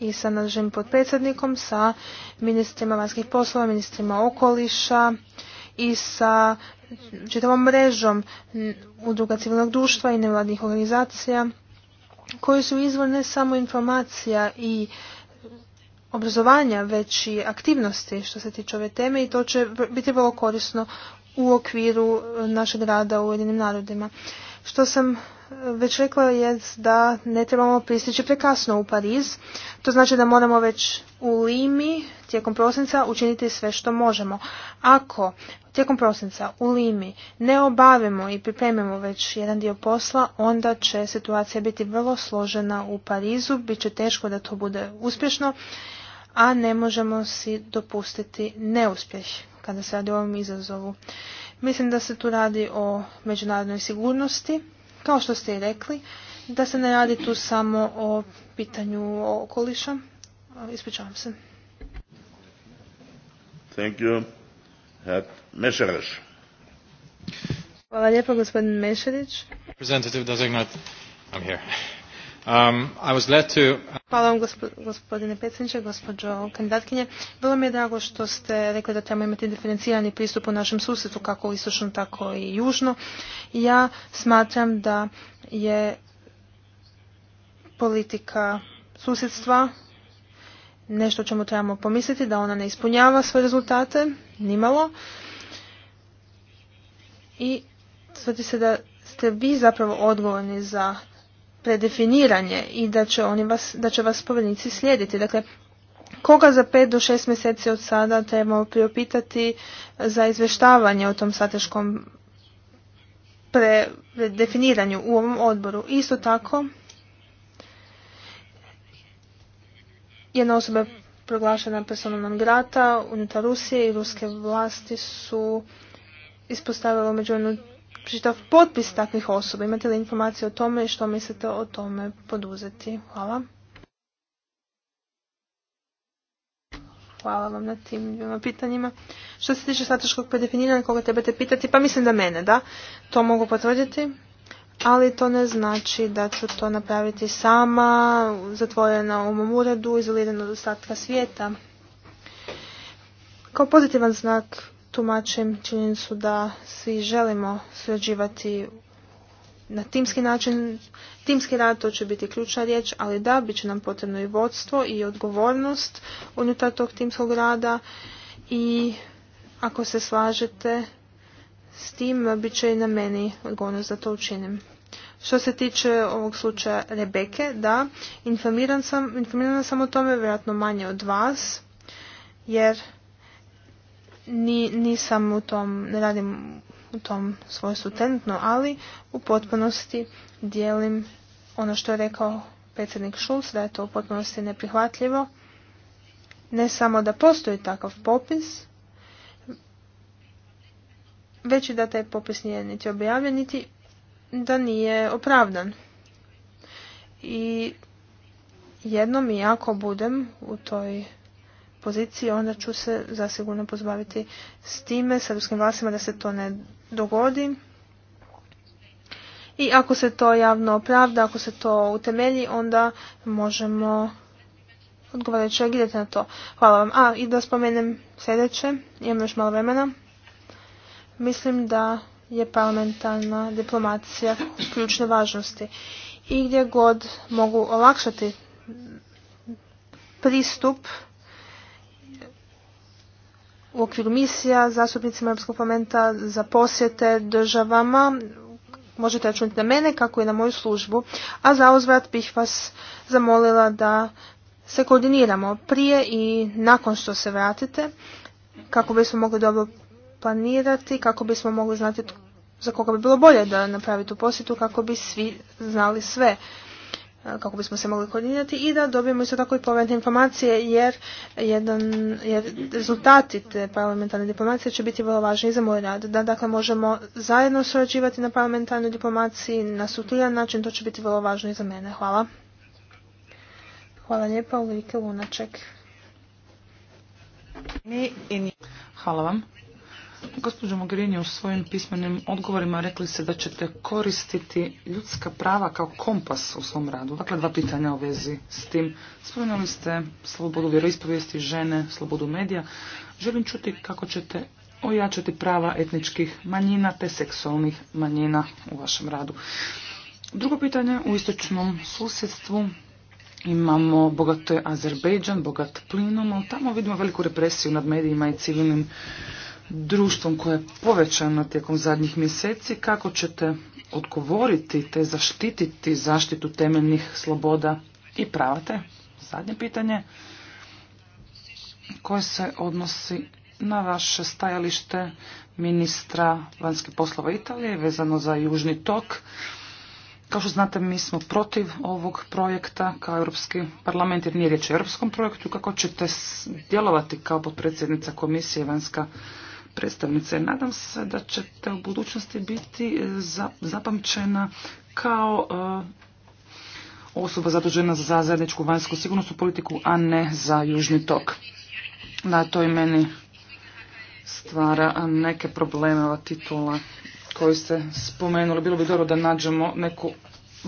i sa nadležnim potpredsjednikom, sa ministrima vanjskih poslova, ministrima okoliša i sa čitavom mrežom udruga civilnog društva i nevladnih organizacija koji su izvor ne samo informacija i obrazovanja, već i aktivnosti što se tiče ove teme i to će biti vrlo korisno u okviru e, našeg rada u Ujedinim narodima. Što sam e, već rekla je da ne trebamo pristići prekasno u Pariz. To znači da moramo već u Limi tijekom prosinca učiniti sve što možemo. Ako tijekom prosinca u Limi ne obavimo i pripremimo već jedan dio posla, onda će situacija biti vrlo složena u Parizu, bit će teško da to bude uspješno, a ne možemo si dopustiti neuspjeh kada se radi o ovom izazovu. Mislim da se tu radi o međunarodnoj sigurnosti, kao što ste i rekli, da se ne radi tu samo o pitanju okoliša. Ispričavam se. Thank you. Um, Hvala vam gospodine predsjedniče, gospođo kandidatkinje. Bilo mi je drago što ste rekli da trebamo imati diferencirani pristup u našem susjedstvu, kako istočno, tako i južno. Ja smatram da je politika susjedstva nešto o čemu trebamo pomisliti, da ona ne ispunjava svoje rezultate, nimalo. I tvrdi se da ste vi zapravo odgovorni za predefiniranje i da će, oni vas, da će vas povjerenici slijediti. Dakle, koga za pet do šest mjeseci od sada trebamo priopitati za izvještavanje o tom strateškom predefiniranju u ovom odboru. Isto tako jedna osoba je proglašena personalnom grata unutar Rusije i ruske vlasti su ispostavile međutim čitav potpis takvih osoba. Imate li informacije o tome i što mislite o tome poduzeti? Hvala. Hvala vam na tim pitanjima. Što se tiče strateškog predefiniranja, koga trebate pitati? Pa mislim da mene, da. To mogu potvrditi ali to ne znači da ću to napraviti sama, zatvorena u mom uredu, izolirana od ostatka svijeta. Kao pozitivan znak tumačim činjenicu da svi želimo sređivati na timski način. Timski rad to će biti ključna riječ, ali da, bit će nam potrebno i vodstvo i odgovornost unutar tog timskog rada i ako se slažete s tim, bit će i na meni odgovornost da to učinim. Što se tiče ovog slučaja Rebeke, da, informiran sam, informirana sam o tome, vjerojatno manje od vas, jer ni, nisam u tom, ne radim u tom svojstvu trenutno, ali u potpunosti dijelim ono što je rekao predsjednik Šulz, da je to u potpunosti neprihvatljivo. Ne samo da postoji takav popis, već i da taj popis nije niti objavljen, niti da nije opravdan. I jednom i ako budem u toj poziciji, onda ću se zasigurno pozbaviti s time, sa ruskim da se to ne dogodi. I ako se to javno opravda, ako se to utemelji, onda možemo odgovarajuće idete na to. Hvala vam. A, i da spomenem sljedeće, imam još malo vremena. Mislim da je parlamentarna diplomacija ključne važnosti i gdje god mogu olakšati pristup u okviru misija zastupnicima Europskog parlamenta za posjete državama možete računati na mene kako i na moju službu, a za uzvrat bih vas zamolila da se koordiniramo prije i nakon što se vratite kako bismo mogli dobro planirati kako bismo mogli znati za koga bi bilo bolje da napravi tu posjetu kako bi svi znali sve e, kako bismo se mogli koordinirati i da dobijemo isto tako i povratne informacije jer, jedan, jer rezultati te parlamentarne diplomacije će biti vrlo važni i za moj rad. Da dakle možemo zajedno surađivati na parlamentarnoj diplomaciji na sutiljan način, to će biti vrlo važno i za mene. Hvala. Hvala lijepa Ulrike Lunaček. Hvala vam. Gospođo Mogherini, u svojim pismenim odgovorima rekli ste da ćete koristiti ljudska prava kao kompas u svom radu. Dakle, dva pitanja u vezi s tim. Spomenuli ste slobodu vjeroispovijesti žene, slobodu medija. Želim čuti kako ćete ojačati prava etničkih manjina te seksualnih manjina u vašem radu. Drugo pitanje, u istočnom susjedstvu imamo bogato je Azerbejdžan, bogat plinom, ali tamo vidimo veliku represiju nad medijima i civilnim društvom koje je povećano tijekom zadnjih mjeseci, kako ćete odgovoriti te zaštititi zaštitu temeljnih sloboda i prava te? Zadnje pitanje koje se odnosi na vaše stajalište ministra vanjskih poslova Italije vezano za Južni tok. Kao što znate, mi smo protiv ovog projekta kao Europski parlament, jer nije riječ o europskom projektu. Kako ćete djelovati kao potpredsjednica komisije vanjska predstavnice. Nadam se da ćete u budućnosti biti e, zapamćena kao e, osoba zadužena za zajedničku vanjsku sigurnosnu politiku, a ne za južni tok. Na to meni stvara neke probleme ova titula koju ste spomenuli. Bilo bi dobro da nađemo neku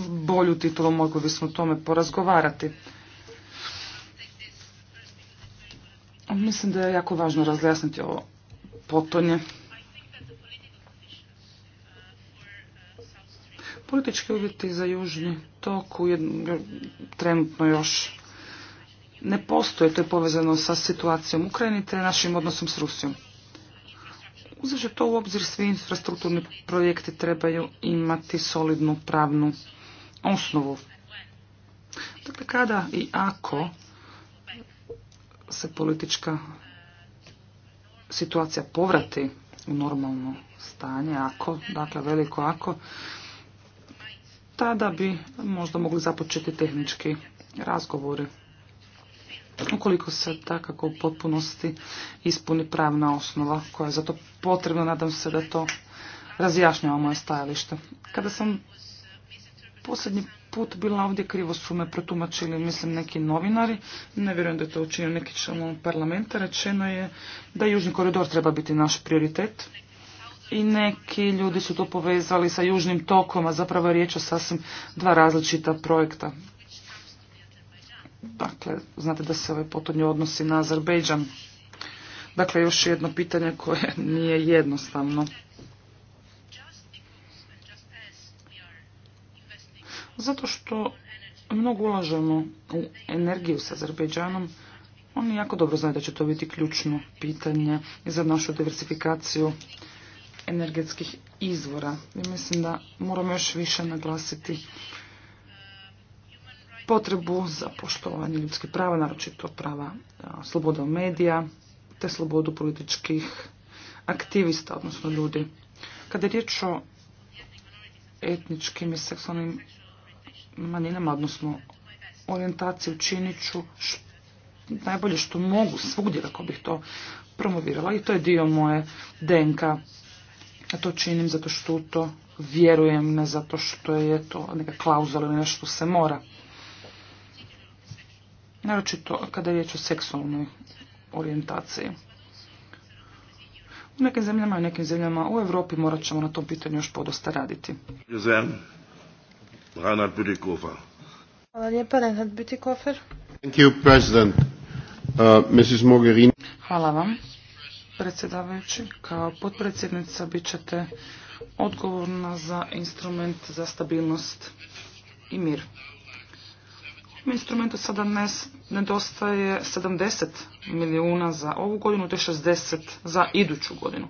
bolju titulu, mogli bismo o tome porazgovarati. Mislim da je jako važno razjasniti ovo potonje. Politički uvjeti za južni tok u trenutno još ne postoje, to je povezano sa situacijom Ukrajini te našim odnosom s Rusijom. Uzeže to u obzir svi infrastrukturni projekti trebaju imati solidnu pravnu osnovu. Dakle, kada i ako se politička situacija povrati u normalno stanje, ako, dakle veliko ako, tada bi možda mogli započeti tehnički razgovori. Ukoliko se takako u potpunosti ispuni pravna osnova koja je za to potrebna, nadam se da to razjašnjava moje stajalište. Kada sam posljednji put bila ovdje, krivo su me protumačili, mislim, neki novinari. Ne vjerujem da je to učinio neki član parlamenta. Rečeno je da Južni koridor treba biti naš prioritet. I neki ljudi su to povezali sa Južnim tokom, a zapravo je riječ o sasvim dva različita projekta. Dakle, znate da se ovaj potonje odnosi na Azerbejdžan. Dakle, još jedno pitanje koje <laughs> nije jednostavno. Zato što mnogo ulažemo u energiju sa Azerbejdžanom, oni jako dobro znaju da će to biti ključno pitanje za našu diversifikaciju energetskih izvora. I mislim da moramo još više naglasiti potrebu za poštovanje ljudskih prava, naročito prava sloboda medija, te slobodu političkih aktivista, odnosno ljudi. Kada je riječ o etničkim i seksualnim manjinama, odnosno orijentaciju činit ću najbolje što mogu svugdje kako bih to promovirala i to je dio moje DNK. Ja to činim zato što to vjerujem, ne zato što je to neka klauzula ili nešto se mora. Naročito kada je riječ o seksualnoj orijentaciji. U nekim zemljama i u nekim zemljama u Europi morat ćemo na tom pitanju još podosta raditi. Hvala Thank you, President. Uh, Mrs. Mogherini. Hvala vam, predsjedavajući. Kao potpredsjednica bit ćete odgovorna za instrument za stabilnost i mir. U instrumentu sada nedostaje 70 milijuna za ovu godinu te 60 za iduću godinu.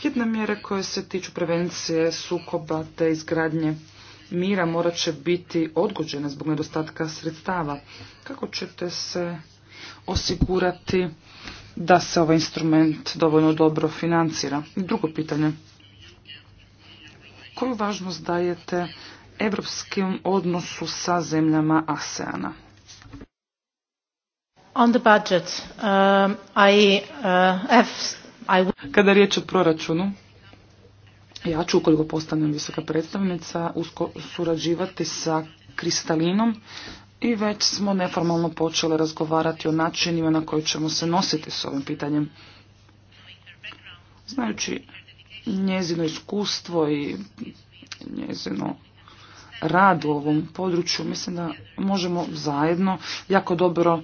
Hitne mjere koje se tiču prevencije, sukoba te izgradnje mira morat će biti odgođena zbog nedostatka sredstava. Kako ćete se osigurati da se ovaj instrument dovoljno dobro financira? drugo pitanje. Koju važnost dajete evropskim odnosu sa zemljama ASEANA? On budget, um, I, uh, Kada je riječ o proračunu, ja ću, ukoliko postanem visoka predstavnica, usko surađivati sa Kristalinom i već smo neformalno počeli razgovarati o načinima na koji ćemo se nositi s ovim pitanjem. Znajući njezino iskustvo i njezino rad u ovom području, mislim da možemo zajedno jako dobro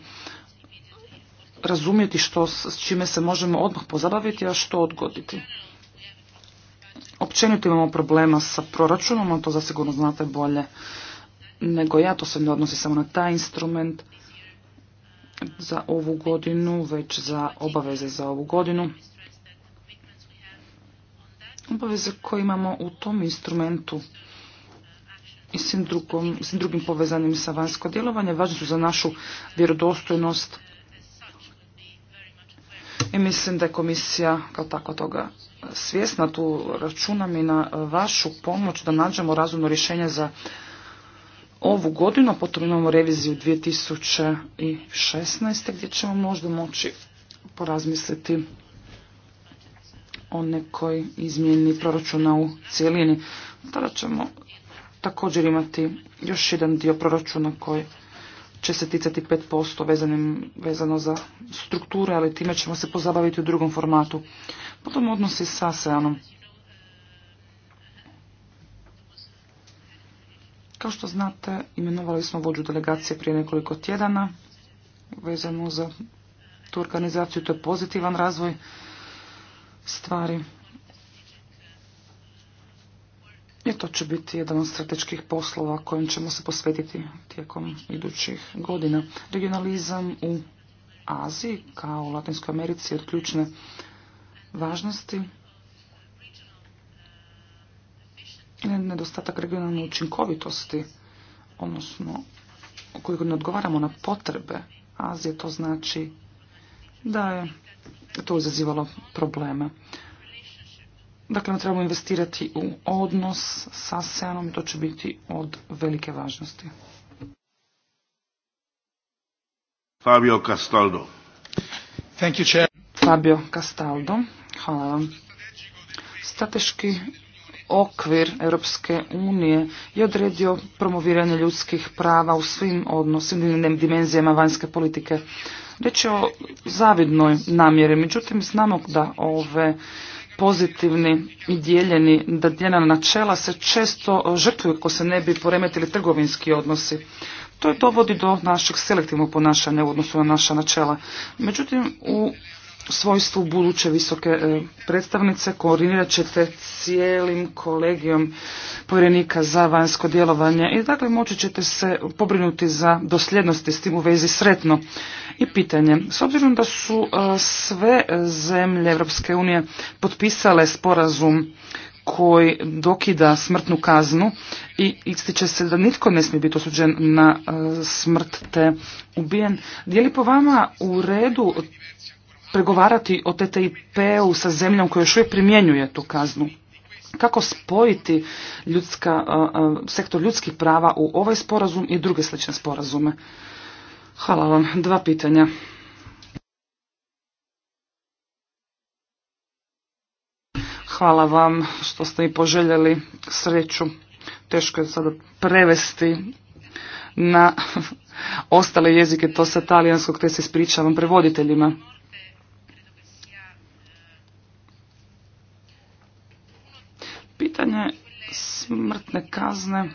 razumjeti što s čime se možemo odmah pozabaviti, a što odgoditi općenito imamo problema sa proračunom, a to zasigurno znate bolje nego ja, to se ne odnosi samo na taj instrument za ovu godinu, već za obaveze za ovu godinu. Obaveze koje imamo u tom instrumentu i svim, drugom, drugim povezanim sa vanjsko djelovanje važni su za našu vjerodostojnost i mislim da je komisija kao tako toga svjesna, tu računam i na vašu pomoć da nađemo razumno rješenje za ovu godinu, a potom imamo reviziju 2016. gdje ćemo možda moći porazmisliti o nekoj izmjeni proračuna u cijelini. Tada ćemo također imati još jedan dio proračuna koji će se ticati 5% vezano za strukture, ali time ćemo se pozabaviti u drugom formatu. Potom odnosi sa ASEANom. Kao što znate, imenovali smo vođu delegacije prije nekoliko tjedana vezano za tu organizaciju. To je pozitivan razvoj stvari. I to će biti jedan od strateških poslova kojim ćemo se posvetiti tijekom idućih godina. Regionalizam u Aziji kao u Latinskoj Americi je od ključne važnosti nedostatak regionalne učinkovitosti, odnosno ukoliko ne odgovaramo na potrebe Azije, to znači da je to izazivalo probleme. Dakle, trebamo investirati u odnos sa Senom i to će biti od velike važnosti. Fabio Castaldo. Thank you, Fabio Castaldo. Hvala vam. Strateški okvir Europske unije je odredio promoviranje ljudskih prava u svim odnosnim dimenzijama vanjske politike. Riječ je o zavidnoj namjeri, međutim znamo da ove pozitivni i dijeljeni, da dijeljena načela se često žrtvuju ako se ne bi poremetili trgovinski odnosi. To je dovodi do našeg selektivnog ponašanja u odnosu na naša načela. Međutim, u svojstvu buduće visoke e, predstavnice koordinirat ćete cijelim kolegijom povjerenika za vanjsko djelovanje i dakle moći ćete se pobrinuti za dosljednosti s tim u vezi sretno. I pitanje, s obzirom da su e, sve zemlje Europske unije potpisale sporazum koji dokida smrtnu kaznu i ističe se da nitko ne smije biti osuđen na e, smrt te ubijen. Je li po vama u redu pregovarati o TTIP-u sa zemljom koja još uvijek primjenjuje tu kaznu? Kako spojiti ljudska, sektor ljudskih prava u ovaj sporazum i druge slične sporazume? Hvala vam. Dva pitanja. Hvala vam što ste mi poželjeli sreću. Teško je sada prevesti na ostale jezike, to sa talijanskog, te se ispričavam prevoditeljima. Pitanje smrtne kazne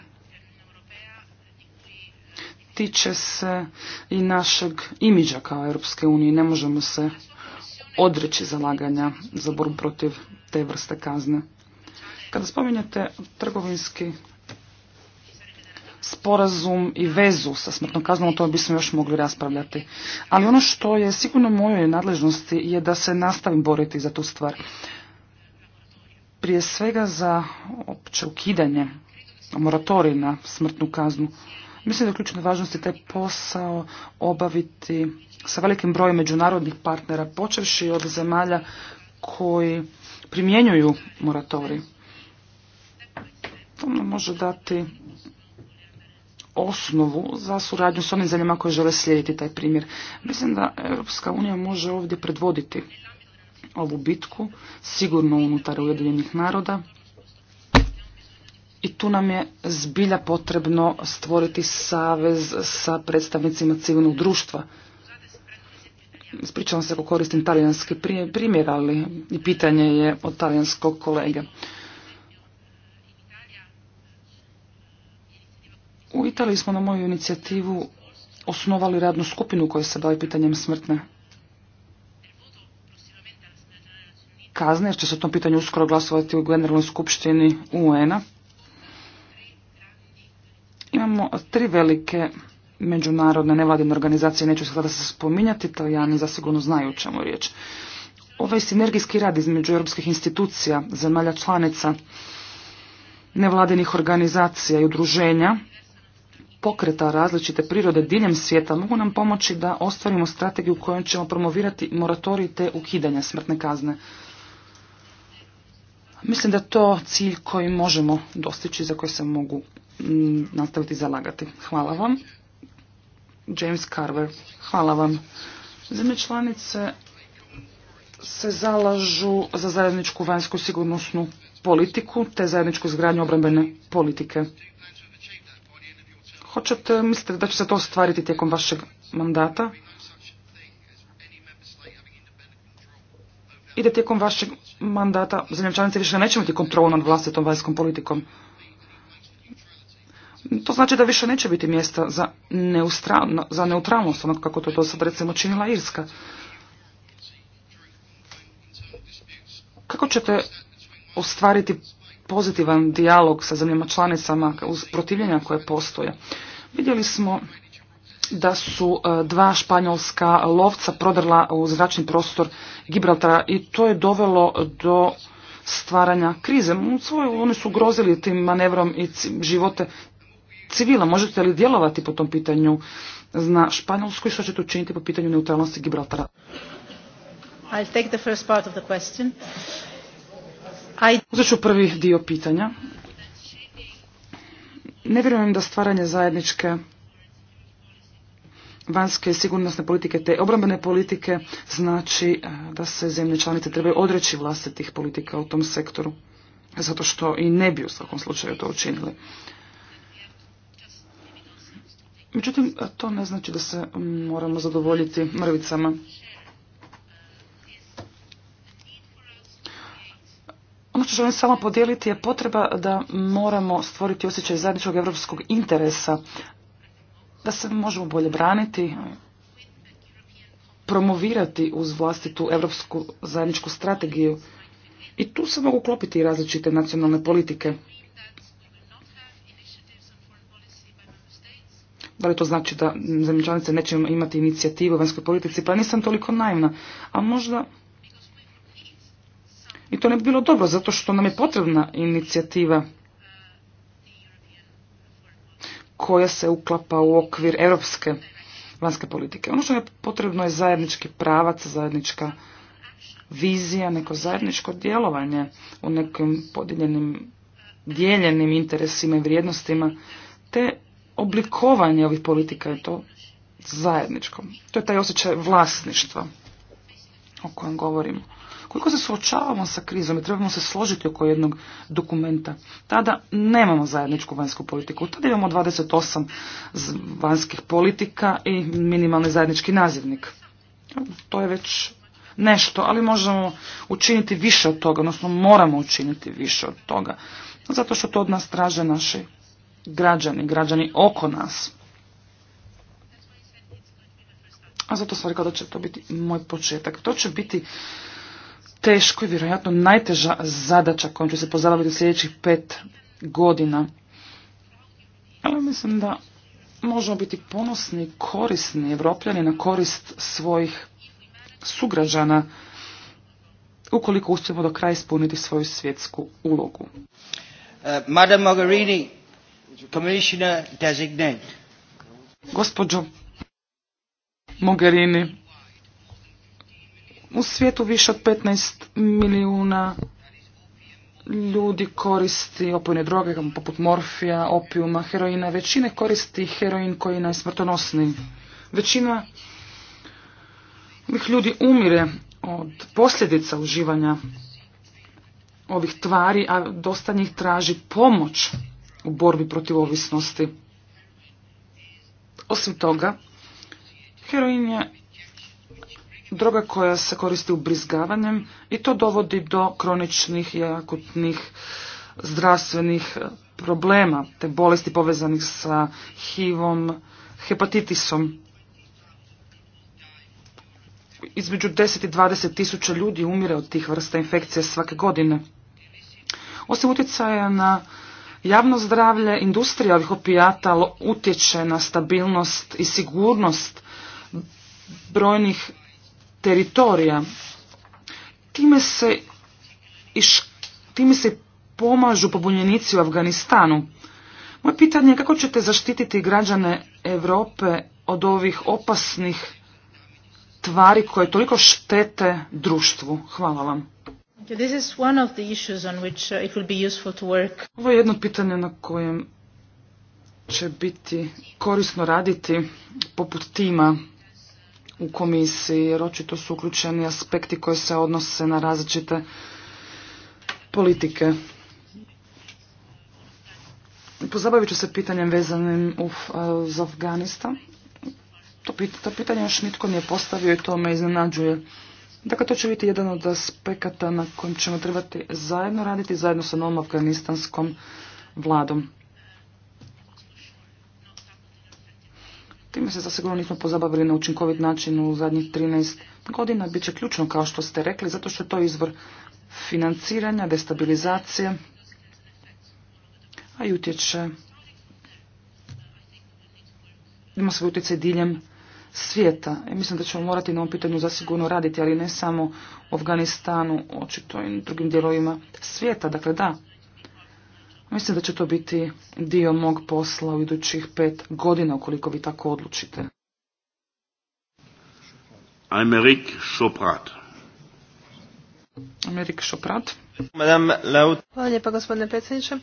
tiče se i našeg imidža kao Europske unije. Ne možemo se odreći zalaganja za borbu protiv te vrste kazne. Kada spominjete trgovinski sporazum i vezu sa smrtnom kaznom, o tome bismo još mogli raspravljati. Ali ono što je sigurno mojoj nadležnosti je da se nastavim boriti za tu stvar prije svega za opće ukidanje moratorij na smrtnu kaznu. Mislim da je ključno važnosti taj posao obaviti sa velikim brojem međunarodnih partnera, počevši od zemalja koji primjenjuju moratorij. To nam može dati osnovu za suradnju s onim zemljama koje žele slijediti taj primjer. Mislim da Europska unija može ovdje predvoditi ovu bitku, sigurno unutar Ujedinjenih naroda. I tu nam je zbilja potrebno stvoriti savez sa predstavnicima civilnog društva. Ispričavam se ako koristim talijanski primjer, ali i pitanje je od talijanskog kolege. U Italiji smo na moju inicijativu osnovali radnu skupinu koja se bavi pitanjem smrtne kazne, jer će se o tom pitanju uskoro glasovati u Generalnoj skupštini UN-a. Imamo tri velike međunarodne nevladine organizacije, neću se sada se spominjati, italijani zasigurno znaju o čemu riječ. Ovaj sinergijski rad između europskih institucija, zemalja članica, nevladinih organizacija i udruženja, pokreta različite prirode diljem svijeta mogu nam pomoći da ostvarimo strategiju kojom ćemo promovirati moratorij te ukidanja smrtne kazne. Mislim da je to cilj koji možemo dostići, za koji se mogu mm, nastaviti zalagati. Hvala vam. James Carver, hvala vam. Zemlje članice se zalažu za zajedničku vanjsku sigurnosnu politiku te zajedničku izgradnju obrambene politike. Hoćete, mislite da će se to ostvariti tijekom vašeg mandata? i da tijekom vašeg mandata članice više neće imati kontrolu nad vlastitom vanjskom politikom. To znači da više neće biti mjesta za, za neutralnost, onako kako to to sad recimo činila Irska. Kako ćete ostvariti pozitivan dijalog sa zemljama članicama uz protivljenja koje postoje? Vidjeli smo da su e, dva španjolska lovca prodrla u zračni prostor Gibraltara i to je dovelo do stvaranja krize. Oni su grozili tim manevrom i živote civila. Možete li djelovati po tom pitanju na Španjolsku i što ćete učiniti po pitanju neutralnosti Gibraltara? I'll Uzet ću prvi dio pitanja. Ne vjerujem da stvaranje zajedničke vanjske sigurnosne politike te obrambene politike znači e, da se zemlje članice trebaju odreći vlastitih politika u tom sektoru zato što i ne bi u svakom slučaju to učinili. Međutim, e, to ne znači da se moramo zadovoljiti mrvicama. Ono što želim samo podijeliti je potreba da moramo stvoriti osjećaj zajedničkog evropskog interesa da se možemo bolje braniti, promovirati uz vlastitu europsku zajedničku strategiju. I tu se mogu klopiti različite nacionalne politike. Da li to znači da zemljičanice neće imati inicijativu u vanjskoj politici? Pa nisam toliko naivna. A možda... I to ne bi bilo dobro, zato što nam je potrebna inicijativa koja se uklapa u okvir europske vanjske politike. Ono što je potrebno je zajednički pravac, zajednička vizija, neko zajedničko djelovanje u nekim podijeljenim dijeljenim interesima i vrijednostima, te oblikovanje ovih politika je to zajedničko. To je taj osjećaj vlasništva o kojem govorimo. Koliko se suočavamo sa krizom i trebamo se složiti oko jednog dokumenta, tada nemamo zajedničku vanjsku politiku. Tada imamo 28 vanjskih politika i minimalni zajednički nazivnik. To je već nešto, ali možemo učiniti više od toga, odnosno moramo učiniti više od toga. Zato što to od nas traže naši građani, građani oko nas. A zato sam rekao da će to biti moj početak. To će biti teško i vjerojatno najteža zadaća kojom će se pozabaviti u sljedećih pet godina. Ali mislim da možemo biti ponosni, korisni evropljani na korist svojih sugrađana ukoliko uspijemo do kraja ispuniti svoju svjetsku ulogu. Uh, Madame Mogherini, commissioner designate. Gospođo Mogherini, u svijetu više od 15 milijuna ljudi koristi opojne droge poput morfija, opijuma, heroina. Većina koristi heroin koji je najsmrtonosniji. Većina ovih ljudi umire od posljedica uživanja ovih tvari, a dosta njih traži pomoć u borbi protiv ovisnosti. Osim toga, heroin je droga koja se koristi ubrizgavanjem i to dovodi do kroničnih i akutnih zdravstvenih e, problema, te bolesti povezanih sa HIVom, hepatitisom. Između 10 i 20 tisuća ljudi umire od tih vrsta infekcija svake godine. Osim utjecaja na javno zdravlje, industrija ovih opijata utječe na stabilnost i sigurnost brojnih teritorija. Time se time se pomažu pobunjenici u Afganistanu. Moje pitanje je kako ćete zaštititi građane Europe od ovih opasnih tvari koje toliko štete društvu. Hvala vam. Ovo je jedno pitanje na kojem će biti korisno raditi poput tima u komisiji, jer očito su uključeni aspekti koji se odnose na različite politike. Pozabavit ću se pitanjem vezanim e, uz Afganistan. To, pitanje još nitko nije postavio i to me iznenađuje. Dakle, to će biti jedan od aspekata na kojem ćemo trebati zajedno raditi, zajedno sa novom afganistanskom vladom. Time se zasigurno nismo pozabavili na učinkovit način u zadnjih 13 godina. Biće ključno, kao što ste rekli, zato što je to izvor financiranja, destabilizacije, a i utječe, ima svoj utjecaj diljem svijeta. I mislim da ćemo morati na ovom pitanju zasigurno raditi, ali ne samo u Afganistanu, očito i na drugim dijelovima svijeta. Dakle, da, Mislim da će to biti dio mog posla u idućih pet godina, ukoliko vi tako odlučite. Amerik Šoprat. Amerik Šoprat. Hvala lijepa gospodine predsjedniče.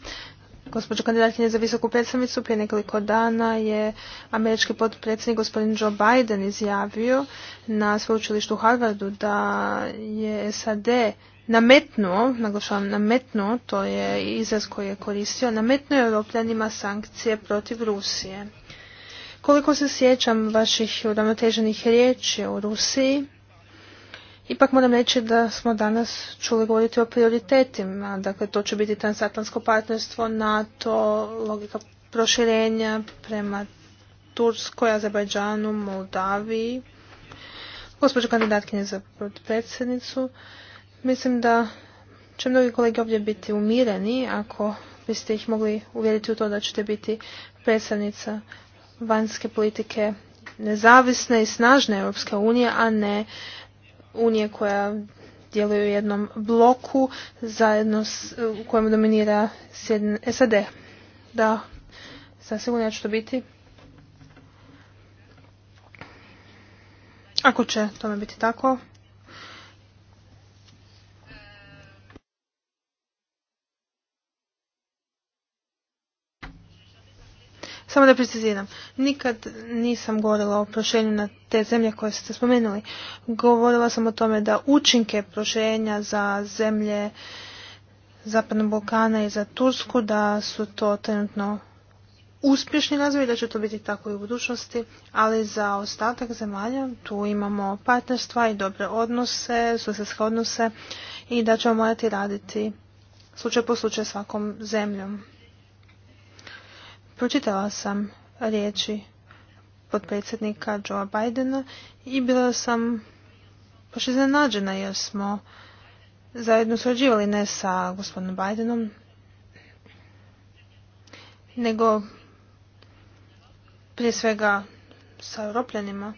Gospođo kandidatkinje za visoku predstavnicu, prije nekoliko dana je američki potpredsjednik gospodin Joe Biden izjavio na sveučilištu Harvardu da je SAD nametnuo, naglašavam nametnuo, to je izraz koji je koristio, nametnuo je Europljanima sankcije protiv Rusije. Koliko se sjećam vaših uravnoteženih riječi o Rusiji, ipak moram reći da smo danas čuli govoriti o prioritetima. Dakle, to će biti transatlantsko partnerstvo, NATO, logika proširenja prema Turskoj, Azerbajdžanu, Moldaviji. Gospođo kandidatkinje za predsjednicu, Mislim da će mnogi kolege ovdje biti umireni ako biste ih mogli uvjeriti u to da ćete biti predstavnica vanjske politike nezavisne i snažne Europske unije, a ne unije koja djeluje u jednom bloku zajedno u kojem dominira SAD. Da, sasvim ću to biti. Ako će tome biti tako, Samo da preciziram, nikad nisam govorila o prošenju na te zemlje koje ste spomenuli. Govorila sam o tome da učinke prošenja za zemlje Zapadnog Balkana i za Tursku, da su to trenutno uspješni razvoj, da će to biti tako i u budućnosti, ali za ostatak zemalja tu imamo partnerstva i dobre odnose, susjedske odnose i da ćemo morati raditi slučaj po slučaj svakom zemljom. Pročitala sam riječi potpredsjednika Joe Bidena i bila sam baš iznenađena jer smo zajedno surađivali ne sa gospodinom Bidenom, nego prije svega sa Europljanima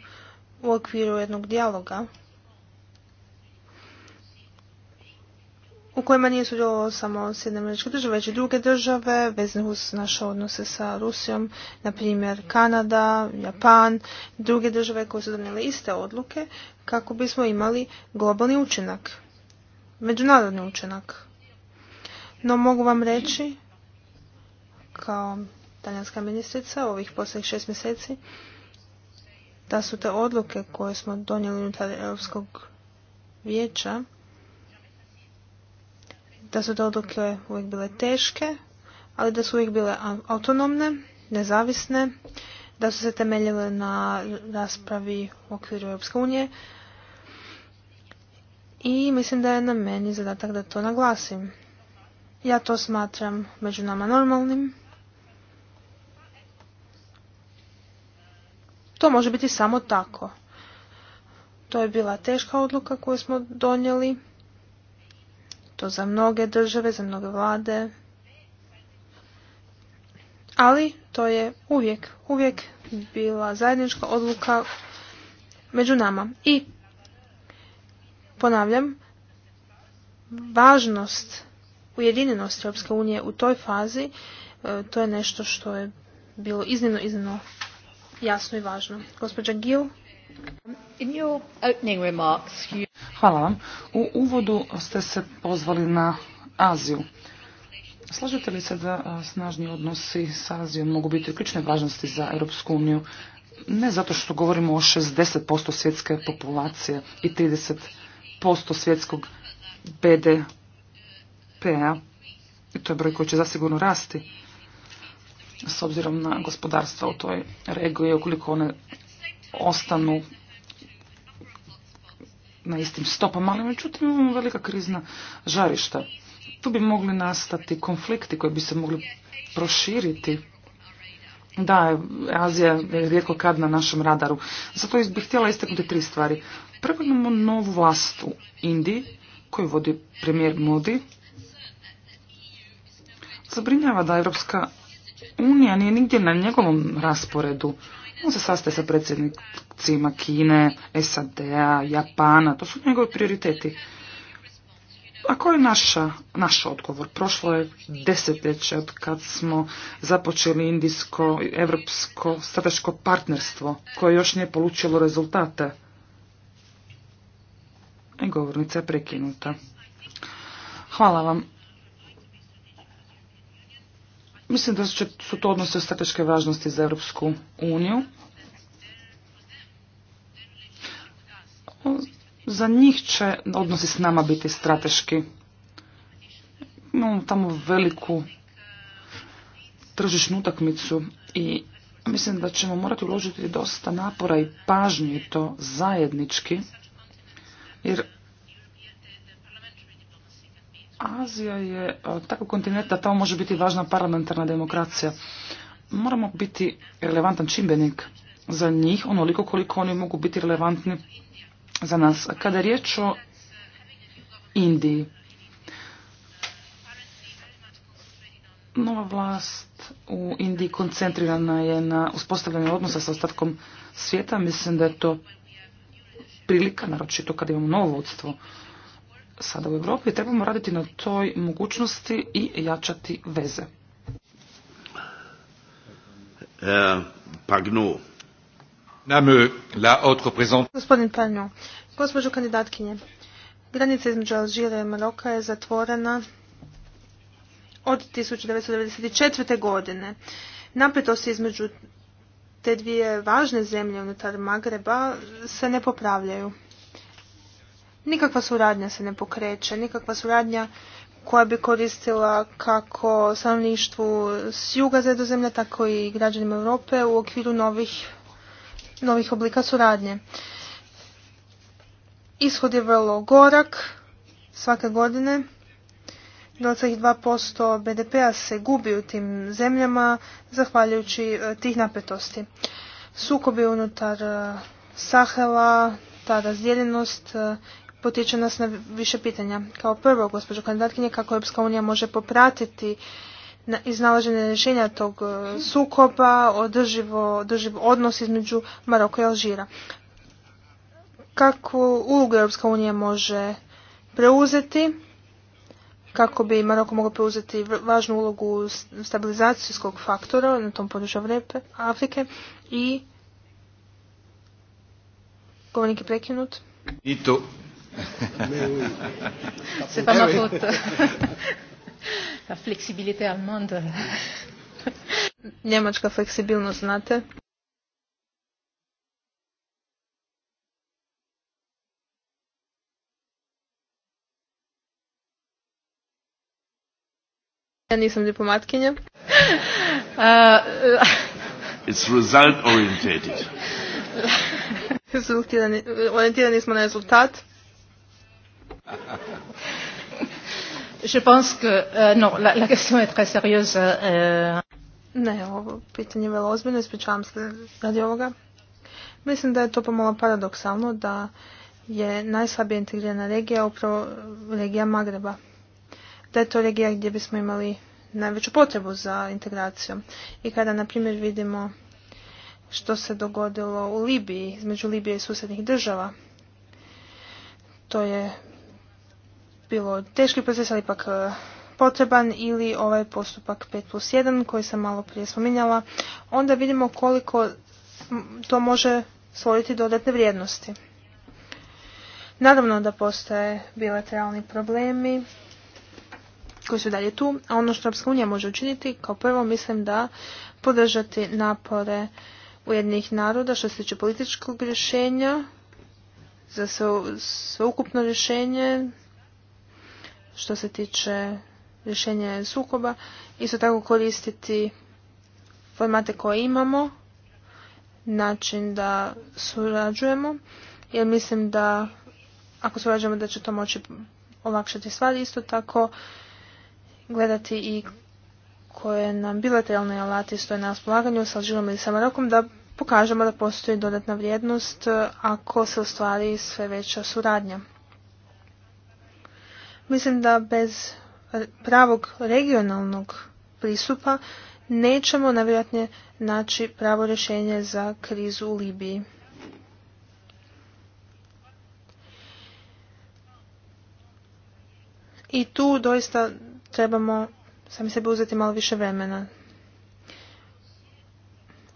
u okviru jednog dijaloga u kojima nije sudjelovalo samo Sjedne američke države, već i druge države vezane uz naše odnose sa Rusijom, na primjer Kanada, Japan, druge države koje su donijele iste odluke kako bismo imali globalni učinak, međunarodni učinak. No mogu vam reći, kao talijanska ministrica ovih posljednjih šest mjeseci, da su te odluke koje smo donijeli unutar Europskog vijeća da su te odluke uvijek bile teške, ali da su uvijek bile autonomne, nezavisne, da su se temeljile na raspravi u okviru Europske unije. I mislim da je na meni zadatak da to naglasim. Ja to smatram među nama normalnim. To može biti samo tako. To je bila teška odluka koju smo donijeli to za mnoge države, za mnoge vlade. Ali to je uvijek, uvijek bila zajednička odluka među nama. I ponavljam, važnost ujedinjenosti Europske unije u toj fazi, e, to je nešto što je bilo iznimno, iznimno jasno i važno. Gospođa Gil. In your opening remarks, Hvala vam. U uvodu ste se pozvali na Aziju. Slažete li se da snažni odnosi s Azijom mogu biti ključne važnosti za Europsku uniju? Ne zato što govorimo o 60% svjetske populacije i 30% svjetskog BDP-a, to je broj koji će zasigurno rasti s obzirom na gospodarstva u toj regiji, ukoliko one ostanu na istim stopama, ali međutim imamo velika krizna žarišta. Tu bi mogli nastati konflikti koji bi se mogli proširiti. Da, Azija je rijetko kad na našem radaru. Zato bih htjela istaknuti tri stvari. Prvo imamo novu vlast u Indiji koju vodi premijer Modi. Zabrinjava da Europska unija nije nigdje na njegovom rasporedu. On se sastaje sa predsjednicima Kine, SAD-a, Japana. To su njegovi prioriteti. A koji je naš odgovor? Prošlo je desetljeće od kad smo započeli indijsko-evropsko strateško partnerstvo koje još nije polučilo rezultate. I govornica je prekinuta. Hvala vam. Mislim da su to odnose strateške važnosti za Europsku uniju. Za njih će odnosi s nama biti strateški. Imamo tamo veliku tržišnu utakmicu i mislim da ćemo morati uložiti dosta napora i pažnje to zajednički, jer Azija je e, tako kontinent da tamo može biti važna parlamentarna demokracija. Moramo biti relevantan čimbenik za njih, onoliko koliko oni mogu biti relevantni za nas. Kada je riječ o Indiji, nova vlast u Indiji koncentrirana je na uspostavljanje odnosa sa ostatkom svijeta. Mislim da je to prilika, naročito kada imamo novo vodstvo sada u Europi trebamo raditi na toj mogućnosti i jačati veze. E, pa Gospodin Pagnu, gospođo kandidatkinje, granica između Alžira i Maroka je zatvorena od 1994. godine. Napetosti između te dvije važne zemlje unutar Magreba se ne popravljaju nikakva suradnja se ne pokreće, nikakva suradnja koja bi koristila kako stanovništvu s juga zemlje, tako i građanima Europe u okviru novih, novih oblika suradnje. Ishod je vrlo gorak svake godine. 22% BDP-a se gubi u tim zemljama zahvaljujući e, tih napetosti. Sukobi unutar e, Sahela, ta razdjeljenost e, potiče nas na više pitanja. Kao prvo, gospođo kandidatkinje, kako Europska unija može popratiti iznalaženje rješenja tog e, sukoba, održivo, održiv odnos između Maroka i Alžira. Kakvu ulogu Europska unija može preuzeti kako bi Maroko mogao preuzeti važnu ulogu stabilizacijskog faktora na tom području Afrike i govornik je prekinut. I to Mais oui. C'est pas ma eh faute. <laughs> La flexibilité allemande. Njemačka fleksibilnost, znate. Ja nisam diplomatkinja. <laughs> E, <laughs> It's result orientated. Orientirani smo na rezultat. <laughs> Je pense que, euh, non, la, question est très sérieuse. Euh, euh. Ne, ovo pitanje je vrlo ozbiljno, ispričavam se radi ovoga. Mislim da je to pomalo paradoksalno da je najslabije integrirana regija upravo regija Magreba. Da je to regija gdje bismo imali najveću potrebu za integracijom. I kada, na primjer, vidimo što se dogodilo u Libiji, između Libije i susjednih država, to je bilo teški proces, ali ipak e, potreban ili ovaj postupak 5 plus 1 koji sam malo prije spominjala, onda vidimo koliko to može stvoriti dodatne vrijednosti. Naravno da postoje bilateralni problemi koji su dalje tu, a ono što Europska unija može učiniti, kao prvo mislim da podržati napore ujednih naroda što se tiče političkog rješenja, za sveukupno rješenje što se tiče rješenja sukoba. Isto tako koristiti formate koje imamo, način da surađujemo, jer mislim da ako surađujemo da će to moći olakšati stvari. Isto tako gledati i koje nam bilateralne alati stoje na raspolaganju sa Alžirom ili sa da pokažemo da postoji dodatna vrijednost ako se ostvari sve veća suradnja. Mislim da bez pravog regionalnog pristupa nećemo navjerojatnije naći pravo rješenje za krizu u Libiji. I tu doista trebamo sami sebi uzeti malo više vremena.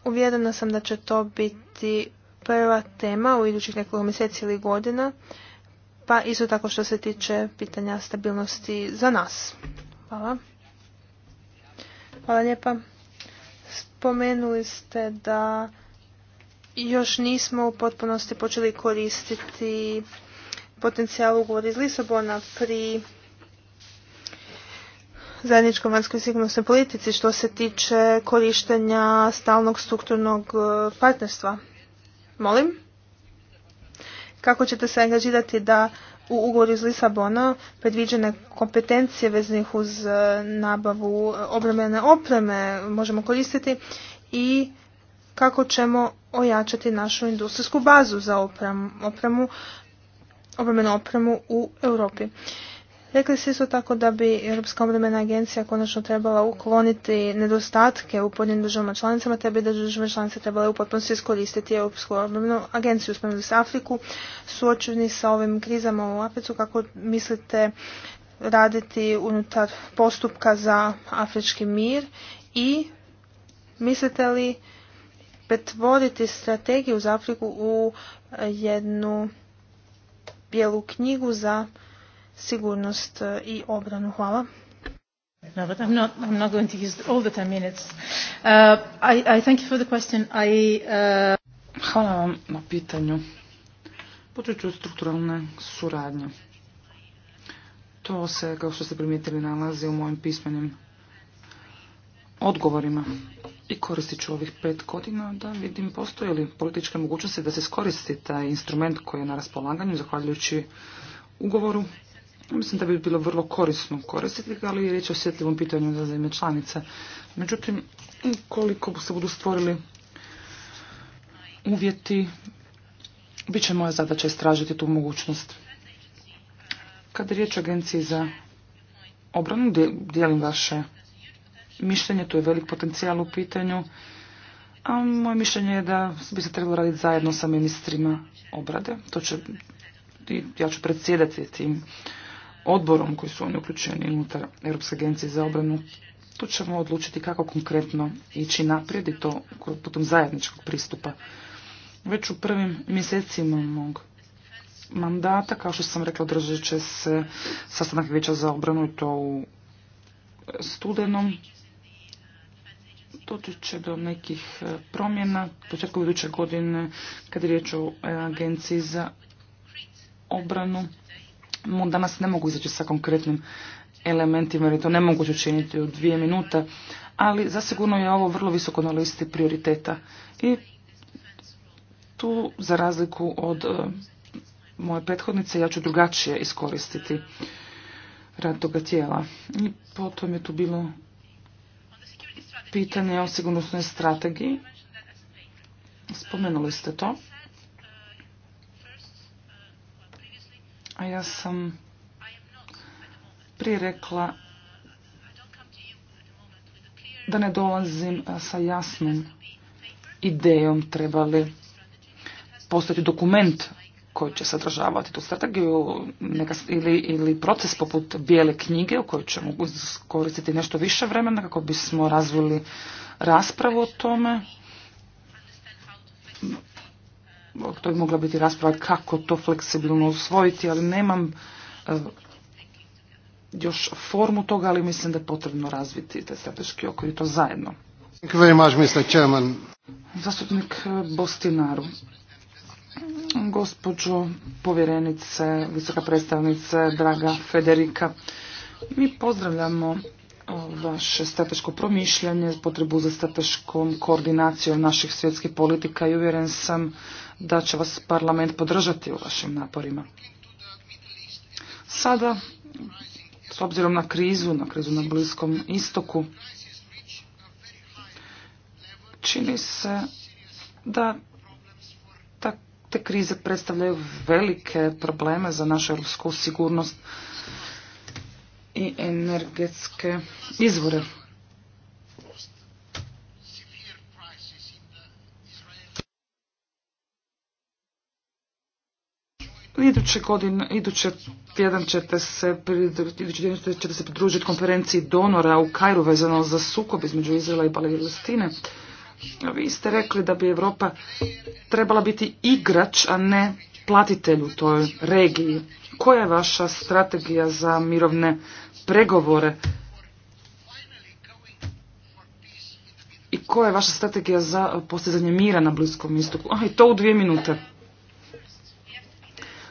Uvjerena sam da će to biti prva tema u idućih nekoliko mjeseci ili godina pa isto tako što se tiče pitanja stabilnosti za nas. Hvala. Hvala lijepa. Spomenuli ste da još nismo u potpunosti počeli koristiti potencijal ugovora iz Lisabona pri zajedničkoj vanjskoj sigurnosnoj politici što se tiče korištenja stalnog strukturnog e, partnerstva. Molim? kako ćete se angažirati da u ugovoru iz Lisabona predviđene kompetencije veznih uz e, nabavu e, obrambene opreme možemo koristiti i kako ćemo ojačati našu industrijsku bazu za opremu, opremu u Europi. Rekli ste isto tako da bi Europska obrambena agencija konačno trebala ukloniti nedostatke u pojedinim državama članicama, te bi države članice trebale u potpunosti iskoristiti Europsku obrambenu agenciju. Spomenuli s Afriku, suočeni sa ovim krizama u Africu, kako mislite raditi unutar postupka za afrički mir i mislite li pretvoriti strategiju za Afriku u jednu bijelu knjigu za sigurnost e, i obranu. Hvala. No, but I'm not, going to all the minutes. Uh, I, I thank you for the question. I, uh, Hvala vam na pitanju. Počet ću strukturalne suradnje. To se, kao što ste primijetili, nalazi u mojim pismenim odgovorima. I koristit ću ovih pet godina da vidim postoje li političke mogućnosti da se skoristi taj instrument koji je na raspolaganju, zahvaljujući ugovoru Mislim da bi bilo vrlo korisno koristiti ga, ali je riječ o osjetljivom pitanju za zemlje članice. Međutim, koliko se budu stvorili uvjeti, bit će moja zadaća istražiti tu mogućnost. Kada je riječ o agenciji za obranu, dijelim vaše mišljenje, tu je velik potencijal u pitanju, a moje mišljenje je da bi se trebalo raditi zajedno sa ministrima obrade. To će, ja ću predsjedati tim odborom koji su oni uključeni unutar Europske agencije za obranu. Tu ćemo odlučiti kako konkretno ići naprijed i to putem zajedničkog pristupa. Već u prvim mjesecima mog mandata, kao što sam rekla, održat će se sastanak vijeća za obranu i to u e, studenom. Doći će do nekih e, promjena početkom iduće godine kad je riječ o e, agenciji za obranu danas ne mogu izaći sa konkretnim elementima jer je to ne učiniti u dvije minute, ali zasigurno je ovo vrlo visoko na listi prioriteta i tu za razliku od e, moje prethodnice ja ću drugačije iskoristiti rad toga tijela. I potom je tu bilo pitanje o sigurnosnoj strategiji. Spomenuli ste to. a Ja sam prije rekla da ne dolazim e, sa jasnom idejom trebali postati dokument koji će sadržavati tu strategiju ili, ili proces poput bijele knjige u kojoj ćemo koristiti nešto više vremena kako bismo razvili raspravu o tome to bi mogla biti rasprava kako to fleksibilno usvojiti, ali nemam e, još formu toga, ali mislim da je potrebno razviti te strateški okvir i to zajedno. Zastupnik e, Bostinaru. Gospođo povjerenice, visoka predstavnice, draga Federika, mi pozdravljamo e, vaše strateško promišljanje, potrebu za strateškom koordinacijom naših svjetskih politika i uvjeren sam da će vas parlament podržati u vašim naporima. Sada, s obzirom na krizu, na krizu na Bliskom istoku, čini se da te krize predstavljaju velike probleme za našu europsku sigurnost i energetske izvore. Iduće godine, iduće tjedan ćete se, idući tjedan ćete se pridružiti konferenciji donora u Kairu vezano za sukob između Izraela i Palestine. Vi ste rekli da bi Europa trebala biti igrač, a ne platitelj u toj regiji. Koja je vaša strategija za mirovne pregovore? I koja je vaša strategija za postizanje mira na Bliskom istoku? Aha, i to u dvije minute.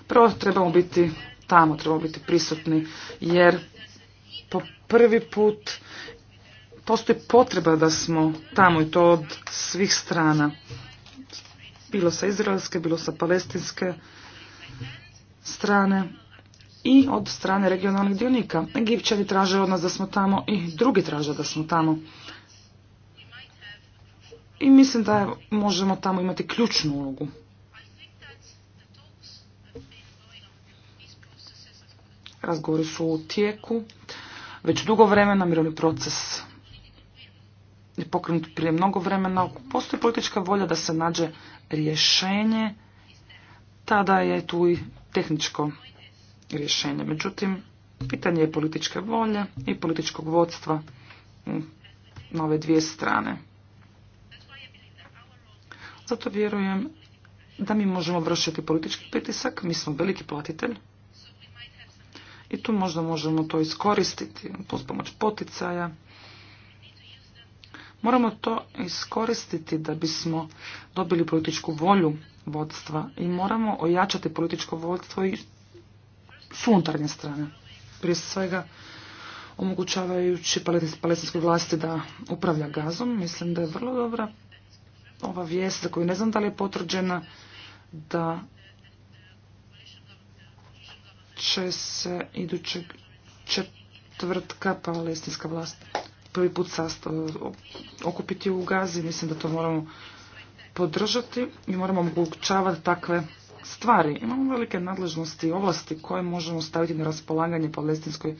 Prvo trebamo biti tamo, trebamo biti prisutni jer po prvi put postoji potreba da smo tamo i to od svih strana. Bilo sa izraelske, bilo sa palestinske strane i od strane regionalnih dionika. Egipćani traže od nas da smo tamo i drugi traže da smo tamo. I mislim da možemo tamo imati ključnu ulogu. Razgovori su u tijeku. Već dugo vremena mirovni proces je pokrenut prije mnogo vremena. Postoji politička volja da se nađe rješenje. Tada je tu i tehničko rješenje. Međutim, pitanje je političke volje i političkog vodstva na ove dvije strane. Zato vjerujem da mi možemo vršiti politički pritisak, mi smo veliki platitelj i tu možda možemo to iskoristiti uz pomoć poticaja. Moramo to iskoristiti da bismo dobili političku volju vodstva i moramo ojačati političko vodstvo i s unutarnje strane. Prije svega omogućavajući palestinskoj vlasti da upravlja gazom. Mislim da je vrlo dobra ova vijest za koju ne znam da li je potvrđena da će se idućeg četvrtka palestinska vlast prvi put okupiti u Gazi. Mislim da to moramo podržati i moramo omogućavati takve stvari. Imamo velike nadležnosti i ovlasti koje možemo staviti na raspolaganje palestinskoj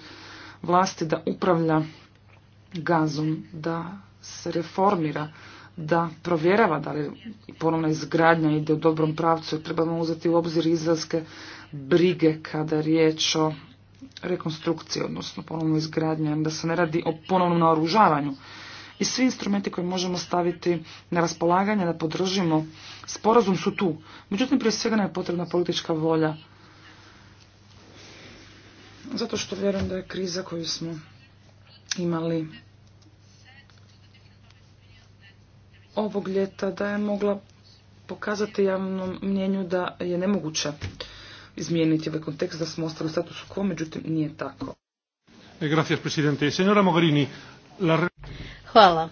vlasti da upravlja gazom, da se reformira, da provjerava da li ponovna izgradnja ide u dobrom pravcu. Trebamo uzeti u obzir izraelske brige kada je riječ o rekonstrukciji, odnosno ponovno izgradnje, da se ne radi o ponovnom naoružavanju. I svi instrumenti koje možemo staviti na raspolaganje da podržimo sporazum su tu. Međutim, prije svega je potrebna politička volja. Zato što vjerujem da je kriza koju smo imali ovog ljeta da je mogla pokazati javnom mnjenju da je nemoguće izmijeniti ovaj kontekst da smo ostali u statusu quo, međutim nije tako. Eh, gracias, presidente. Senora Mogherini, Hvala.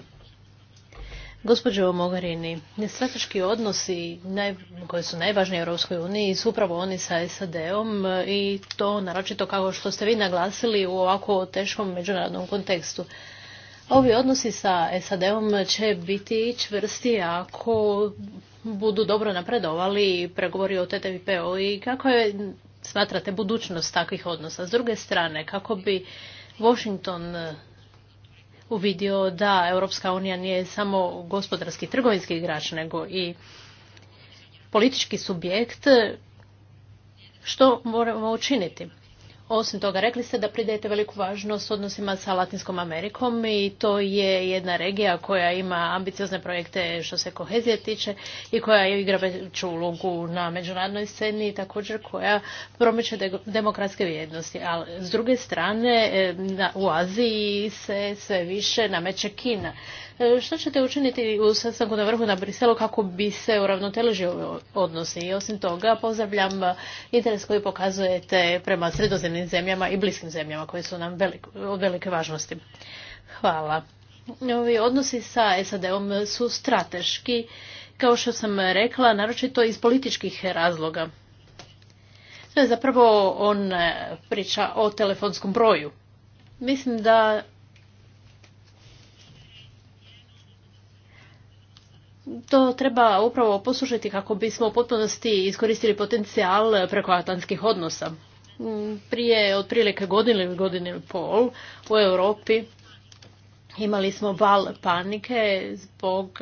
Gospođo Mogherini, strateški odnosi naj, koji su najvažniji u Europskoj uniji su upravo oni sa SAD-om i to naročito kako što ste vi naglasili u ovako teškom međunarodnom kontekstu. Ovi odnosi sa SAD-om će biti čvrsti ako budu dobro napredovali pregovori o TTIP-u i kako je, smatrate, budućnost takvih odnosa. S druge strane, kako bi Washington uvidio da Europska unija nije samo gospodarski trgovinski igrač, nego i politički subjekt, što moramo učiniti? Osim toga, rekli ste da pridajete veliku važnost odnosima sa Latinskom Amerikom i to je jedna regija koja ima ambiciozne projekte što se kohezije tiče i koja igra veću ulogu na međunarodnoj sceni i također koja promiče demokratske vrijednosti. Ali s druge strane, e, u Aziji se sve više nameće Kina. E, što ćete učiniti u sastanku na vrhu na Briselu kako bi se uravnotežili odnosi? I osim toga, pozdravljam interes koji pokazujete prema sredozemnim zemljama i bliskim zemljama koje su nam od velike važnosti. Hvala. Ovi odnosi sa SAD-om su strateški, kao što sam rekla, naročito iz političkih razloga. To je zapravo on priča o telefonskom broju. Mislim da to treba upravo poslušati kako bismo u potpunosti iskoristili potencijal prekoatlantskih odnosa. Mm, prije otprilike godine ili godine i pol u Europi imali smo val panike zbog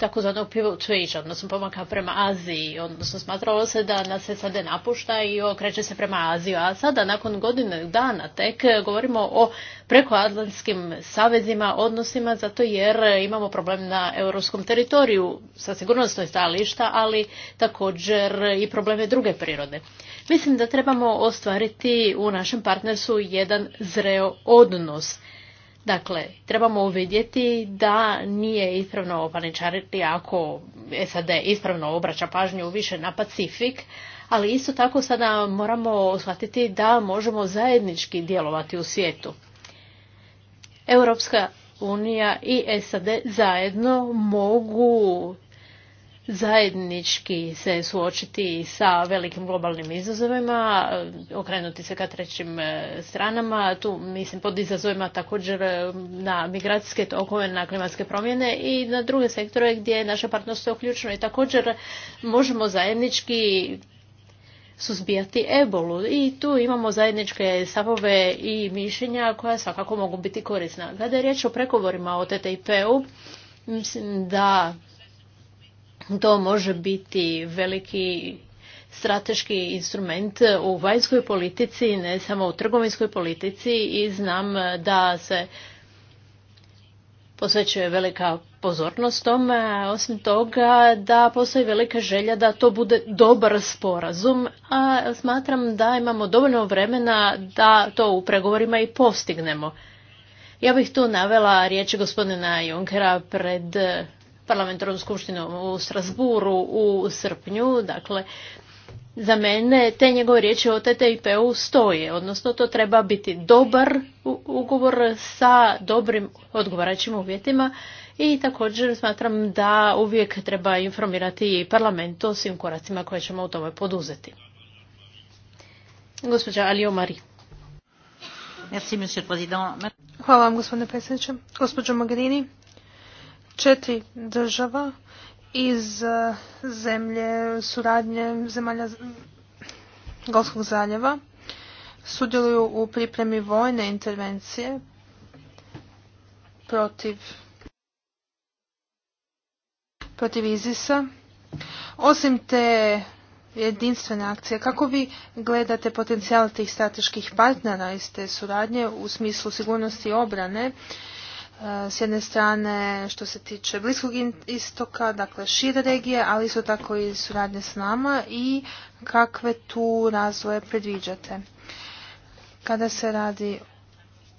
takozvanog pivot switch, odnosno pomaka prema Aziji, odnosno smatralo se da nas se sada napušta i okreće se prema Aziju, a sada nakon godine dana tek govorimo o prekoatlantskim savezima, odnosima, zato jer imamo problem na europskom teritoriju sa sigurnosnoj stajališta, ali također i probleme druge prirode. Mislim da trebamo ostvariti u našem partnersu jedan zreo odnos Dakle, trebamo uvidjeti da nije ispravno opaničariti ako SAD ispravno obraća pažnju više na Pacifik, ali isto tako sada moramo shvatiti da možemo zajednički djelovati u svijetu. Europska unija i SAD zajedno mogu zajednički se suočiti sa velikim globalnim izazovima, okrenuti se ka trećim e, stranama, tu mislim pod izazovima također e, na migracijske tokove, na klimatske promjene i na druge sektore gdje je naše partnerstvo ključno i također možemo zajednički suzbijati ebolu i tu imamo zajedničke stavove i mišljenja koja svakako mogu biti korisna. Kada je riječ o pregovorima o TTIP-u, mislim da to može biti veliki strateški instrument u vanjskoj politici, ne samo u trgovinskoj politici i znam da se posvećuje velika pozornost tome, osim toga da postoji velika želja da to bude dobar sporazum, a smatram da imamo dovoljno vremena da to u pregovorima i postignemo. Ja bih tu navela riječi gospodina Junkera pred parlamentarnom skupštinom u Strasburu u srpnju. Dakle, za mene te njegove riječi o TTIP-u stoje, odnosno to treba biti dobar ugovor sa dobrim odgovarajućim uvjetima i također smatram da uvijek treba informirati i parlament o svim koracima koje ćemo u tome poduzeti. Gospođa Alio Mari. Hvala vam gospodine predsjedniče. Gospođo Magrini, četiri država iz eh, zemlje suradnje zemalja Golskog zaljeva sudjeluju u pripremi vojne intervencije protiv protiv Izisa. Osim te jedinstvene akcije, kako vi gledate potencijal tih strateških partnera iz te suradnje u smislu sigurnosti i obrane s jedne strane što se tiče Bliskog istoka, dakle šire regije, ali isto tako i suradnje s nama i kakve tu razvoje predviđate. Kada se radi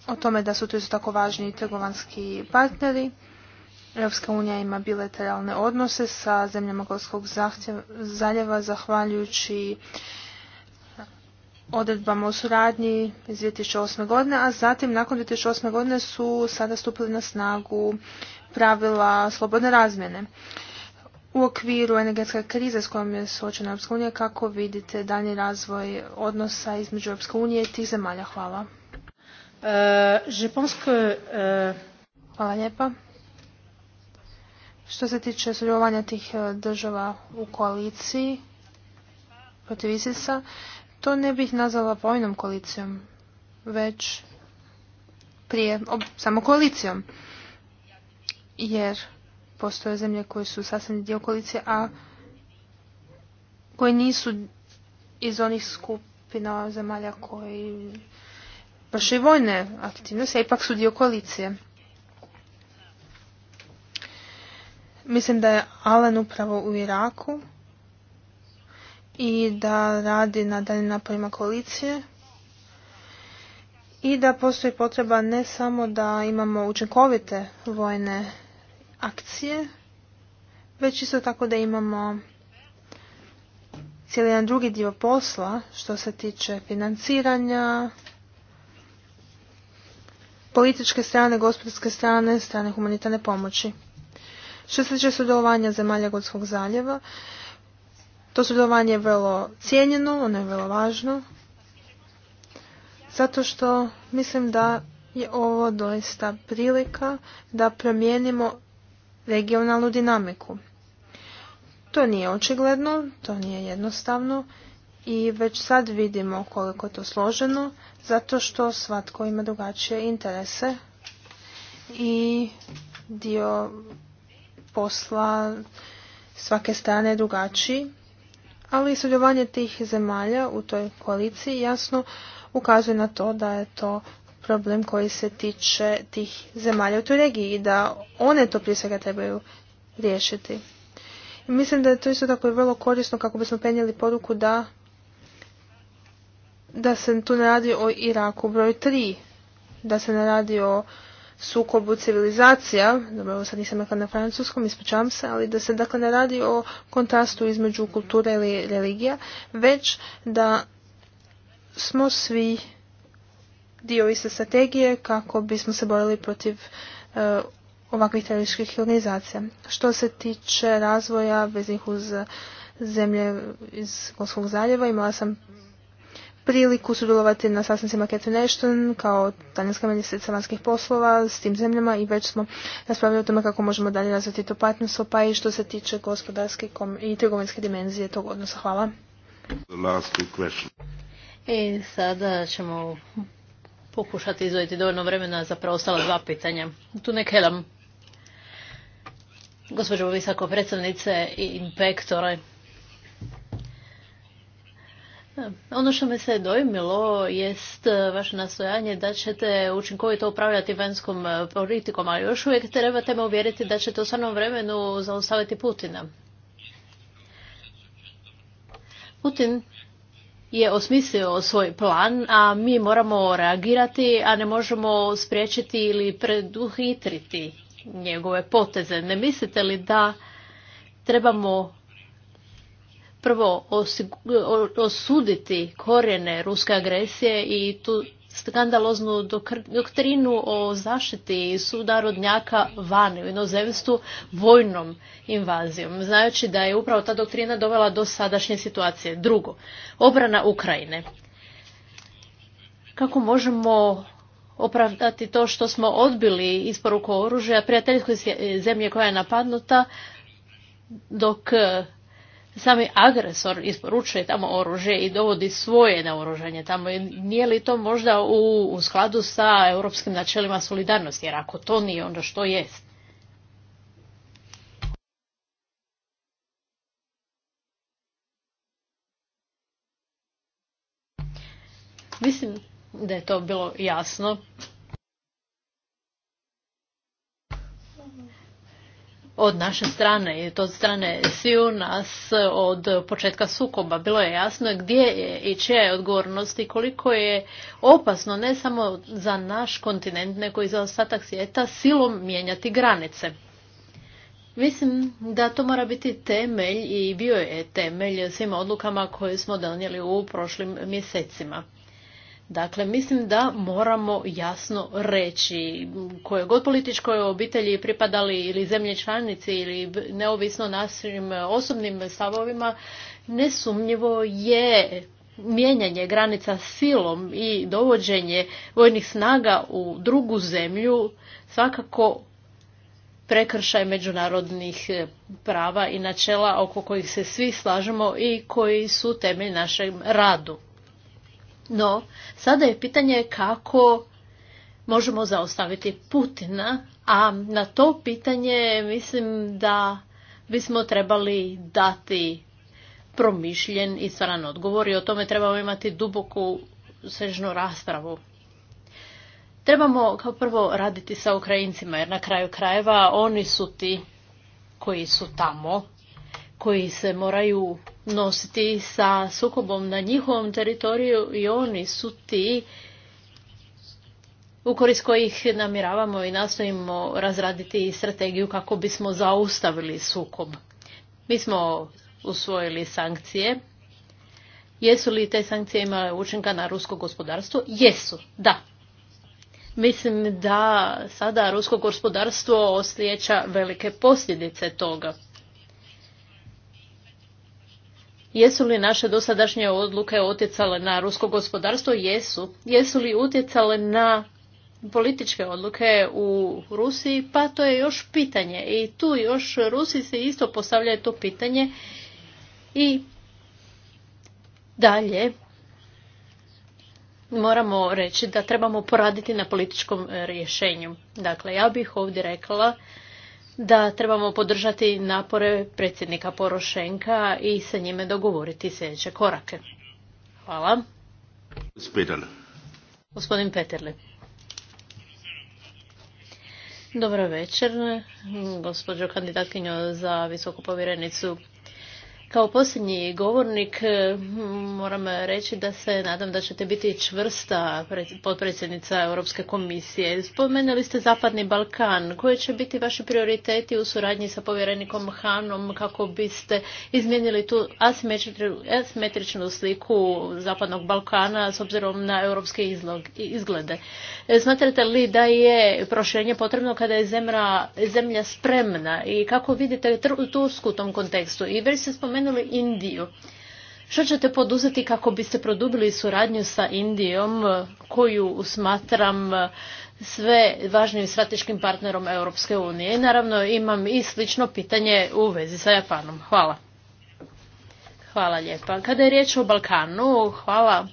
o tome da su tu isto tako važni i trgovanski partneri, Europska unija ima bilateralne odnose sa zemljama Gorskog zaljeva zahvaljujući odredbama o suradnji iz 2008. godine, a zatim nakon 2008. godine su sada stupili na snagu pravila slobodne razmjene. U okviru energetske krize s kojom je suočena Europska unija, kako vidite danji razvoj odnosa između Europske unije i tih zemalja? Hvala. Euh, euh, Hvala lijepa. Što se tiče sudjelovanja tih e, država u koaliciji protiv isis to ne bih nazvala vojnom koalicijom, već prije samo koalicijom. Jer postoje zemlje koje su sasvim dio koalicije, a koje nisu iz onih skupina zemalja koji vrše vojne aktivnosti, a ipak su dio koalicije. Mislim da je Alan upravo u Iraku i da radi na danim napojima koalicije i da postoji potreba ne samo da imamo učinkovite vojne akcije, već isto tako da imamo cijeli jedan drugi dio posla što se tiče financiranja, političke strane, gospodarske strane, strane humanitarne pomoći. Što se tiče sudjelovanja zemalja Gorskog zaljeva, to sudjelovanje je vrlo cijenjeno, ono je vrlo važno, zato što mislim da je ovo doista prilika da promijenimo regionalnu dinamiku. To nije očigledno, to nije jednostavno i već sad vidimo koliko je to složeno, zato što svatko ima drugačije interese i dio posla svake strane je drugačiji ali sudjelovanje tih zemalja u toj koaliciji jasno ukazuje na to da je to problem koji se tiče tih zemalja u toj regiji i da one to prije svega trebaju riješiti. mislim da je to isto tako vrlo korisno kako bismo penjeli poruku da da se tu ne radi o Iraku broj 3, da se ne radi o sukobu civilizacija, dobro sad nisam rekla na francuskom, ispričavam se, ali da se dakle ne radi o kontrastu između kulture ili religija, već da smo svi dio iste strategije kako bismo se borili protiv eh, ovakvih terorističkih organizacija. Što se tiče razvoja veznih uz zemlje iz Golskog zaljeva, imala sam priliku sudjelovati na sastancima Catherine Ashton kao talijanska ministrica vanjskih poslova s tim zemljama i već smo raspravljali o tome kako možemo dalje razviti to partnerstvo pa i što se tiče gospodarske i trgovinske dimenzije tog odnosa. Hvala. I sada ćemo pokušati izvojiti dovoljno vremena za preostala dva pitanja. Tu ne kelam. Gospođo visako predstavnice i inpektore, ono što me se dojmilo jest e, vaše nastojanje da ćete učinkovito upravljati vanjskom e, politikom, ali još uvijek trebate me uvjeriti da ćete u stvarnom vremenu zaustaviti Putina. Putin je osmislio svoj plan, a mi moramo reagirati, a ne možemo spriječiti ili preduhitriti njegove poteze. Ne mislite li da trebamo prvo osuditi korijene ruske agresije i tu skandaloznu doktrinu o zaštiti sudarodnjaka vani u inozemstvu vojnom invazijom. Znajući da je upravo ta doktrina dovela do sadašnje situacije. Drugo, obrana Ukrajine. Kako možemo opravdati to što smo odbili isporuku oružja prijateljskoj zemlji koja je napadnuta dok sami agresor isporučuje tamo oružje i dovodi svoje naoružanje tamo. Nije li to možda u, u skladu sa europskim načelima solidarnosti? Jer ako to nije, onda što jest? Mislim da je to bilo jasno. od naše strane i od strane sviju nas od početka sukoba. Bilo je jasno gdje je i čija je odgovornost i koliko je opasno ne samo za naš kontinent nego i za ostatak svijeta silom mijenjati granice. Mislim da to mora biti temelj i bio je temelj svim odlukama koje smo donijeli u prošlim mjesecima. Dakle, mislim da moramo jasno reći koje god političkoj obitelji pripadali ili zemlje članici ili neovisno našim osobnim stavovima, nesumnjivo je mijenjanje granica silom i dovođenje vojnih snaga u drugu zemlju svakako prekršaj međunarodnih prava i načela oko kojih se svi slažemo i koji su temelj našem radu. No, sada je pitanje kako možemo zaustaviti Putina, a na to pitanje mislim da bismo trebali dati promišljen i stvaran odgovor i o tome trebamo imati duboku sežnu raspravu. Trebamo kao prvo raditi sa Ukrajincima jer na kraju krajeva oni su ti koji su tamo koji se moraju nositi sa sukobom na njihovom teritoriju i oni su ti u korist kojih namiravamo i nastojimo razraditi strategiju kako bismo zaustavili sukob. Mi smo usvojili sankcije. Jesu li te sankcije imale učinka na rusko gospodarstvo? Jesu, da. Mislim da sada rusko gospodarstvo osjeća velike posljedice toga. Jesu li naše dosadašnje odluke utjecale na rusko gospodarstvo? Jesu. Jesu li utjecale na političke odluke u Rusiji? Pa to je još pitanje. I tu još Rusi se isto postavljaju to pitanje. I dalje moramo reći da trebamo poraditi na političkom rješenju. Dakle, ja bih ovdje rekla da trebamo podržati napore predsjednika Porošenka i sa njime dogovoriti sljedeće korake. Hvala. Gospodin Peterle. Dobar večer, gospođo kandidatkinjo za visoku povjerenicu. Kao posljednji govornik eh, moram reći da se nadam da ćete biti čvrsta potpredsjednica Europske komisije. Spomenuli ste Zapadni Balkan. Koji će biti vaši prioriteti u suradnji sa povjerenikom Hanom kako biste izmijenili tu asimetričnu sliku Zapadnog Balkana s obzirom na europske izglede? Eh, smatrate li da je proširenje potrebno kada je zemlja, zemlja spremna i kako vidite Tursku u tom kontekstu? I već se spomenuli spomenuli Indiju. Što ćete poduzeti kako biste produbili suradnju sa Indijom koju smatram sve važnijim strateškim partnerom Europske unije? naravno imam i slično pitanje u vezi sa Japanom. Hvala. Hvala lijepa. Kada je riječ o Balkanu, hvala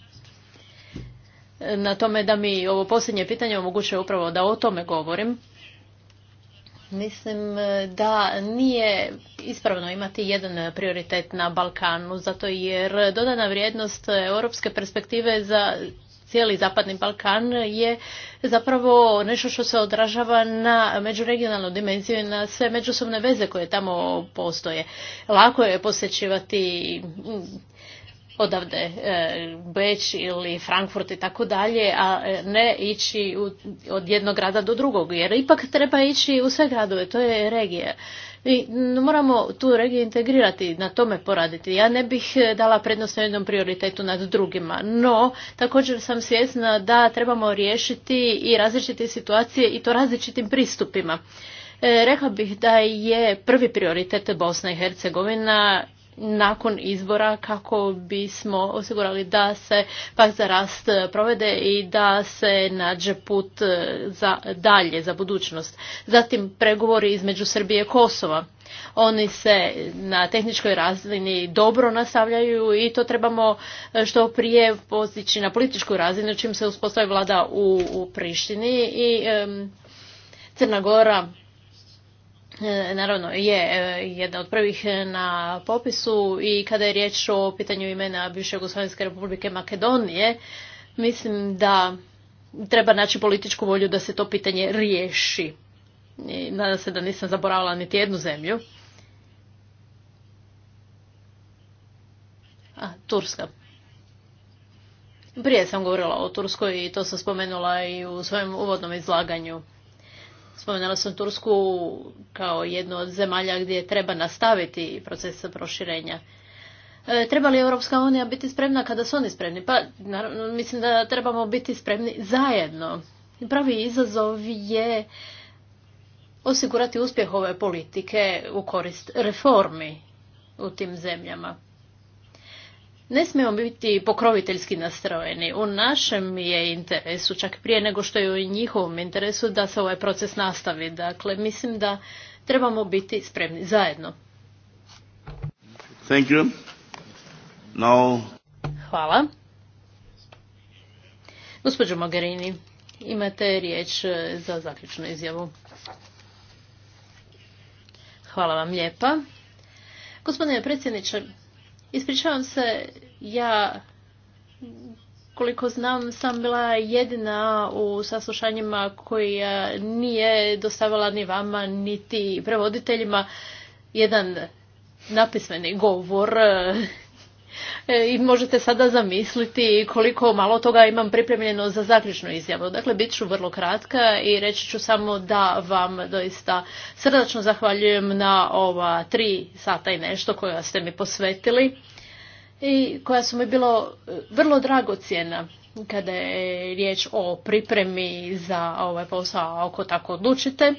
na tome da mi ovo posljednje pitanje omogućuje upravo da o tome govorim. Mislim e, da nije ispravno imati jedan prioritet na Balkanu, zato jer dodana vrijednost europske perspektive za cijeli Zapadni Balkan je zapravo nešto što se odražava na međuregionalnu dimenziju i na sve međusobne veze koje tamo postoje. Lako je posjećivati odavde e, Beč ili Frankfurt i tako dalje, a e, ne ići od jednog grada do drugog, jer ipak treba ići u sve gradove, to je regija. I moramo tu regiju integrirati, na tome poraditi. Ja ne bih e, dala prednost na jednom prioritetu nad drugima, no također sam svjesna da trebamo riješiti i različite situacije i to različitim pristupima. E, rekla bih da je prvi prioritet Bosna i Hercegovina nakon izbora kako bismo osigurali da se pak za rast provede i da se nađe put e, za dalje, za budućnost. Zatim pregovori između Srbije i Kosova. Oni se na tehničkoj razini dobro nastavljaju i to trebamo e, što prije postići na političku razinu čim se uspostavi vlada u, Prištini i Crna Gora E, naravno, je e, jedna od prvih e, na popisu i kada je riječ o pitanju imena bivše Jugoslavijske republike Makedonije, mislim da treba naći političku volju da se to pitanje riješi. nadam se da nisam zaboravila niti jednu zemlju. A, Turska. Prije sam govorila o Turskoj i to sam spomenula i u svojem uvodnom izlaganju. Spomenula sam Tursku kao jednu od zemalja gdje treba nastaviti proces proširenja. E, treba li Europska unija biti spremna kada su oni spremni? Pa naravno, mislim da trebamo biti spremni zajedno. Pravi izazov je osigurati uspjeh ove politike u korist reformi u tim zemljama ne smijemo biti pokroviteljski nastrojeni. U našem je interesu, čak prije nego što je u njihovom interesu, da se ovaj proces nastavi. Dakle, mislim da trebamo biti spremni zajedno. Thank you. Hvala. Gospođo Mogherini, imate riječ e, za zaključnu izjavu. Hvala vam lijepa. Gospodine predsjedniče, Ispričavam se, ja koliko znam sam bila jedina u saslušanjima koja nije dostavila ni vama niti prevoditeljima jedan napismeni govor E, i možete sada zamisliti koliko malo toga imam pripremljeno za zaključnu izjavu. Dakle, bit ću vrlo kratka i reći ću samo da vam doista srdačno zahvaljujem na ova tri sata i nešto koja ste mi posvetili i koja su mi bilo e, vrlo dragocjena kada je riječ o pripremi za ovaj posao ako tako odlučite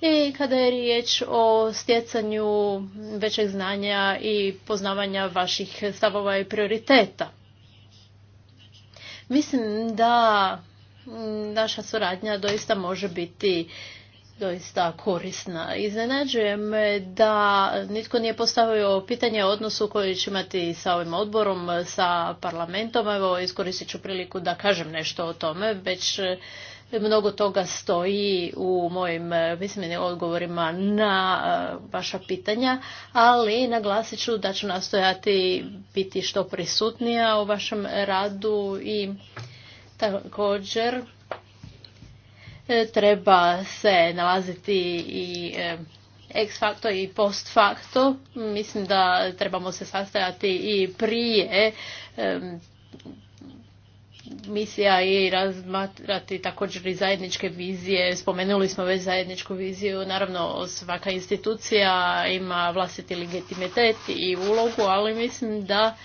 i kada je riječ o stjecanju većeg znanja i poznavanja vaših stavova i prioriteta. Mislim da naša suradnja doista može biti doista korisna. Iznenađuje me da nitko nije postavio pitanje o odnosu koji će imati sa ovim odborom, sa parlamentom. Evo, iskoristit ću priliku da kažem nešto o tome, već e, mnogo toga stoji u mojim e, pismenim odgovorima na e, vaša pitanja, ali naglasit ću da ću nastojati biti što prisutnija u vašem radu i također E, treba se nalaziti i e, ex facto i post facto. Mislim da trebamo se sastajati i prije e, misija i razmatrati također i zajedničke vizije. Spomenuli smo već zajedničku viziju. Naravno, svaka institucija ima vlastiti legitimitet i ulogu, ali mislim da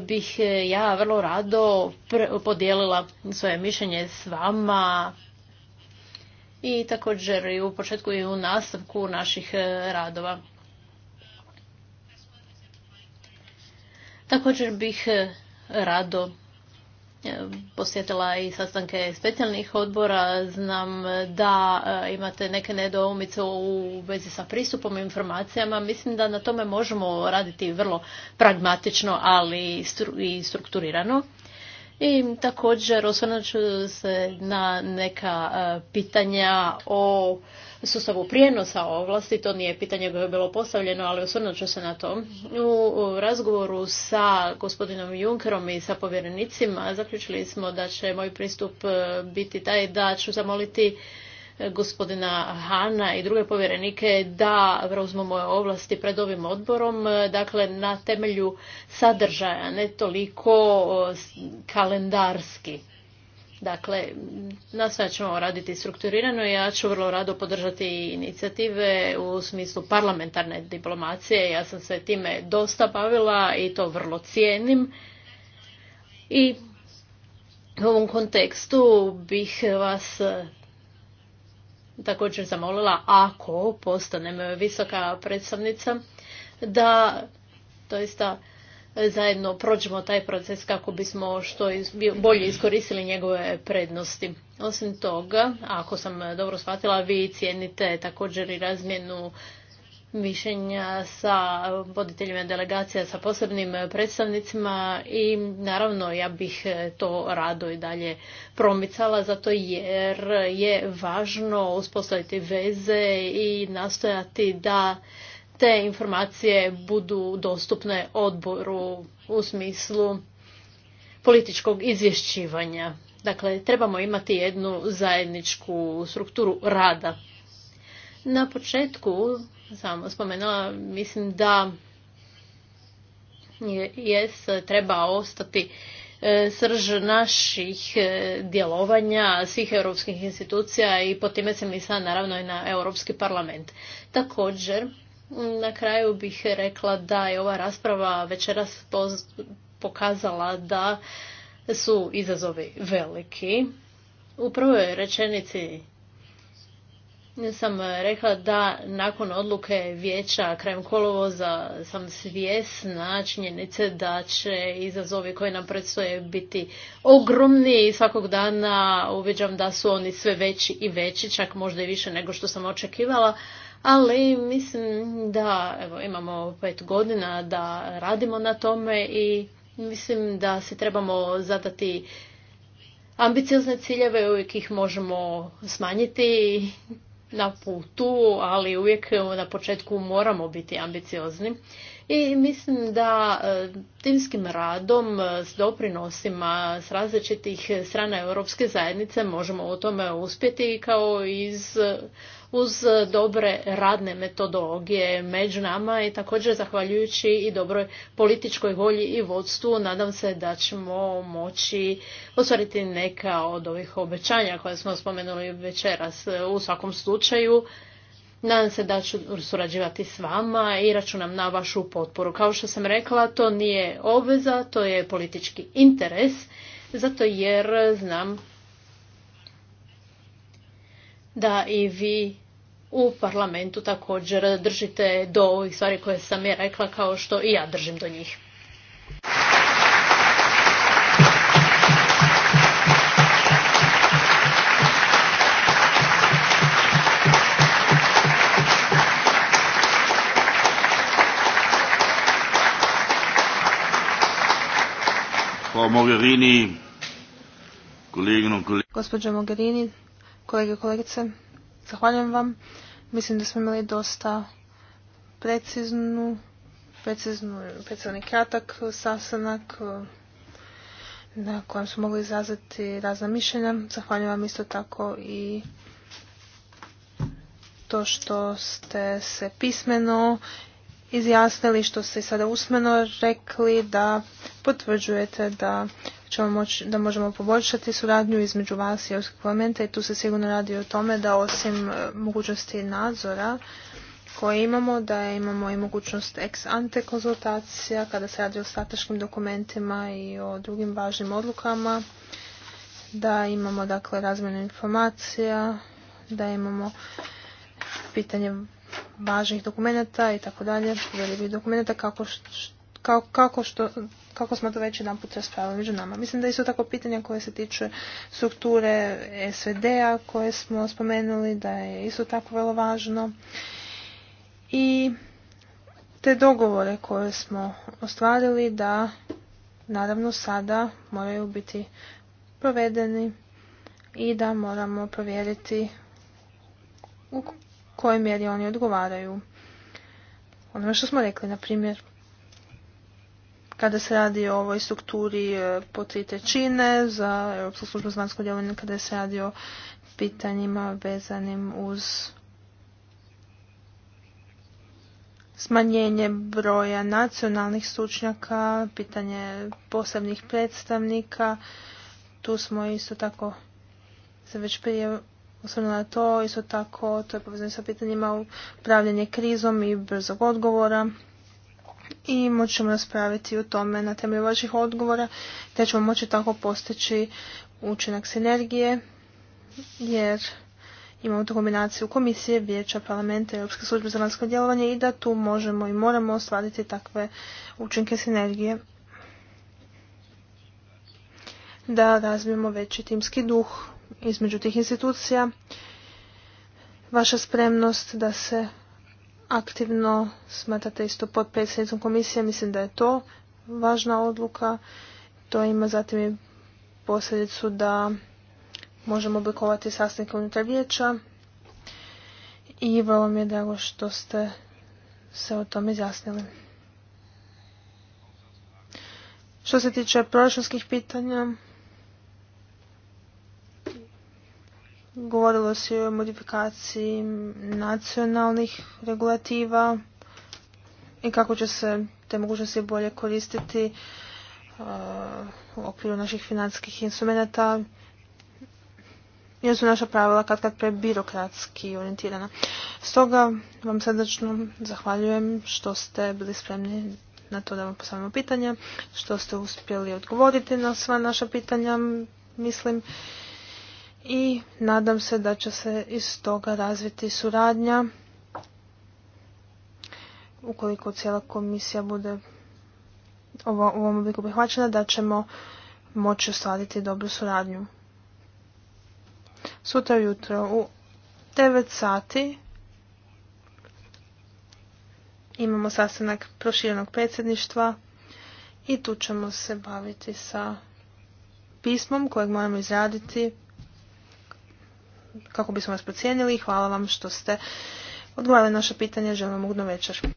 bih ja vrlo rado podijelila svoje mišljenje s vama i također i u početku i u nastavku naših e, radova. Također bih e, rado e, posjetila i sastanke specijalnih odbora. Znam da imate neke nedoumice u vezi sa pristupom informacijama. Mislim da na tome možemo raditi vrlo pragmatično, ali i strukturirano. I također osvrnut ću se na neka e, pitanja o sustavu prijenosa ovlasti, to nije pitanje koje je bilo postavljeno, ali osvrnut ću se na to. U razgovoru sa gospodinom Junkerom i sa povjerenicima zaključili smo da će moj pristup e, biti taj da ću zamoliti gospodina Hana i druge povjerenike da preuzmu moje ovlasti pred ovim odborom, dakle na temelju sadržaja, ne toliko kalendarski. Dakle, sve ćemo raditi strukturirano i ja ću vrlo rado podržati inicijative u smislu parlamentarne diplomacije. Ja sam se time dosta bavila i to vrlo cijenim. I u ovom kontekstu bih vas također zamolila ako postanem visoka predstavnica da doista zajedno prođemo taj proces kako bismo što bolje iskoristili njegove prednosti. Osim toga, ako sam dobro shvatila, vi cijenite također i razmjenu mišljenja sa voditeljima delegacija, sa posebnim predstavnicima i naravno ja bih to rado i dalje promicala zato jer je važno uspostaviti veze i nastojati da te informacije budu dostupne odboru u smislu političkog izvješćivanja. Dakle, trebamo imati jednu zajedničku strukturu rada. Na početku samo spomenula, mislim da jes treba ostati e, srž naših e, djelovanja svih europskih institucija i po time se misla naravno i na Europski parlament. Također, na kraju bih rekla da je ova rasprava večeras pokazala da su izazovi veliki. U prvoj rečenici sam rekla da nakon odluke vijeća krajem kolovoza sam svjesna činjenice da će izazovi koji nam predstoje biti ogromni i svakog dana uviđam da su oni sve veći i veći, čak možda i više nego što sam očekivala. Ali mislim da evo, imamo pet godina da radimo na tome i mislim da se trebamo zadati ambiciozne ciljeve, uvijek ih možemo smanjiti na putu, ali uvijek na početku moramo biti ambiciozni i mislim da e, timskim radom e, s doprinosima s različitih strana Europske zajednice možemo u tome uspjeti kao iz uz dobre radne metodologije među nama i također zahvaljujući i dobroj političkoj volji i vodstvu nadam se da ćemo moći ostvariti neka od ovih obećanja koje smo spomenuli večeras. U svakom slučaju Nadam se da ću surađivati s vama i računam na vašu potporu. Kao što sam rekla, to nije obveza, to je politički interes, zato jer znam da i vi u parlamentu također držite do ovih stvari koje sam je rekla kao što i ja držim do njih. Mogherini, Gospođo Mogherini, kolege i kolegice, zahvaljujem vam. Mislim da smo imali dosta preciznu, preciznu, precizni kratak sastanak eh, na kojem smo mogli izrazati razna mišljenja. Zahvaljujem vam isto tako i to što ste se pismeno izjasnili što ste sada usmeno rekli da potvrđujete da ćemo moći, da možemo poboljšati suradnju između vas i Europskog parlamenta i tu se sigurno radi o tome da osim e, mogućnosti nadzora koje imamo, da imamo i mogućnost ex ante konzultacija kada se radi o strateškim dokumentima i o drugim važnim odlukama, da imamo dakle razmjenu informacija, da imamo pitanje važnih dokumenta i tako dalje, velikih dokumenta kako, kako, što, kako smo to već jedan put raspravili među nama. Mislim da isto tako pitanja koje se tiče strukture SVD-a koje smo spomenuli da je isto tako vrlo važno i te dogovore koje smo ostvarili da naravno sada moraju biti provedeni i da moramo provjeriti kojoj mjeri oni odgovaraju. Ono što smo rekli, na primjer, kada se radi o ovoj strukturi e, po tri tečine za Europsku službu zvanskog djelovanja, kada se radi o pitanjima vezanim uz smanjenje broja nacionalnih stručnjaka, pitanje posebnih predstavnika. Tu smo isto tako se već prije osvrnula na to. Isto tako, to je povezano sa pitanjima upravljanje krizom i brzog odgovora. I ćemo raspraviti u tome na temelju vaših odgovora, te ćemo moći tako postići učinak sinergije, jer imamo tu kombinaciju komisije, vijeća, parlamenta, Europske službe za vanjsko djelovanje i da tu možemo i moramo ostvariti takve učinke sinergije. Da razvijemo veći timski duh između tih institucija, vaša spremnost da se aktivno smatrate isto pod predsjednicom komisije, mislim da je to važna odluka. To ima zatim i posljedicu da možemo oblikovati sastanke unutar vijeća i vrlo mi je drago što ste se o tome izjasnili. Što se tiče proračunskih pitanja, Govorilo se o modifikaciji nacionalnih regulativa i kako će se te mogućnosti bolje koristiti uh, u okviru naših financijskih instrumenta jer su naša pravila kad kad prebirokratski orijentirana. Stoga vam srdečno zahvaljujem što ste bili spremni na to da vam postavimo pitanja, što ste uspjeli odgovoriti na sva naša pitanja, mislim i nadam se da će se iz toga razviti suradnja ukoliko cijela komisija bude u ovom obliku prihvaćena da ćemo moći ostvariti dobru suradnju. Sutra jutro u 9 sati imamo sastanak proširenog predsjedništva i tu ćemo se baviti sa pismom kojeg moramo izraditi kako bismo vas procijenili. Hvala vam što ste odgovarali naše pitanje. Želim vam ugodno večer.